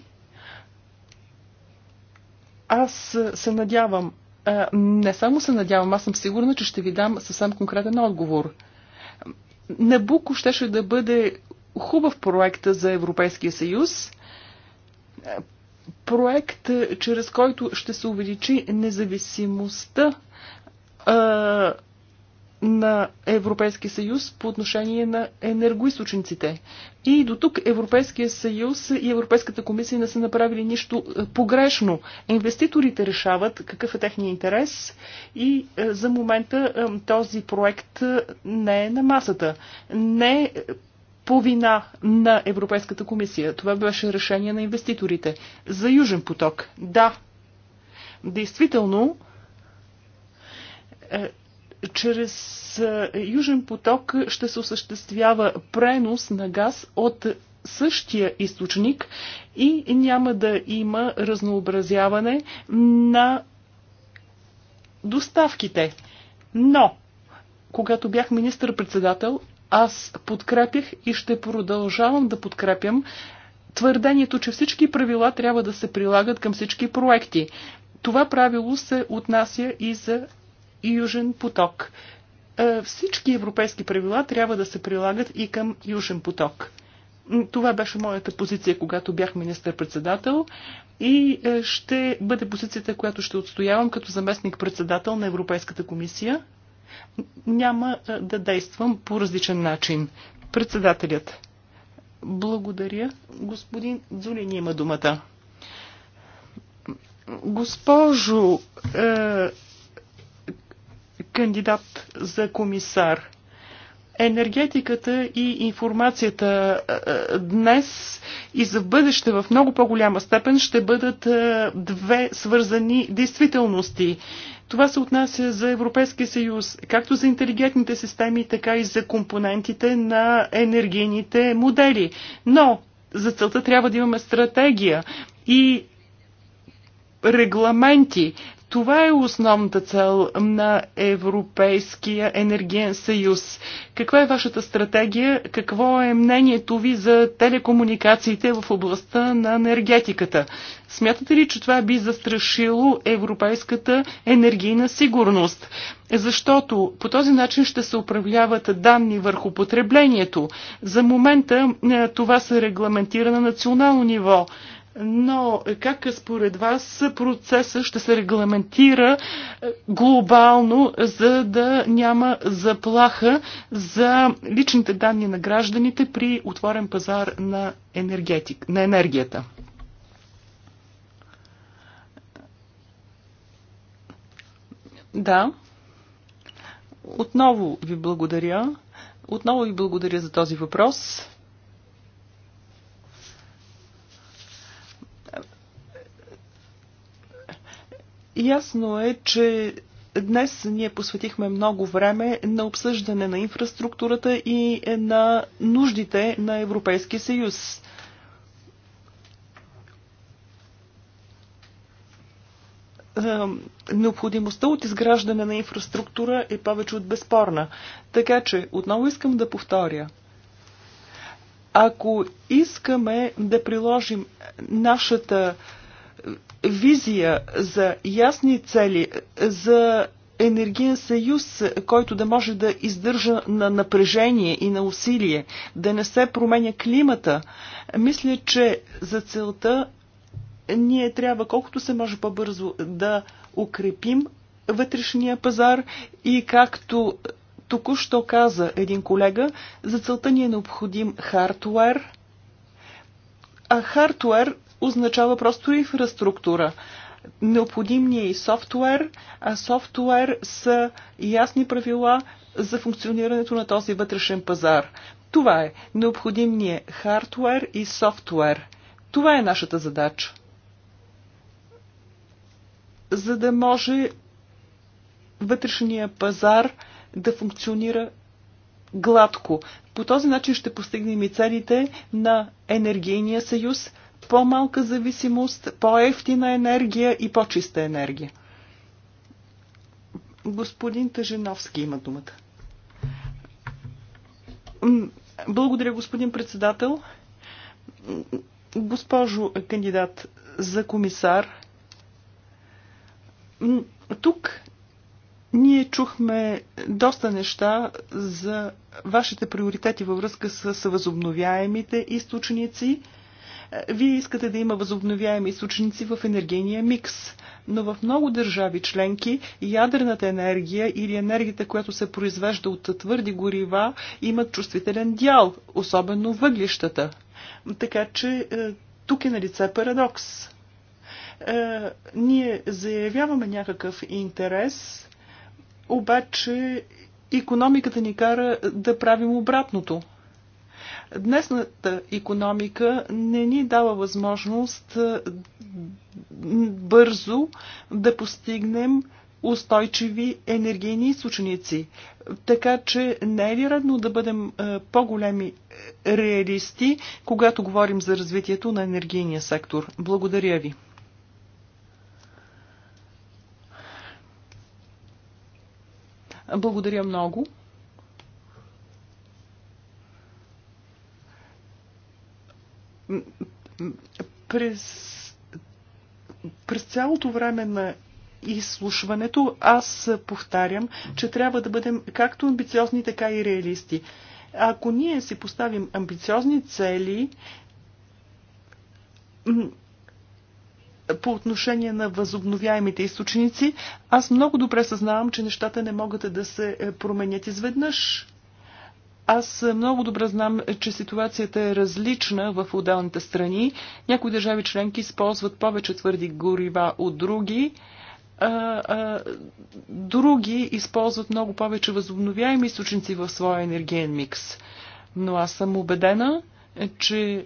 Аз се надявам, е, не само се надявам, аз съм сигурна, че ще ви дам съвсем конкретен отговор. Набуко щеше да бъде хубав проект за Европейския съюз. Проект, чрез който ще се увеличи независимостта на Европейския съюз по отношение на енергоисточниците. И до тук Европейския съюз и Европейската комисия не са направили нищо е, погрешно. Инвеститорите решават какъв е техния интерес и е, за момента е, този проект не е на масата. Не е по вина на Европейската комисия. Това беше решение на инвеститорите. За Южен поток. Да. Действително, чрез е, Южен поток ще се осъществява пренос на газ от същия източник и няма да има разнообразяване на доставките. Но, когато бях министър-председател, аз подкрепях и ще продължавам да подкрепям твърдението, че всички правила трябва да се прилагат към всички проекти. Това правило се отнася и за Южен поток. Е, всички европейски правила трябва да се прилагат и към Южен поток. Това беше моята позиция, когато бях министър-председател и е, ще бъде позицията, която ще отстоявам като заместник-председател на Европейската комисия. Няма е, да действам по различен начин. Председателят. Благодаря. Господин Дзулин има думата. Госпожо е, кандидат за комисар. Енергетиката и информацията днес и за бъдеще в много по-голяма степен ще бъдат две свързани действителности. Това се отнася за Европейския съюз, както за интелигентните системи, така и за компонентите на енергийните модели. Но за целта трябва да имаме стратегия и регламенти. Това е основната цел на Европейския енергиен съюз. Каква е вашата стратегия? Какво е мнението ви за телекомуникациите в областта на енергетиката? Смятате ли, че това би застрашило европейската енергийна сигурност? Защото по този начин ще се управляват данни върху потреблението. За момента е, това се регламентира на национално ниво но как според вас процеса ще се регламентира е, глобално, за да няма заплаха за личните данни на гражданите при отворен пазар на, енергетик, на енергията? Да. Отново ви благодаря. Отново ви благодаря за този въпрос. Ясно е, че Днес ние посветихме много време на обсъждане на инфраструктурата и на нуждите на Европейския съюз. Необходимостта от изграждане на инфраструктура е повече от безспорна. Така че, отново искам да повторя. Ако искаме да приложим нашата визия за ясни цели, за енергиен съюз, който да може да издържа на напрежение и на усилие, да не се променя климата. Мисля, че за целта ние трябва колкото се може по-бързо да укрепим вътрешния пазар и както току-що каза един колега, за целта ни е необходим хардуер, а хардвер означава просто инфраструктура. Необходим ни е и софтуер, а софтуер са ясни правила за функционирането на този вътрешен пазар. Това е. Необходим ни е хардуер и софтуер. Това е нашата задача. За да може вътрешния пазар да функционира гладко. По този начин ще постигнем и целите на енергийния съюз, по-малка зависимост, по-ефтина енергия и по-чиста енергия. Господин Тъжиновски има думата. Благодаря, господин председател. Госпожо кандидат за комисар, тук ние чухме доста неща за вашите приоритети във връзка с възобновяемите източници вие искате да има възобновяеми източници в енергийния микс. Но в много държави членки ядрената енергия или енергията, която се произвежда от твърди горива, имат чувствителен дял, особено въглищата. Така че е, тук е на лице парадокс. Е, ние заявяваме някакъв интерес, обаче економиката ни кара да правим обратното. Днесната економика не ни дава възможност е, бързо да постигнем устойчиви енергийни източници. Така че не е ли редно да бъдем е, по-големи реалисти, когато говорим за развитието на енергийния сектор? Благодаря ви. Благодаря много. през, през цялото време на изслушването аз повтарям, че трябва да бъдем както амбициозни, така и реалисти. Ако ние си поставим амбициозни цели, по отношение на възобновяемите източници, аз много добре съзнавам, че нещата не могат да се е, променят изведнъж. Аз много добре знам, че ситуацията е различна в отделните страни. Някои държави членки използват повече твърди горива от други. А, а, други използват много повече възобновяеми източници в своя енергиен микс. Но аз съм убедена, че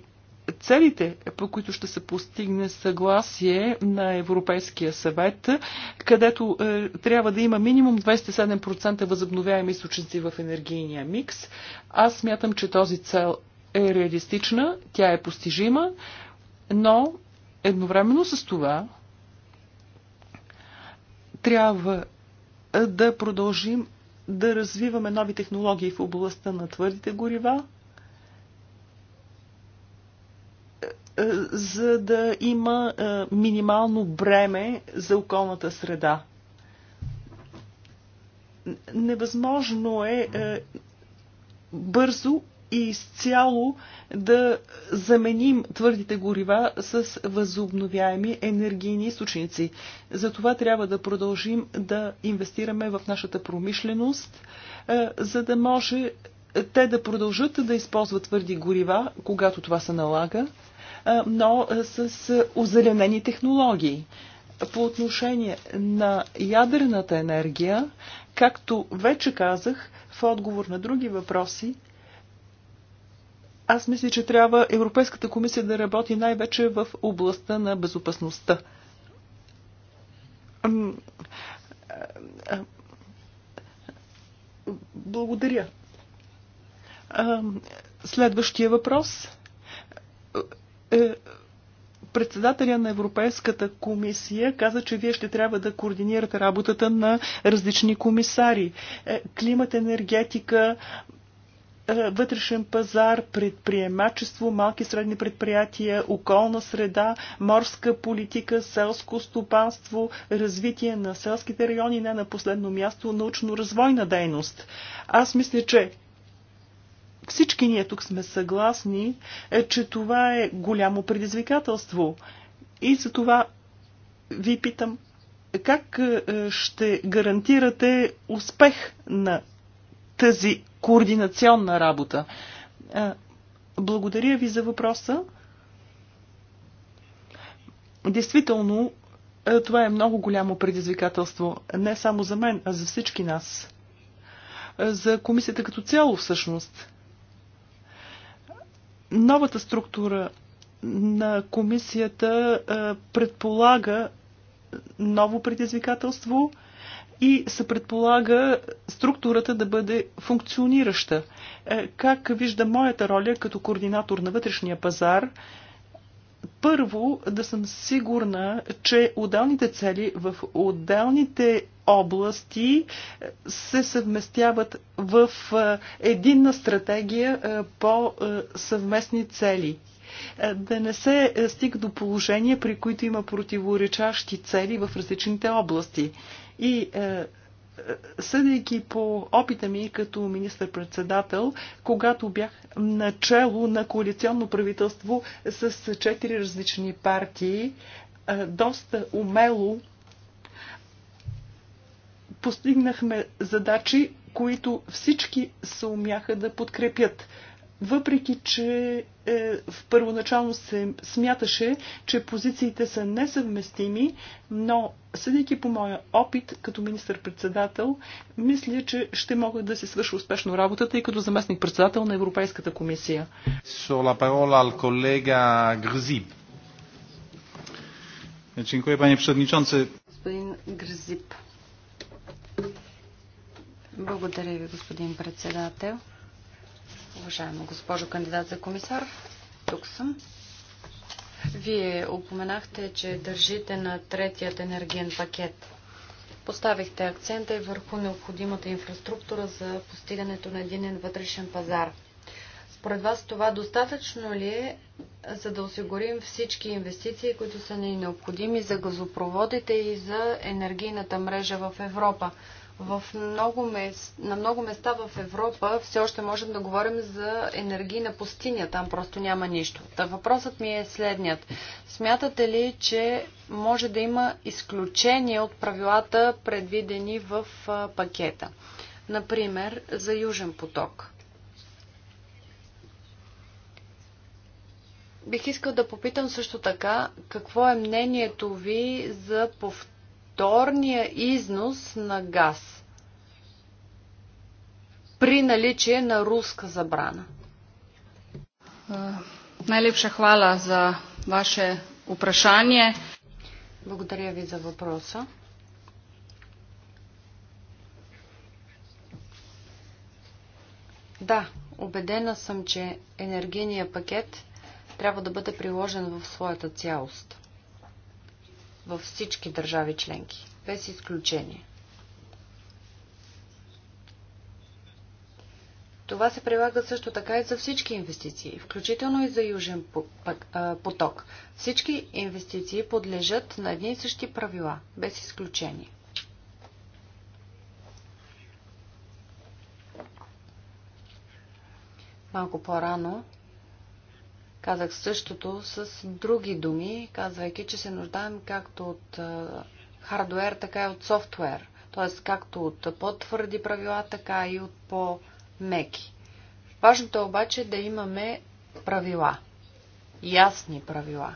целите, по които ще се постигне съгласие на Европейския съвет, където е, трябва да има минимум 27% възобновяеми източници в енергийния микс. Аз смятам, че този цел е реалистична, тя е постижима, но едновременно с това трябва да продължим да развиваме нови технологии в областта на твърдите горива, за да има е, минимално бреме за околната среда. Невъзможно е, е бързо и изцяло да заменим твърдите горива с възобновяеми енергийни източници. Затова трябва да продължим да инвестираме в нашата промишленост, е, за да може те да продължат да използват твърди горива, когато това се налага, но с озеленени технологии. По отношение на ядрената енергия, както вече казах, в отговор на други въпроси, аз мисля, че трябва Европейската комисия да работи най-вече в областта на безопасността. Благодаря. Следващия въпрос. Е, председателя на Европейската комисия каза, че вие ще трябва да координирате работата на различни комисари. Е, климат, енергетика, е, вътрешен пазар, предприемачество, малки и средни предприятия, околна среда, морска политика, селско стопанство, развитие на селските райони, не на последно място научно-развойна дейност. Аз мисля, че всички ние тук сме съгласни, е, че това е голямо предизвикателство. И за това ви питам, как е, ще гарантирате успех на тази координационна работа? Е, благодаря ви за въпроса. Действително, това е много голямо предизвикателство, не само за мен, а за всички нас. За комисията като цяло всъщност новата структура на комисията предполага ново предизвикателство и се предполага структурата да бъде функционираща. Е, как вижда моята роля като координатор на вътрешния пазар – първо да съм сигурна, че отделните цели в отделните области е, се съвместяват в е, единна стратегия е, по съвместни цели. Да не се стига до положения, при които има противоречащи цели в различните области. И съдейки по опита ми като министър-председател, когато бях начало на коалиционно правителство с четири различни партии, е, доста умело постигнахме задачи, които всички се умяха да подкрепят въпреки че е, в първоначално се смяташе, че позициите са несъвместими, но съдейки по моя опит като министър-председател, мисля, че ще мога да се свърша успешно работата и като заместник-председател на Европейската комисия. So la parola al collega Grzib. Dziękuję panie przewodniczący. Господин Грзип. Благодаря ви, господин председател. Уважаема госпожо кандидат за комисар, тук съм. Вие упоменахте, че държите на третият енергиен пакет. Поставихте акцента и върху необходимата инфраструктура за постигането на единен вътрешен пазар. Според вас това достатъчно ли е, за да осигурим всички инвестиции, които са ни необходими за газопроводите и за енергийната мрежа в Европа? в много мест, на много места в Европа все още можем да говорим за енергийна пустиня. Там просто няма нищо. Та въпросът ми е следният. Смятате ли, че може да има изключение от правилата, предвидени в пакета? Например, за Южен поток. Бих искал да попитам също така какво е мнението ви за повторението повторния износ на газ при наличие на руска забрана? Najlepša hvala za vaše vprašanje. Благодаря ви за въпроса. Да, убедена съм, че енергийния пакет трябва да бъде приложен в своята цялост във всички държави членки, без изключение. Това се прилага също така и за всички инвестиции, включително и за Южен поток. Всички инвестиции подлежат на едни и същи правила, без изключение. Малко по-рано Казах същото с други думи, казвайки, че се нуждаем както от хардуер, така и от софтуер. Т.е. както от по-твърди правила, така и от по-меки. Важното е обаче да имаме правила. Ясни правила.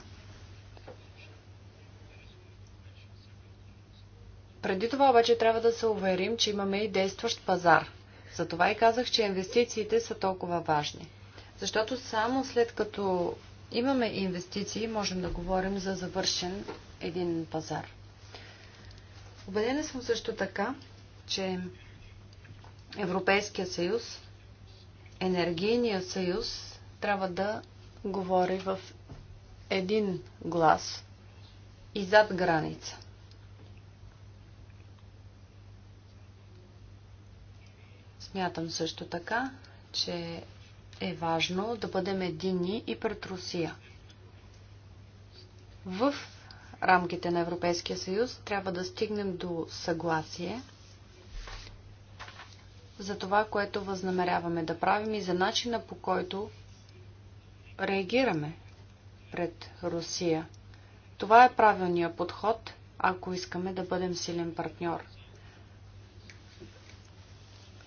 Преди това обаче трябва да се уверим, че имаме и действащ пазар. Затова и казах, че инвестициите са толкова важни. Защото само след като имаме инвестиции, можем да говорим за завършен един пазар. Обедена съм също така, че Европейския съюз, Енергийния съюз трябва да говори в един глас и зад граница. Смятам също така, че е важно да бъдем единни и пред Русия. В рамките на Европейския съюз трябва да стигнем до съгласие за това, което възнамеряваме да правим и за начина по който реагираме пред Русия. Това е правилният подход, ако искаме да бъдем силен партньор –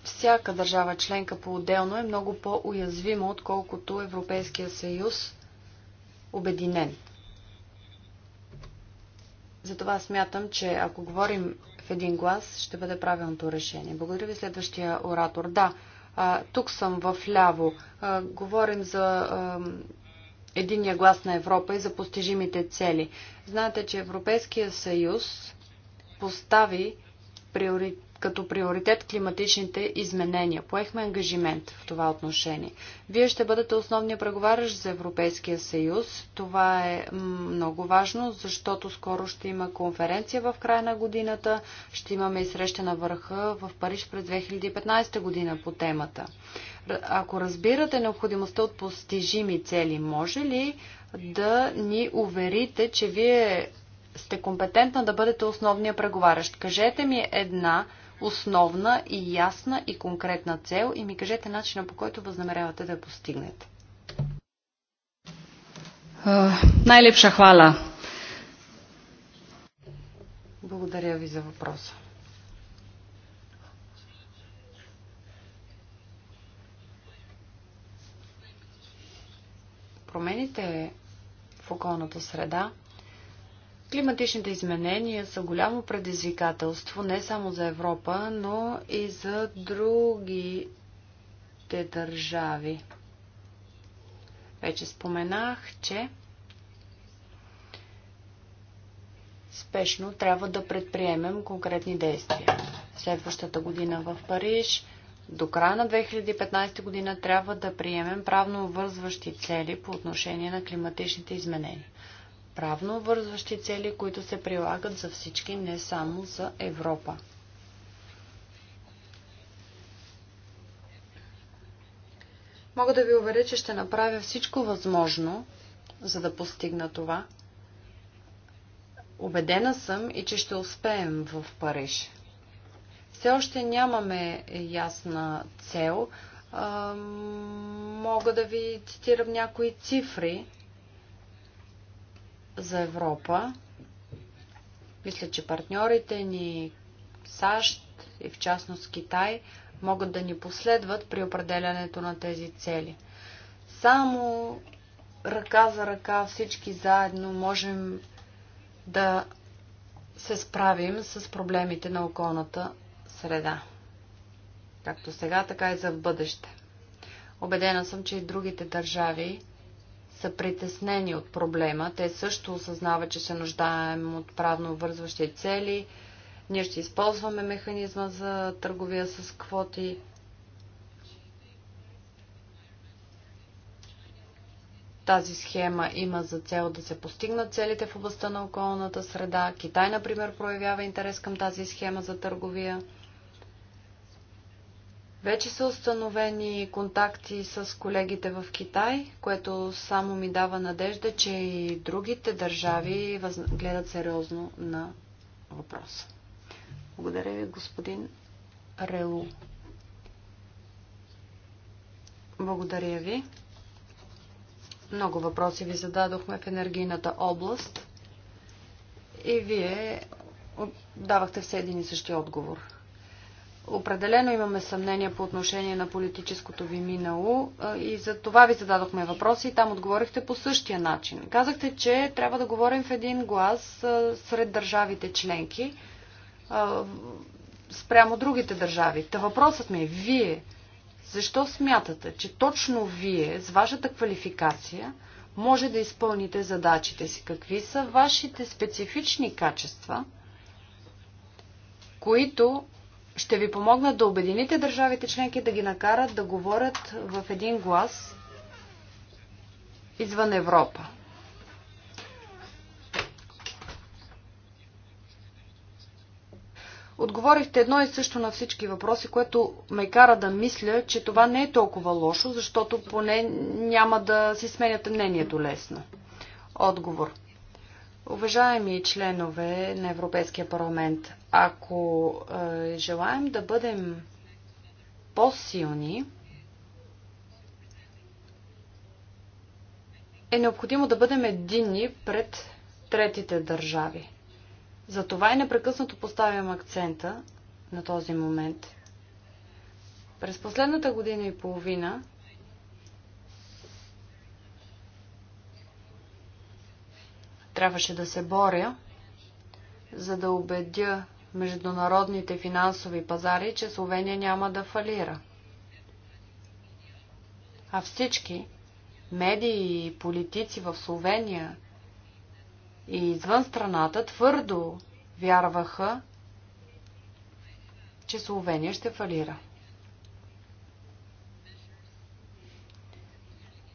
всяка държава членка по-отделно е много по-уязвима, отколкото Европейския съюз обединен. Затова смятам, че ако говорим в един глас, ще бъде правилното решение. Благодаря ви следващия оратор. Да, а, тук съм в ляво. А, говорим за а, единия глас на Европа и за постижимите цели. Знаете, че Европейския съюз постави приоритет като приоритет климатичните изменения. Поехме ангажимент в това отношение. Вие ще бъдете основния преговарящ за Европейския съюз. Това е много важно, защото скоро ще има конференция в края на годината. Ще имаме и среща на върха в Париж през 2015 година по темата. Ако разбирате необходимостта от постижими цели, може ли да ни уверите, че вие сте компетентна да бъдете основния преговарящ. Кажете ми една основна и ясна и конкретна цел и ми кажете начина по който възнамерявате да я постигнете. Uh, най-лепша хвала. Благодаря ви за въпроса. Промените в околната среда – Климатичните изменения са голямо предизвикателство не само за Европа, но и за другите държави. Вече споменах, че спешно трябва да предприемем конкретни действия. Следващата година в Париж, до края на 2015 година трябва да приемем правно обвързващи цели по отношение на климатичните изменения правно обвързващи цели, които се прилагат за всички, не само за Европа. Мога да ви уверя, че ще направя всичко възможно, за да постигна това. Обедена съм и че ще успеем в Париж. Все още нямаме ясна цел. мога да ви цитирам някои цифри за Европа. Мисля, че партньорите ни САЩ и в частност Китай могат да ни последват при определянето на тези цели. Само ръка за ръка всички заедно можем да се справим с проблемите на околната среда. Както сега, така и за в бъдеще. Обедена съм, че и другите държави са притеснени от проблема. Те също осъзнават, че се нуждаем от правно обвързващи цели. Ние ще използваме механизма за търговия с квоти. Тази схема има за цел да се постигнат целите в областта на околната среда. Китай, например, проявява интерес към тази схема за търговия. Вече са установени контакти с колегите в Китай, което само ми дава надежда, че и другите държави гледат сериозно на въпроса. Благодаря ви, господин Релу. Благодаря ви. Много въпроси ви зададохме в енергийната област и вие давахте все един и същи отговор. Определено имаме съмнение по отношение на политическото ви минало и за това ви зададохме въпроси и там отговорихте по същия начин. Казахте, че трябва да говорим в един глас сред държавите членки спрямо другите държави. Та въпросът ми е, вие защо смятате, че точно вие с вашата квалификация може да изпълните задачите си? Какви са вашите специфични качества, които ще ви помогнат да обедините държавите членки, да ги накарат да говорят в един глас извън Европа. Отговорихте едно и също на всички въпроси, което ме кара да мисля, че това не е толкова лошо, защото поне няма да си сменяте мнението лесно. Отговор. Уважаеми членове на Европейския парламент, ако е, желаем да бъдем по-силни, е необходимо да бъдем единни пред третите държави. Затова и непрекъснато поставям акцента на този момент. През последната година и половина трябваше да се боря, за да убедя международните финансови пазари, че Словения няма да фалира. А всички медии и политици в Словения и извън страната твърдо вярваха, че Словения ще фалира.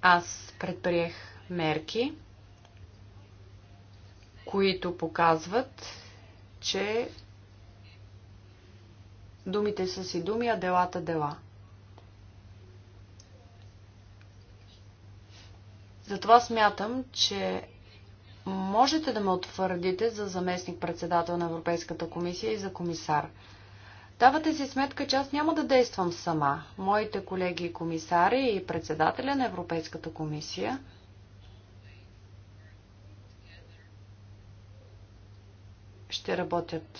Аз предприех мерки, които показват, че думите са си думи, а делата дела. Затова смятам, че можете да ме утвърдите за заместник-председател на Европейската комисия и за комисар. Давате си сметка, че аз няма да действам сама. Моите колеги и комисари и председателя на Европейската комисия – ще работят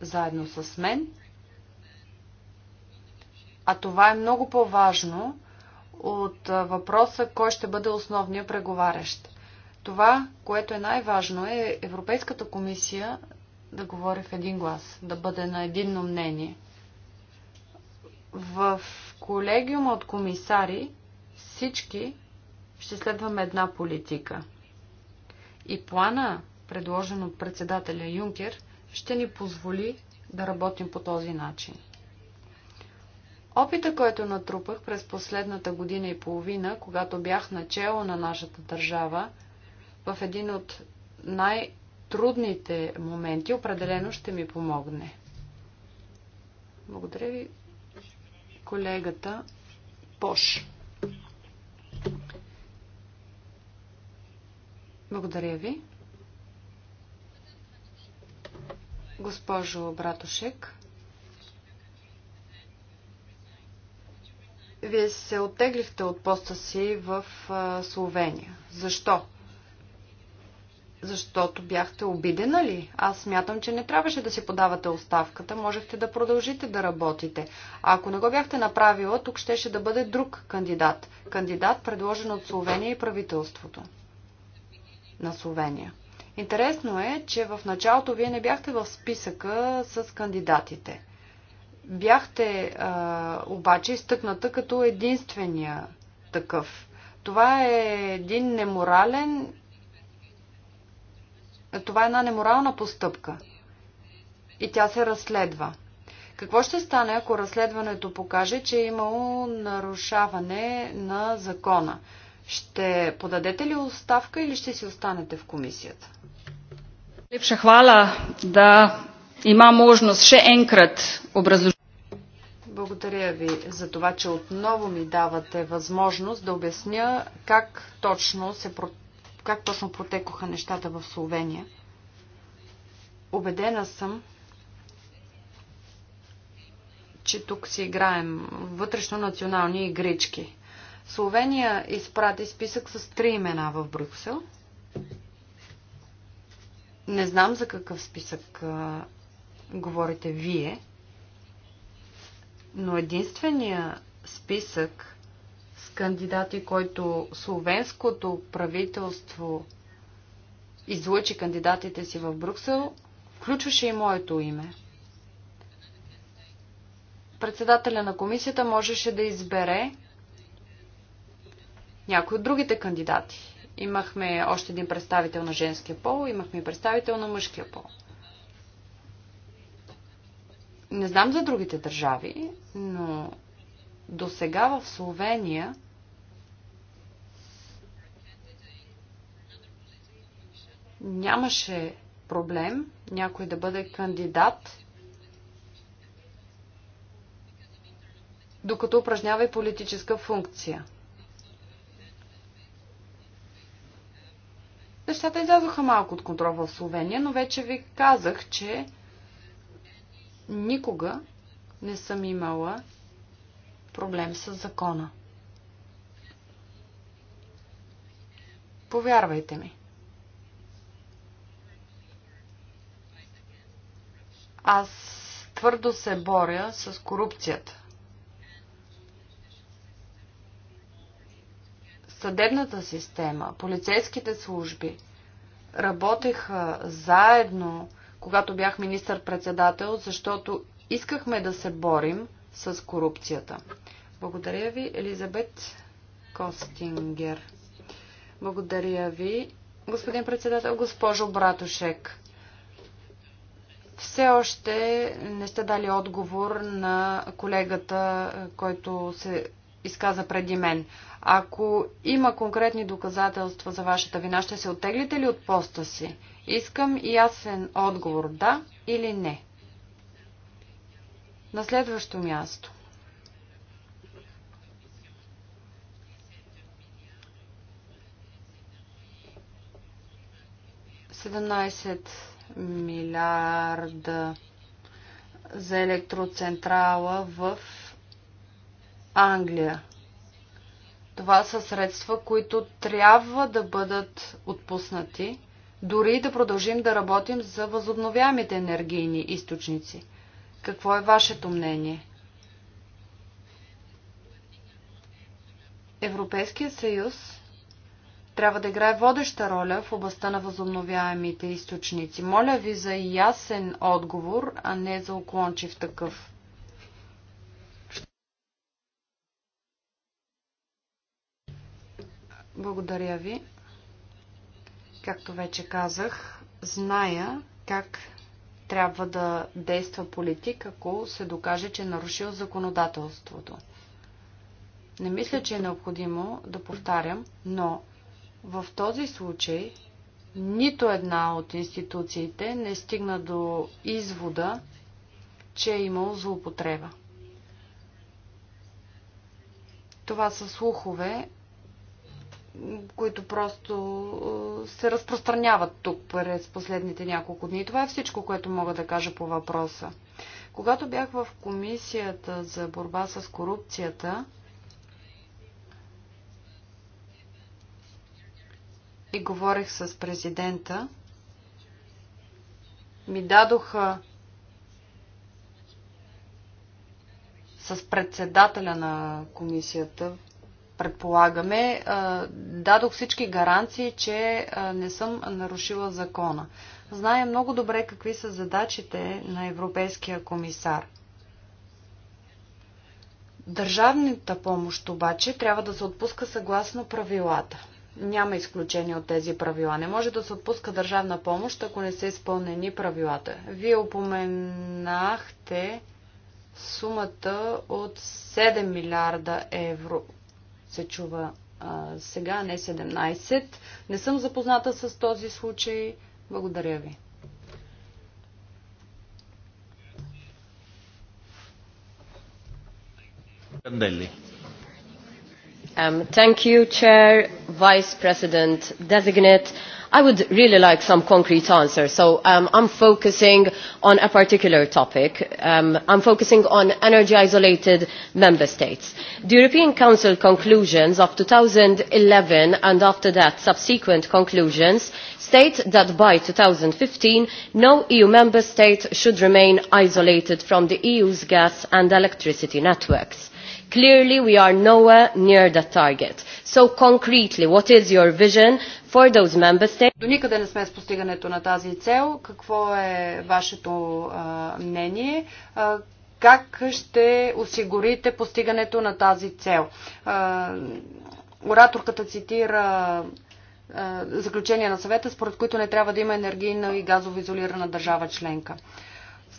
заедно с мен. А това е много по-важно от въпроса кой ще бъде основния преговарящ. Това, което е най-важно, е Европейската комисия да говори в един глас, да бъде на единно мнение. В колегиума от комисари всички ще следваме една политика. И плана предложен от председателя Юнкер, ще ни позволи да работим по този начин. Опита, който натрупах през последната година и половина, когато бях начало на нашата държава, в един от най-трудните моменти, определено ще ми помогне. Благодаря ви, колегата Пош. Благодаря ви. Госпожо Братошек, вие се оттеглихте от поста си в Словения. Защо? Защото бяхте обидена ли? Аз смятам, че не трябваше да си подавате оставката. Можехте да продължите да работите. А ако не го бяхте направила, тук щеше да бъде друг кандидат. Кандидат, предложен от Словения и правителството на Словения. Интересно е, че в началото вие не бяхте в списъка с кандидатите. Бяхте а, обаче изтъкната като единствения такъв. Това е един неморален. Това е една неморална постъпка. И тя се разследва. Какво ще стане, ако разследването покаже, че е имало нарушаване на закона? Ще подадете ли оставка или ще си останете в комисията? Лепша хвала да има можност ще енкрат образложение. Благодаря ви за това, че отново ми давате възможност да обясня как точно, се, как точно протекоха нещата в Словения. Обедена съм, че тук си играем вътрешно национални игрички. Словения изпрати списък с три имена в Брюксел. Не знам за какъв списък а, говорите вие, но единствения списък с кандидати, който словенското правителство излъчи кандидатите си в Брюксел, включваше и моето име. Председателя на комисията можеше да избере някои от другите кандидати. Имахме още един представител на женския пол, имахме и представител на мъжкия пол. Не знам за другите държави, но до сега в Словения нямаше проблем някой да бъде кандидат, докато упражнява и политическа функция – Нещата излязоха малко от контрол в Словения, но вече ви казах, че никога не съм имала проблем с закона. Повярвайте ми. Аз твърдо се боря с корупцията. съдебната система, полицейските служби работеха заедно, когато бях министър-председател, защото искахме да се борим с корупцията. Благодаря ви, Елизабет Костингер. Благодаря ви, господин председател, госпожо Братушек. Все още не сте дали отговор на колегата, който се изказа преди мен. Ако има конкретни доказателства за вашата вина, ще се оттеглите ли от поста си? Искам ясен отговор да или не. На следващо място. Седемнайсет милиарда за електроцентрала в Англия. Това са средства, които трябва да бъдат отпуснати, дори и да продължим да работим за възобновяемите енергийни източници. Какво е вашето мнение? Европейския съюз трябва да играе водеща роля в областта на възобновяемите източници. Моля ви за ясен отговор, а не за уклончив такъв. Благодаря ви. Както вече казах, зная как трябва да действа политик, ако се докаже, че е нарушил законодателството. Не мисля, че е необходимо да повтарям, но в този случай нито една от институциите не стигна до извода, че е имало злоупотреба. Това са слухове, които просто е, се разпространяват тук през последните няколко дни. това е всичко, което мога да кажа по въпроса. Когато бях в комисията за борба с корупцията, и говорих с президента, ми дадоха с председателя на комисията предполагаме, дадох всички гаранции, че не съм нарушила закона. Знае много добре какви са задачите на Европейския комисар. Държавната помощ обаче трябва да се отпуска съгласно правилата. Няма изключение от тези правила. Не може да се отпуска държавна помощ, ако не са изпълнени правилата. Вие упоменахте сумата от 7 милиарда евро, се чува а, сега, не 17. Не съм запозната с този случай. Благодаря ви. Um, thank you, Chair, Vice President Designate. I would really like some concrete answers. So I am focusing on a particular topic. I am focusing on energy-isolated member states. The European Council conclusions of thousand and after that subsequent conclusions state that by fifteen no EU member state should remain isolated from the EU's gas and electricity networks clearly we are nowhere near the target. So concretely, what is your vision for those member states? До никъде не сме с постигането на тази цел. Какво е вашето а, мнение? А, как ще осигурите постигането на тази цел? А, ораторката цитира заключения на съвета, според които не трябва да има енергийна и газово изолирана държава членка.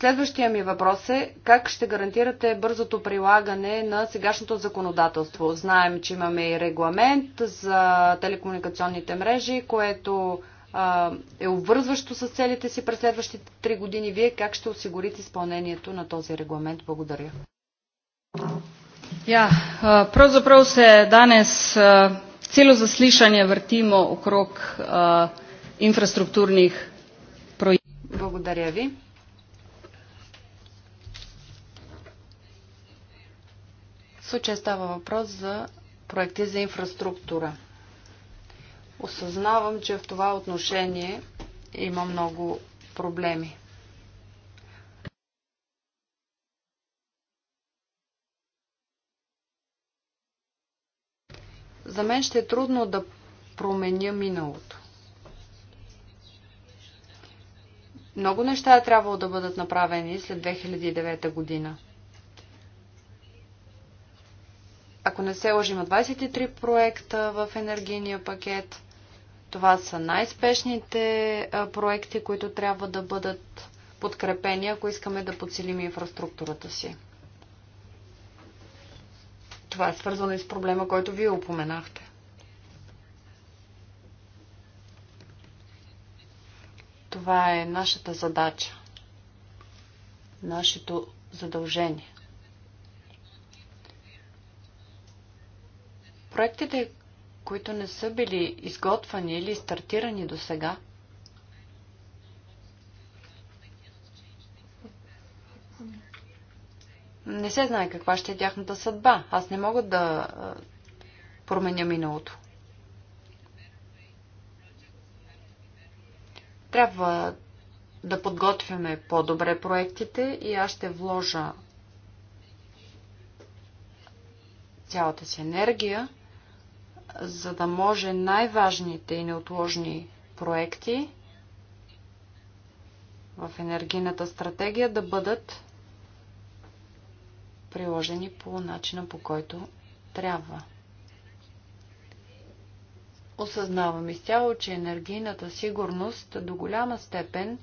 Следващия ми въпрос е как ще гарантирате бързото прилагане на сегашното законодателство? Знаем, че имаме и регламент за телекомуникационните мрежи, което а, е обвързващо с целите си през следващите три години. Вие как ще осигурите изпълнението на този регламент? Благодаря. Ja, pravzaprav se danes celo zaslišanje vrtimo okrog infrastrukturnih projektov. Благодаря ви. Случай случая става въпрос за проекти за инфраструктура. Осъзнавам, че в това отношение има много проблеми. За мен ще е трудно да променя миналото. Много неща е трябвало да бъдат направени след 2009 година. ако не се лъжим, 23 проекта в енергийния пакет. Това са най-спешните проекти, които трябва да бъдат подкрепени, ако искаме да подсилим инфраструктурата си. Това е свързано и с проблема, който вие упоменахте. Това е нашата задача, нашето задължение. проектите, които не са били изготвани или стартирани до сега, не се знае каква ще е тяхната съдба. Аз не мога да променя миналото. Трябва да подготвяме по-добре проектите и аз ще вложа цялата си енергия за да може най-важните и неотложни проекти в енергийната стратегия да бъдат приложени по начина по който трябва. Осъзнавам изцяло, че енергийната сигурност до голяма степен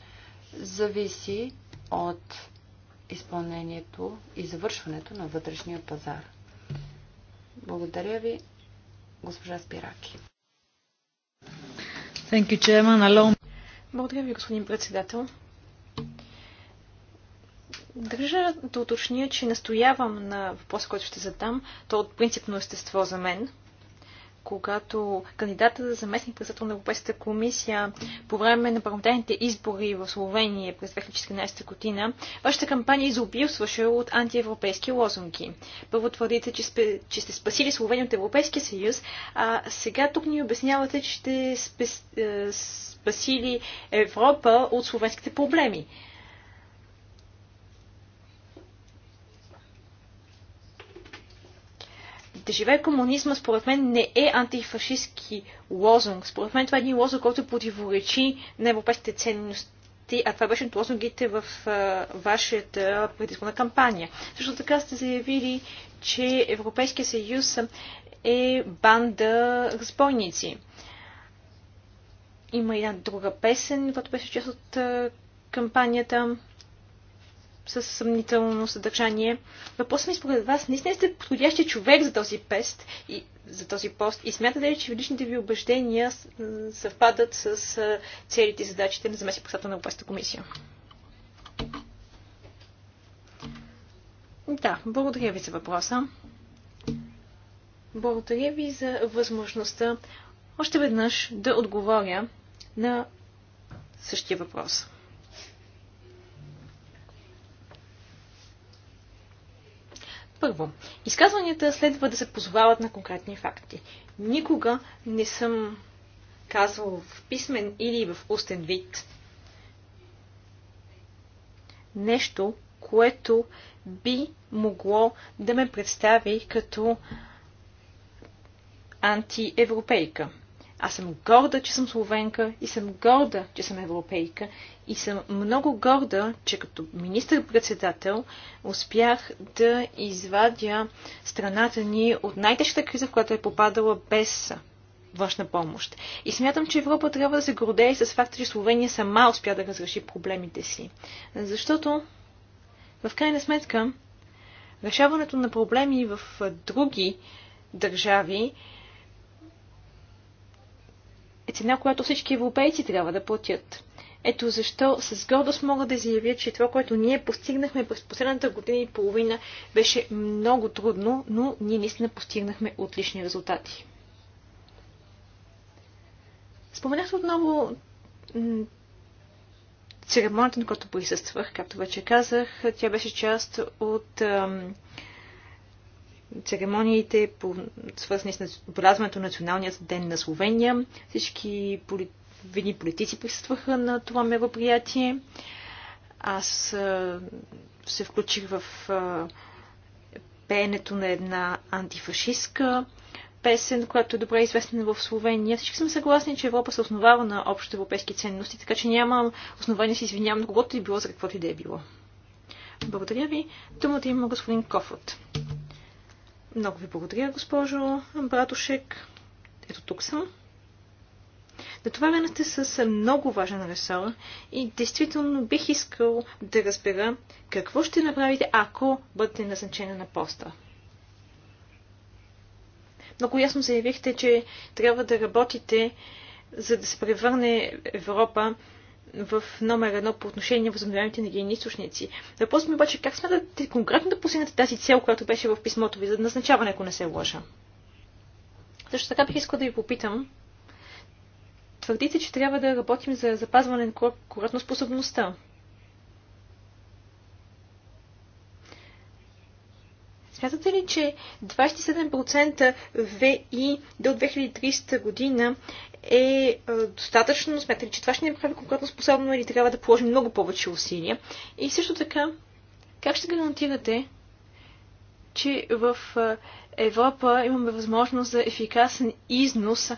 зависи от изпълнението и завършването на вътрешния пазар. Благодаря ви госпожа Спираки. You, Благодаря ви, господин председател. Държа да уточня, че настоявам на въпроса, който ще задам. То е от принципно естество за мен – когато кандидата за заместник председател на Европейската комисия по време на парламентарните избори в Словения през 2014 година, вашата кампания е изобилстваше от антиевропейски лозунги. Първо твърдите, че, спе, че сте спасили Словения от Европейския съюз, а сега тук ни обяснявате, че сте спе, е, спасили Европа от словенските проблеми. Да живее комунизма, според мен, не е антифашистски лозунг. Според мен това е един лозунг, който противоречи на европейските ценности ти, а това беше от лозунгите в а, вашата предизборна кампания. Също така сте заявили, че Европейския съюз е банда разбойници. Има и една друга песен, която беше част от а, кампанията с съмнително съдържание. Въпросът ми според вас, наистина сте подходящия човек за този пест и за този пост и смятате ли, че личните ви убеждения съвпадат с целите и задачите на заместник председател на Европейската комисия? Да, благодаря ви за въпроса. Благодаря ви за възможността още веднъж да отговоря на същия въпрос. Първо, изказванията следва да се позовават на конкретни факти. Никога не съм казвал в писмен или в устен вид нещо, което би могло да ме представи като антиевропейка. Аз съм горда, че съм словенка и съм горда, че съм европейка и съм много горда, че като министър-председател успях да извадя страната ни от най-тежката криза, в която е попадала без външна помощ. И смятам, че Европа трябва да се гордее с факта, че Словения сама успя да разреши проблемите си. Защото, в крайна сметка, решаването на проблеми в други държави е цена, която всички европейци трябва да платят. Ето защо с гордост мога да заявя, че това, което ние постигнахме през последната година и половина, беше много трудно, но ние наистина постигнахме отлични резултати. Споменах отново церемонията, на която присъствах, както вече казах, тя беше част от ам, церемониите, по свързани с отбелязването на Националния ден на Словения. Всички поли... видни политици присъстваха на това мероприятие. Аз а, се включих в а, пеенето на една антифашистка песен, която е добре известна в Словения. Всички сме съгласни, че Европа се основава на общо европейски ценности, така че нямам основание да се извинявам на когото и било за каквото и да е било. Благодаря ви. Думата има господин Кофът. Много ви благодаря, госпожо Братушек. Ето тук съм. Натоварена сте с много важен ресор и действително бих искал да разбера какво ще направите, ако бъдете назначена на поста. Много ясно заявихте, че трябва да работите, за да се превърне Европа в номер едно по отношение на възобновяемите енергийни източници. Въпросът ми е обаче как смятате конкретно да постигнете тази цел, която беше в писмото ви за назначаване, ако не се лъжа? Също така бих искала да ви попитам. Твърдите, че трябва да работим за запазване на конкурентно способността. Смятате ли, че 27% ВИ до 2300 година е достатъчно? Смятате ли, че това ще ни направи конкретно способно или трябва да положим много повече усилия? И също така, как ще гарантирате, че в Европа имаме възможност за ефикасен износ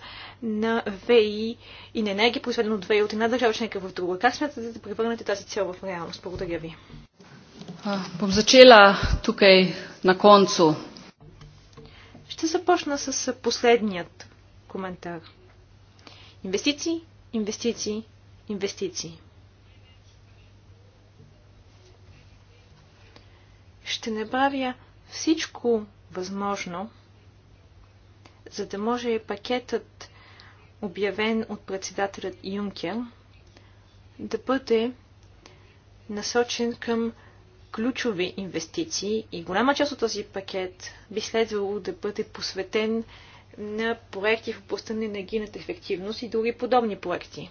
на ВИ и на енергия, произведена от ВИ от една държава членка в друга. Как смятате да превърнете тази цел в реалност? Благодаря ви. Бom začela tukaj на концу. Ще започна с последният коментар. Инвестиции, инвестиции, инвестиции. Ще направя всичко възможно, за да може пакетът, обявен от председателят Юнкер, да бъде насочен към ключови инвестиции и голяма част от този пакет би следвало да бъде посветен на проекти в областта на енергийната ефективност и други подобни проекти.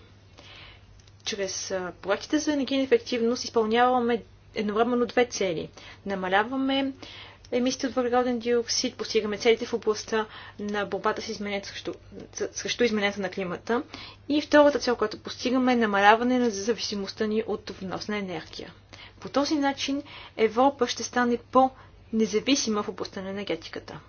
Чрез проектите за енергийна ефективност изпълняваме едновременно две цели. Намаляваме емисиите от въглероден диоксид, постигаме целите в областта на борбата с изменението срещу, срещу изменението на климата. И втората цел, която постигаме е намаляване на зависимостта ни от вносна енергия. По този начин Европа ще стане по-независима в областта на енергетиката.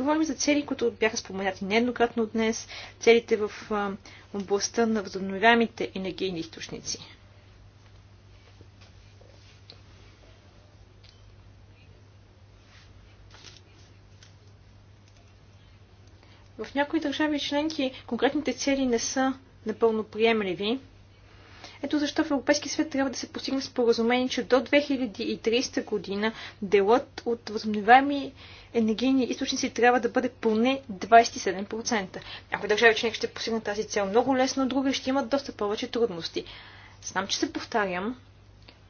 Говорим за цели, които бяха споменати нееднократно днес, целите в областта на възобновяемите енергийни източници. В някои държави членки конкретните цели не са напълно приемливи. Ето защо в Европейски свет трябва да се постигне споразумение, че до 2030 година делът от възобновяеми енергийни източници трябва да бъде поне 27%. Някои държави членки ще постигнат тази цел много лесно, други ще имат доста повече трудности. Знам, че се повтарям,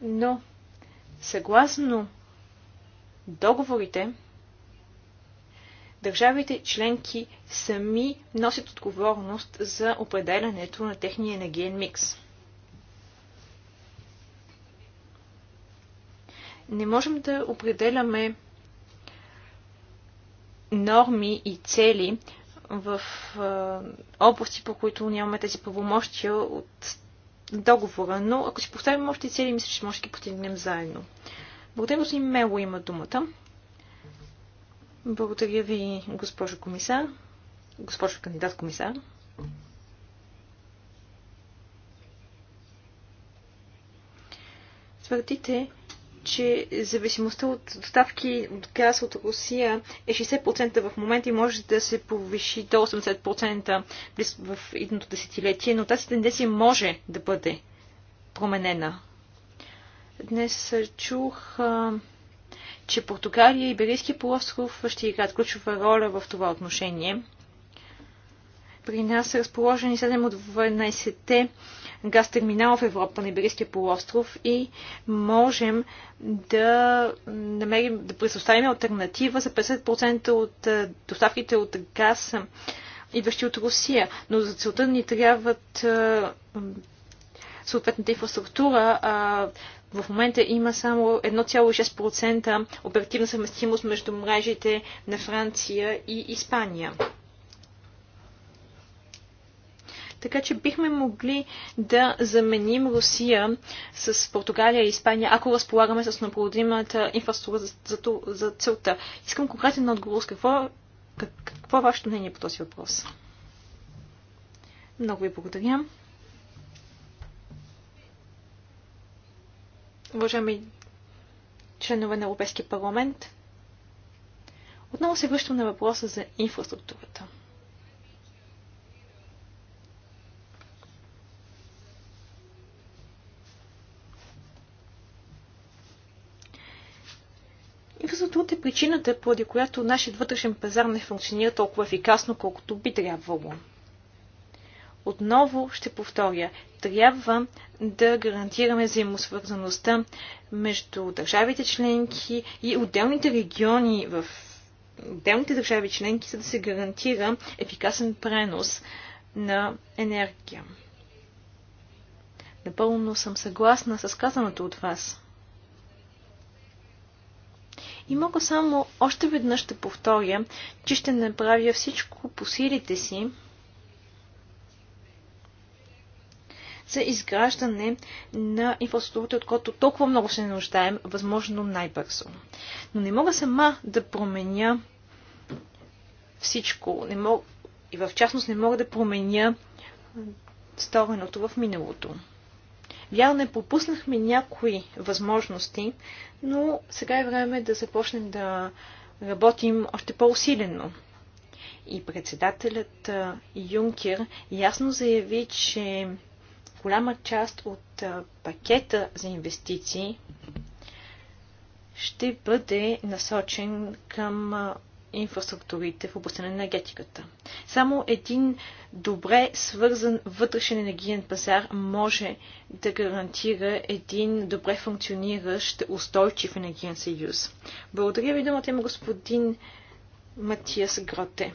но съгласно договорите, държавите членки сами носят отговорност за определянето на техния енергиен микс. не можем да определяме норми и цели в области, по които нямаме тези правомощия от договора, но ако си поставим още цели, мисля, че може да ги постигнем заедно. Благодаря, господин Мело има думата. Благодаря ви, госпожо комисар. Госпожо кандидат комисар. Твърдите, че зависимостта от доставки от газ от Русия е 60% в момента и може да се повиши до 80% в едното десетилетие, но тази тенденция може да бъде променена. Днес чух, че Португалия и Берийския полуостров ще играят ключова роля в това отношение. При нас са разположени 7 от 12-те газ терминал в Европа, на Иберийския полуостров и можем да намерим, да предоставим альтернатива за 50% от е, доставките от газ, е, идващи от Русия. Но за целта ни трябват е, съответната инфраструктура, а в момента има само 1,6% оперативна съвместимост между мрежите на Франция и Испания. Така че бихме могли да заменим Русия с Португалия и Испания, ако разполагаме с необходимата инфраструктура за, за, за целта. Искам конкретен отговор с какво, как, какво е вашето мнение по този въпрос. Много ви благодаря. Уважаеми членове на Европейския парламент, отново се връщам на въпроса за инфраструктурата. Един е причината, поради която нашият вътрешен пазар не функционира толкова ефикасно, колкото би трябвало. Отново ще повторя, трябва да гарантираме взаимосвързаността между държавите членки и отделните региони в отделните държави членки, за да се гарантира ефикасен пренос на енергия. Напълно съм съгласна с казаното от вас. И мога само още веднъж да повторя, че ще направя всичко по силите си за изграждане на инфраструктурата, от която толкова много се нуждаем, възможно най-бързо. Но не мога сама да променя всичко. Не мог... И в частност не мога да променя стореното в миналото. Вярно не попуснахме някои възможности, но сега е време да започнем да работим още по-усилено. И председателят Юнкер ясно заяви, че голяма част от пакета за инвестиции ще бъде насочен към инфраструктурите в областта на енергетиката. Само един добре свързан вътрешен енергиен пазар може да гарантира един добре функциониращ устойчив енергиен съюз. Благодаря ви думата има господин Матиас Гроте.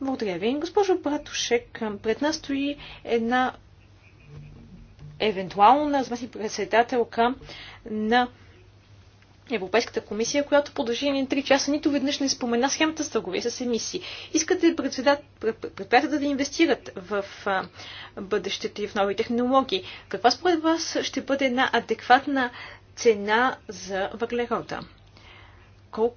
Благодаря ви. Госпожо Братушек, пред нас стои една евентуална заместник председателка на Европейската комисия, която продължи на 3 часа нито веднъж не спомена схемата с търговия с емисии. Искате предприятията да инвестират в бъдещето и в нови технологии. Каква според вас ще бъде една адекватна цена за въглерода? Колко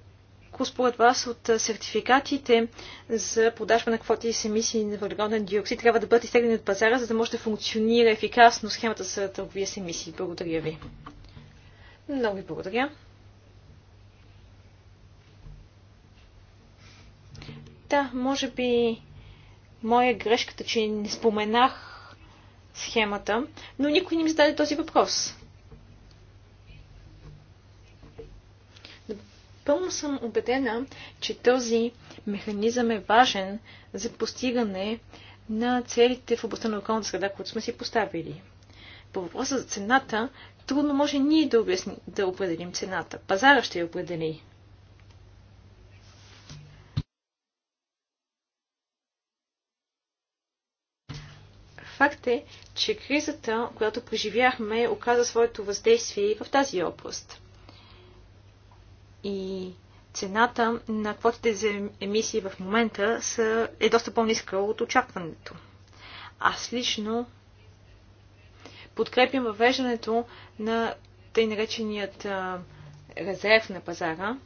според вас от сертификатите за продажба на квоти с емисии на въглероден диоксид трябва да бъдат изтеглени от пазара, за да може да функционира ефикасно схемата с търговия с емисии? Благодаря ви. Много ви благодаря. Да, може би моя грешката, че не споменах схемата, но никой не ми зададе този въпрос. Пълно съм убедена, че този механизъм е важен за постигане на целите в областта на околната среда, които сме си поставили. По въпроса за цената, трудно може ние да, обясни, да определим цената. Пазара ще я определи. Факт е, че кризата, която преживяхме, оказа своето въздействие в тази област. И цената на квотите за емисии в момента са, е доста по-ниска от очакването. Аз лично подкрепям въвеждането на тъй нареченият резерв на пазара,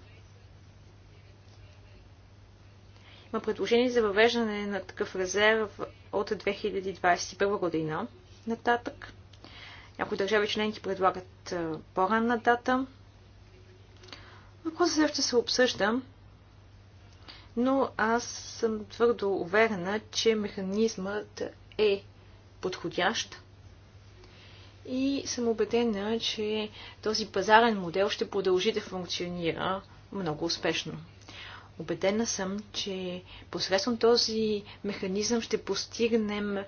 има предложение за въвеждане на такъв резерв от 2021 година нататък. Някои държави членки предлагат по-ранна дата. Въпросът ще се обсъжда, но аз съм твърдо уверена, че механизмът е подходящ и съм убедена, че този пазарен модел ще продължи да функционира много успешно. Обедена съм, че посредством този механизъм ще постигнем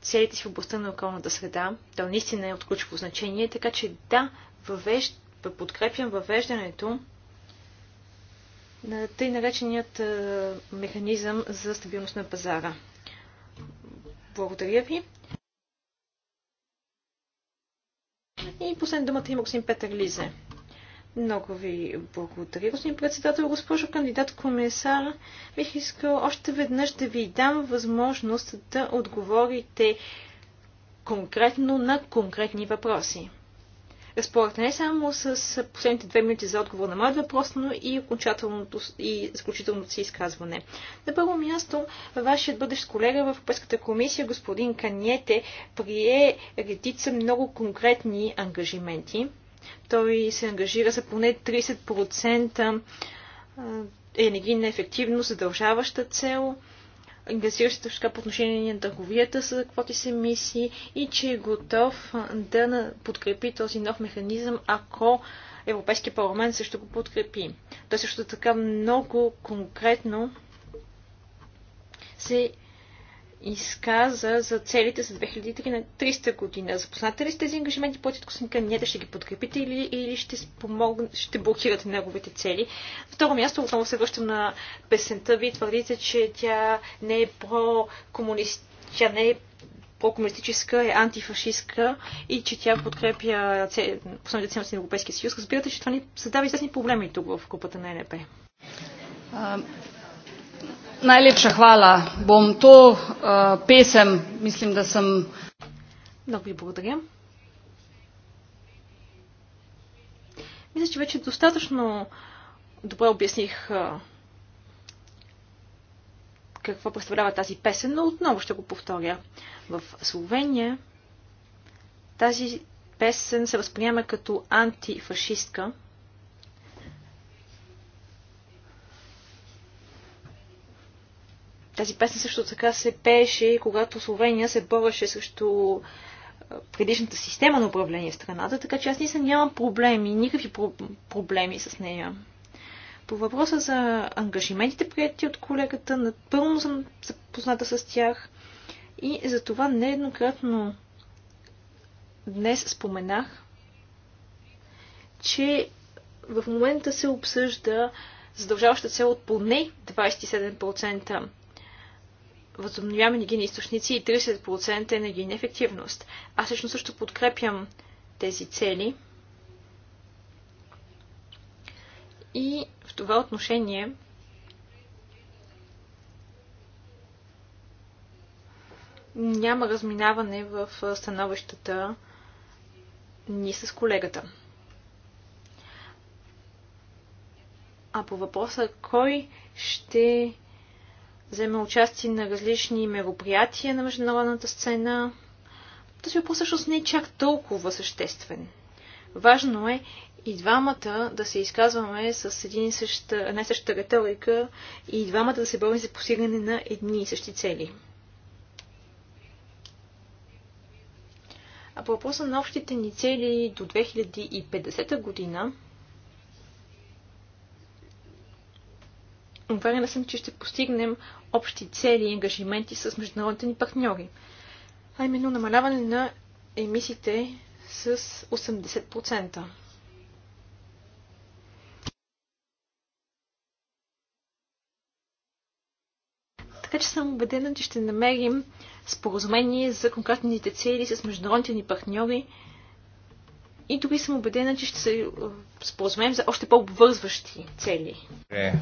целите си в областта на околната среда. То наистина е от ключово значение, така че да, въвежд... подкрепям въвеждането на тъй нареченият е, механизъм за стабилност на пазара. Благодаря ви. И последна думата има господин Петър Лизе. Много ви благодаря, господин председател. Госпожо кандидат комисар, бих искал още веднъж да ви дам възможност да отговорите конкретно на конкретни въпроси. Разполагате не само с последните две минути за отговор на моят въпрос, но и окончателното и заключителното си изказване. На първо място, вашият бъдещ колега в Европейската комисия, господин Каниете, прие редица много конкретни ангажименти. Той се ангажира за поне 30% енергийна ефективност, задължаваща цел ангажира така по отношение на търговията с квоти с емисии и че е готов да подкрепи този нов механизъм, ако Европейския парламент също го подкрепи. Той също така много конкретно се изказа за целите за 2300 година. Запознате ли с тези ангажименти по Косника? Не, да ще ги подкрепите или, или ще, спомог... ще блокирате неговите цели. Второ място, отново се връщам на песента ви. Твърдите, че тя не е про-комунист... Тя не е по-комунистическа, е антифашистка и че тя подкрепя основните ценности на Европейския съюз. Разбирате, че това ни създава известни проблеми тук в групата на е НП. Najlepša хвала. Бом то песен, мислим да съм... Много ви благодаря. Мисля, че вече достатъчно добре обясних е, какво представлява тази песен, но отново ще го повторя. В Словения тази песен се възприема като антифашистка, Тази песен също така се пееше, когато Словения се бореше срещу предишната система на управление в страната, така че аз не съм нямам проблеми, никакви про- проблеми с нея. По въпроса за ангажиментите, прияти от колегата, напълно съм запозната с тях и за това нееднократно днес споменах, че в момента се обсъжда задължаваща цел от поне 27% възобновяваме енергийни източници и 30% енергийна ефективност. Аз лично също подкрепям тези цели. И в това отношение няма разминаване в становищата ни с колегата. А по въпроса кой ще взема участие на различни мероприятия на международната сцена. Този въпрос всъщност не е чак толкова съществен. Важно е и двамата да се изказваме с един и съща, една и съща риторика и двамата да се борим за постигане на едни и същи цели. А по въпроса на общите ни цели до 2050 година, Уверена съм, че ще постигнем общи цели и ангажименти с международните ни партньори, а именно намаляване на емисиите с 80%. Така че съм убедена, че ще намерим споразумение за конкретните цели с международните ни партньори и дори съм убедена, че ще се споразумеем за още по-обвързващи цели. Е,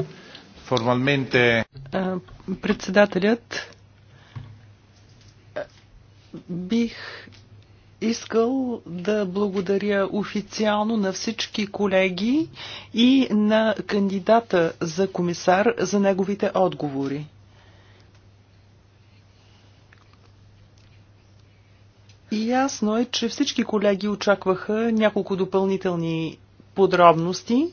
формалменте... Председателят бих искал да благодаря официално на всички колеги и на кандидата за комисар за неговите отговори. И ясно е, че всички колеги очакваха няколко допълнителни подробности.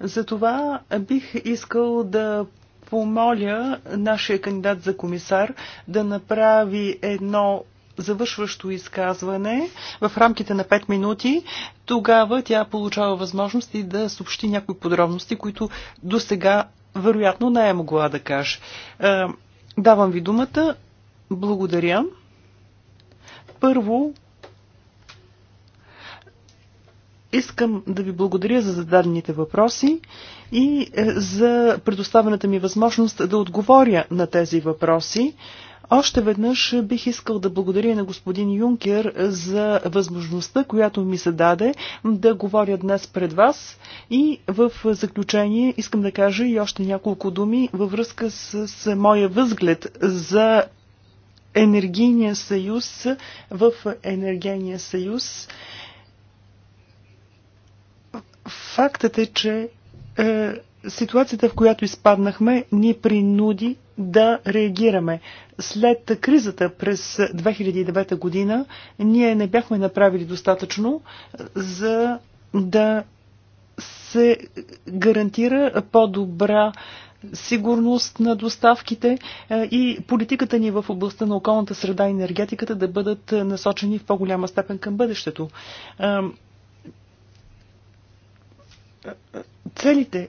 Затова бих искал да помоля нашия кандидат за комисар да направи едно завършващо изказване в рамките на 5 минути. Тогава тя получава възможности да съобщи някои подробности, които до сега вероятно не е могла да каже. Е, давам ви думата. Благодаря. Първо, Искам да ви благодаря за зададените въпроси и е, за предоставената ми възможност да отговоря на тези въпроси. Още веднъж бих искал да благодаря на господин Юнкер за възможността, която ми се даде да говоря днес пред вас. И в заключение искам да кажа и още няколко думи във връзка с, с моя възглед за енергийния съюз в енергийния съюз Фактът е, че е, ситуацията, в която изпаднахме, ни принуди да реагираме. След кризата през 2009 година ние не бяхме направили достатъчно е, за да се гарантира по-добра сигурност на доставките е, и политиката ни в областта на околната среда и енергетиката да бъдат насочени в по-голяма степен към бъдещето. Е, целите,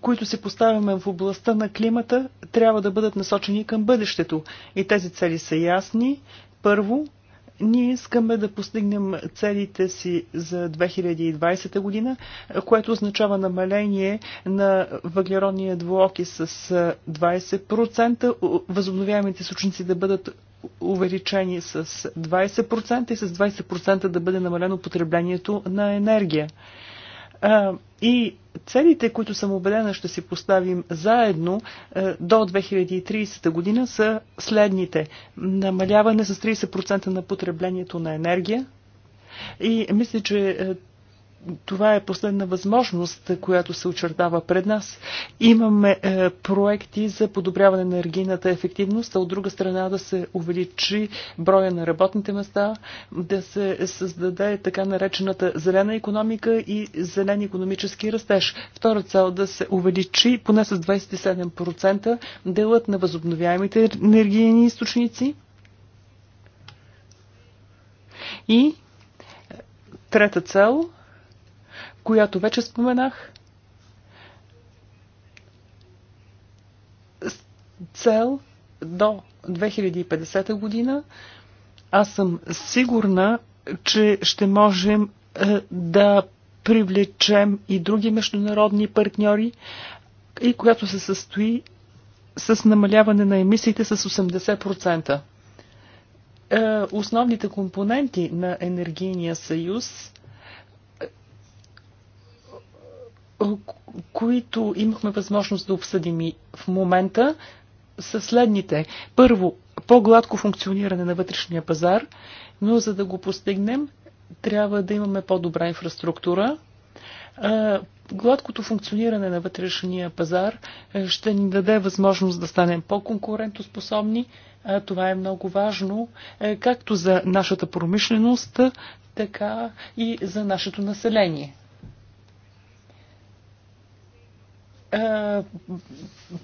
които се поставяме в областта на климата, трябва да бъдат насочени към бъдещето. И тези цели са ясни. Първо, ние искаме да постигнем целите си за 2020 година, което означава намаление на въглеродния двуоки с 20%, възобновяемите източници да бъдат увеличени с 20% и с 20% да бъде намалено потреблението на енергия. И целите, които съм убедена ще си поставим заедно е, до 2030 година са следните. Намаляване с 30% на потреблението на енергия. И мисля, че е, това е последна възможност, която се очертава пред нас. Имаме е, проекти за подобряване на енергийната ефективност, а от друга страна да се увеличи броя на работните места, да се създаде така наречената зелена економика и зелен економически растеж. Втора цел да се увеличи поне с 27% делът на възобновяемите енергийни източници. И трета цел която вече споменах, с цел до 2050 година. Аз съм сигурна, че ще можем е, да привлечем и други международни партньори и която се състои с намаляване на емисиите с 80%. Е, основните компоненти на енергийния съюз Е, които имахме възможност да обсъдим и в момента, са следните. Първо, по-гладко функциониране на вътрешния пазар, но за да го постигнем, трябва да имаме по-добра инфраструктура. Е, гладкото функциониране на вътрешния пазар е, ще ни даде възможност да станем по-конкурентоспособни. Това е много важно, както за нашата промишленост, така и за нашето население.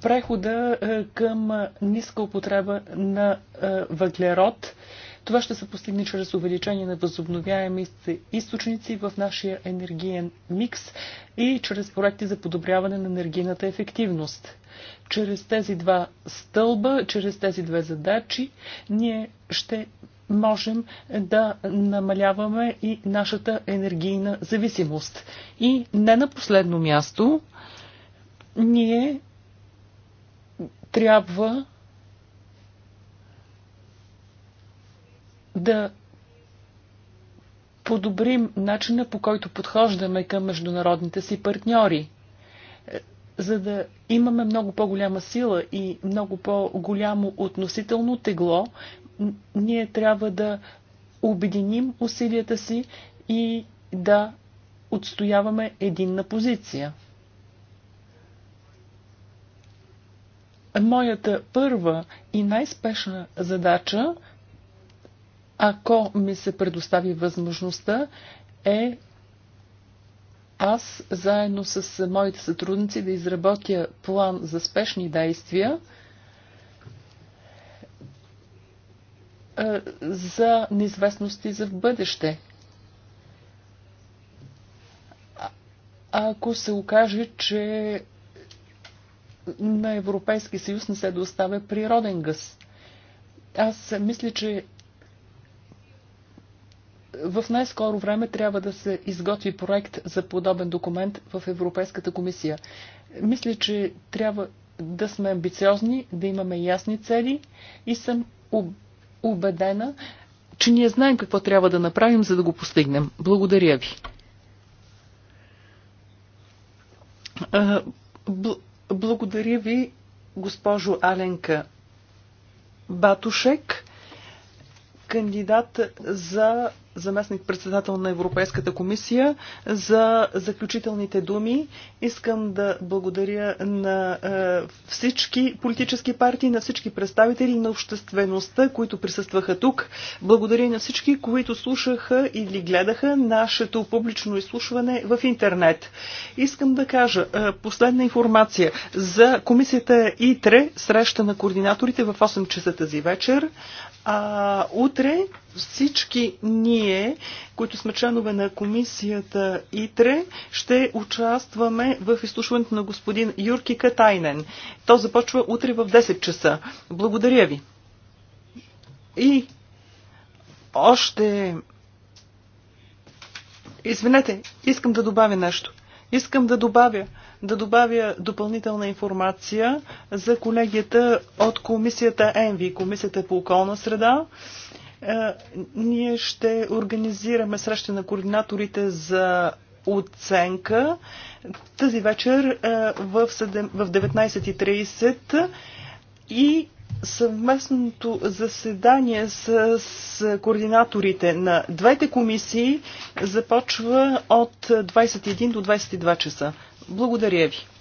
прехода към ниска употреба на въглерод. Това ще се постигне чрез увеличение на възобновяеми източници в нашия енергиен микс и чрез проекти за подобряване на енергийната ефективност. Чрез тези два стълба, чрез тези две задачи, ние ще можем да намаляваме и нашата енергийна зависимост. И не на последно място, ние трябва да подобрим начина по който подхождаме към международните си партньори, за да имаме много по-голяма сила и много по-голямо относително тегло, ние трябва да обединим усилията си и да отстояваме единна позиция. Моята първа и най-спешна задача, ако ми се предостави възможността, е аз заедно с моите сътрудници да изработя план за спешни действия е, за неизвестности за в бъдеще. ако се окаже, че на Европейски съюз не се доставя природен газ. Аз мисля, че в най-скоро време трябва да се изготви проект за подобен документ в Европейската комисия. Мисля, че трябва да сме амбициозни, да имаме ясни цели и съм убедена, че ние знаем какво трябва да направим, за да го постигнем. Благодаря ви. Благодаря ви, госпожо Аленка Батушек, кандидат за заместник-председател на Европейската комисия, за заключителните думи. Искам да благодаря на е, всички политически партии, на всички представители на обществеността, които присъстваха тук. Благодаря на всички, които слушаха или гледаха нашето публично изслушване в интернет. Искам да кажа е, последна информация за комисията ИТРЕ, среща на координаторите в 8 часа тази вечер. А, утре всички ние, които сме членове на комисията ИТРЕ, ще участваме в изслушването на господин Юрки Катайнен. То започва утре в 10 часа. Благодаря ви. И още... Извинете, искам да добавя нещо. Искам да добавя, да добавя допълнителна информация за колегията от комисията ЕНВИ, комисията по околна среда. Е, ние ще организираме среща на координаторите за оценка тази вечер е, в 19.30 и съвместното заседание с координаторите на двете комисии започва от 21 до 22 часа. Благодаря ви.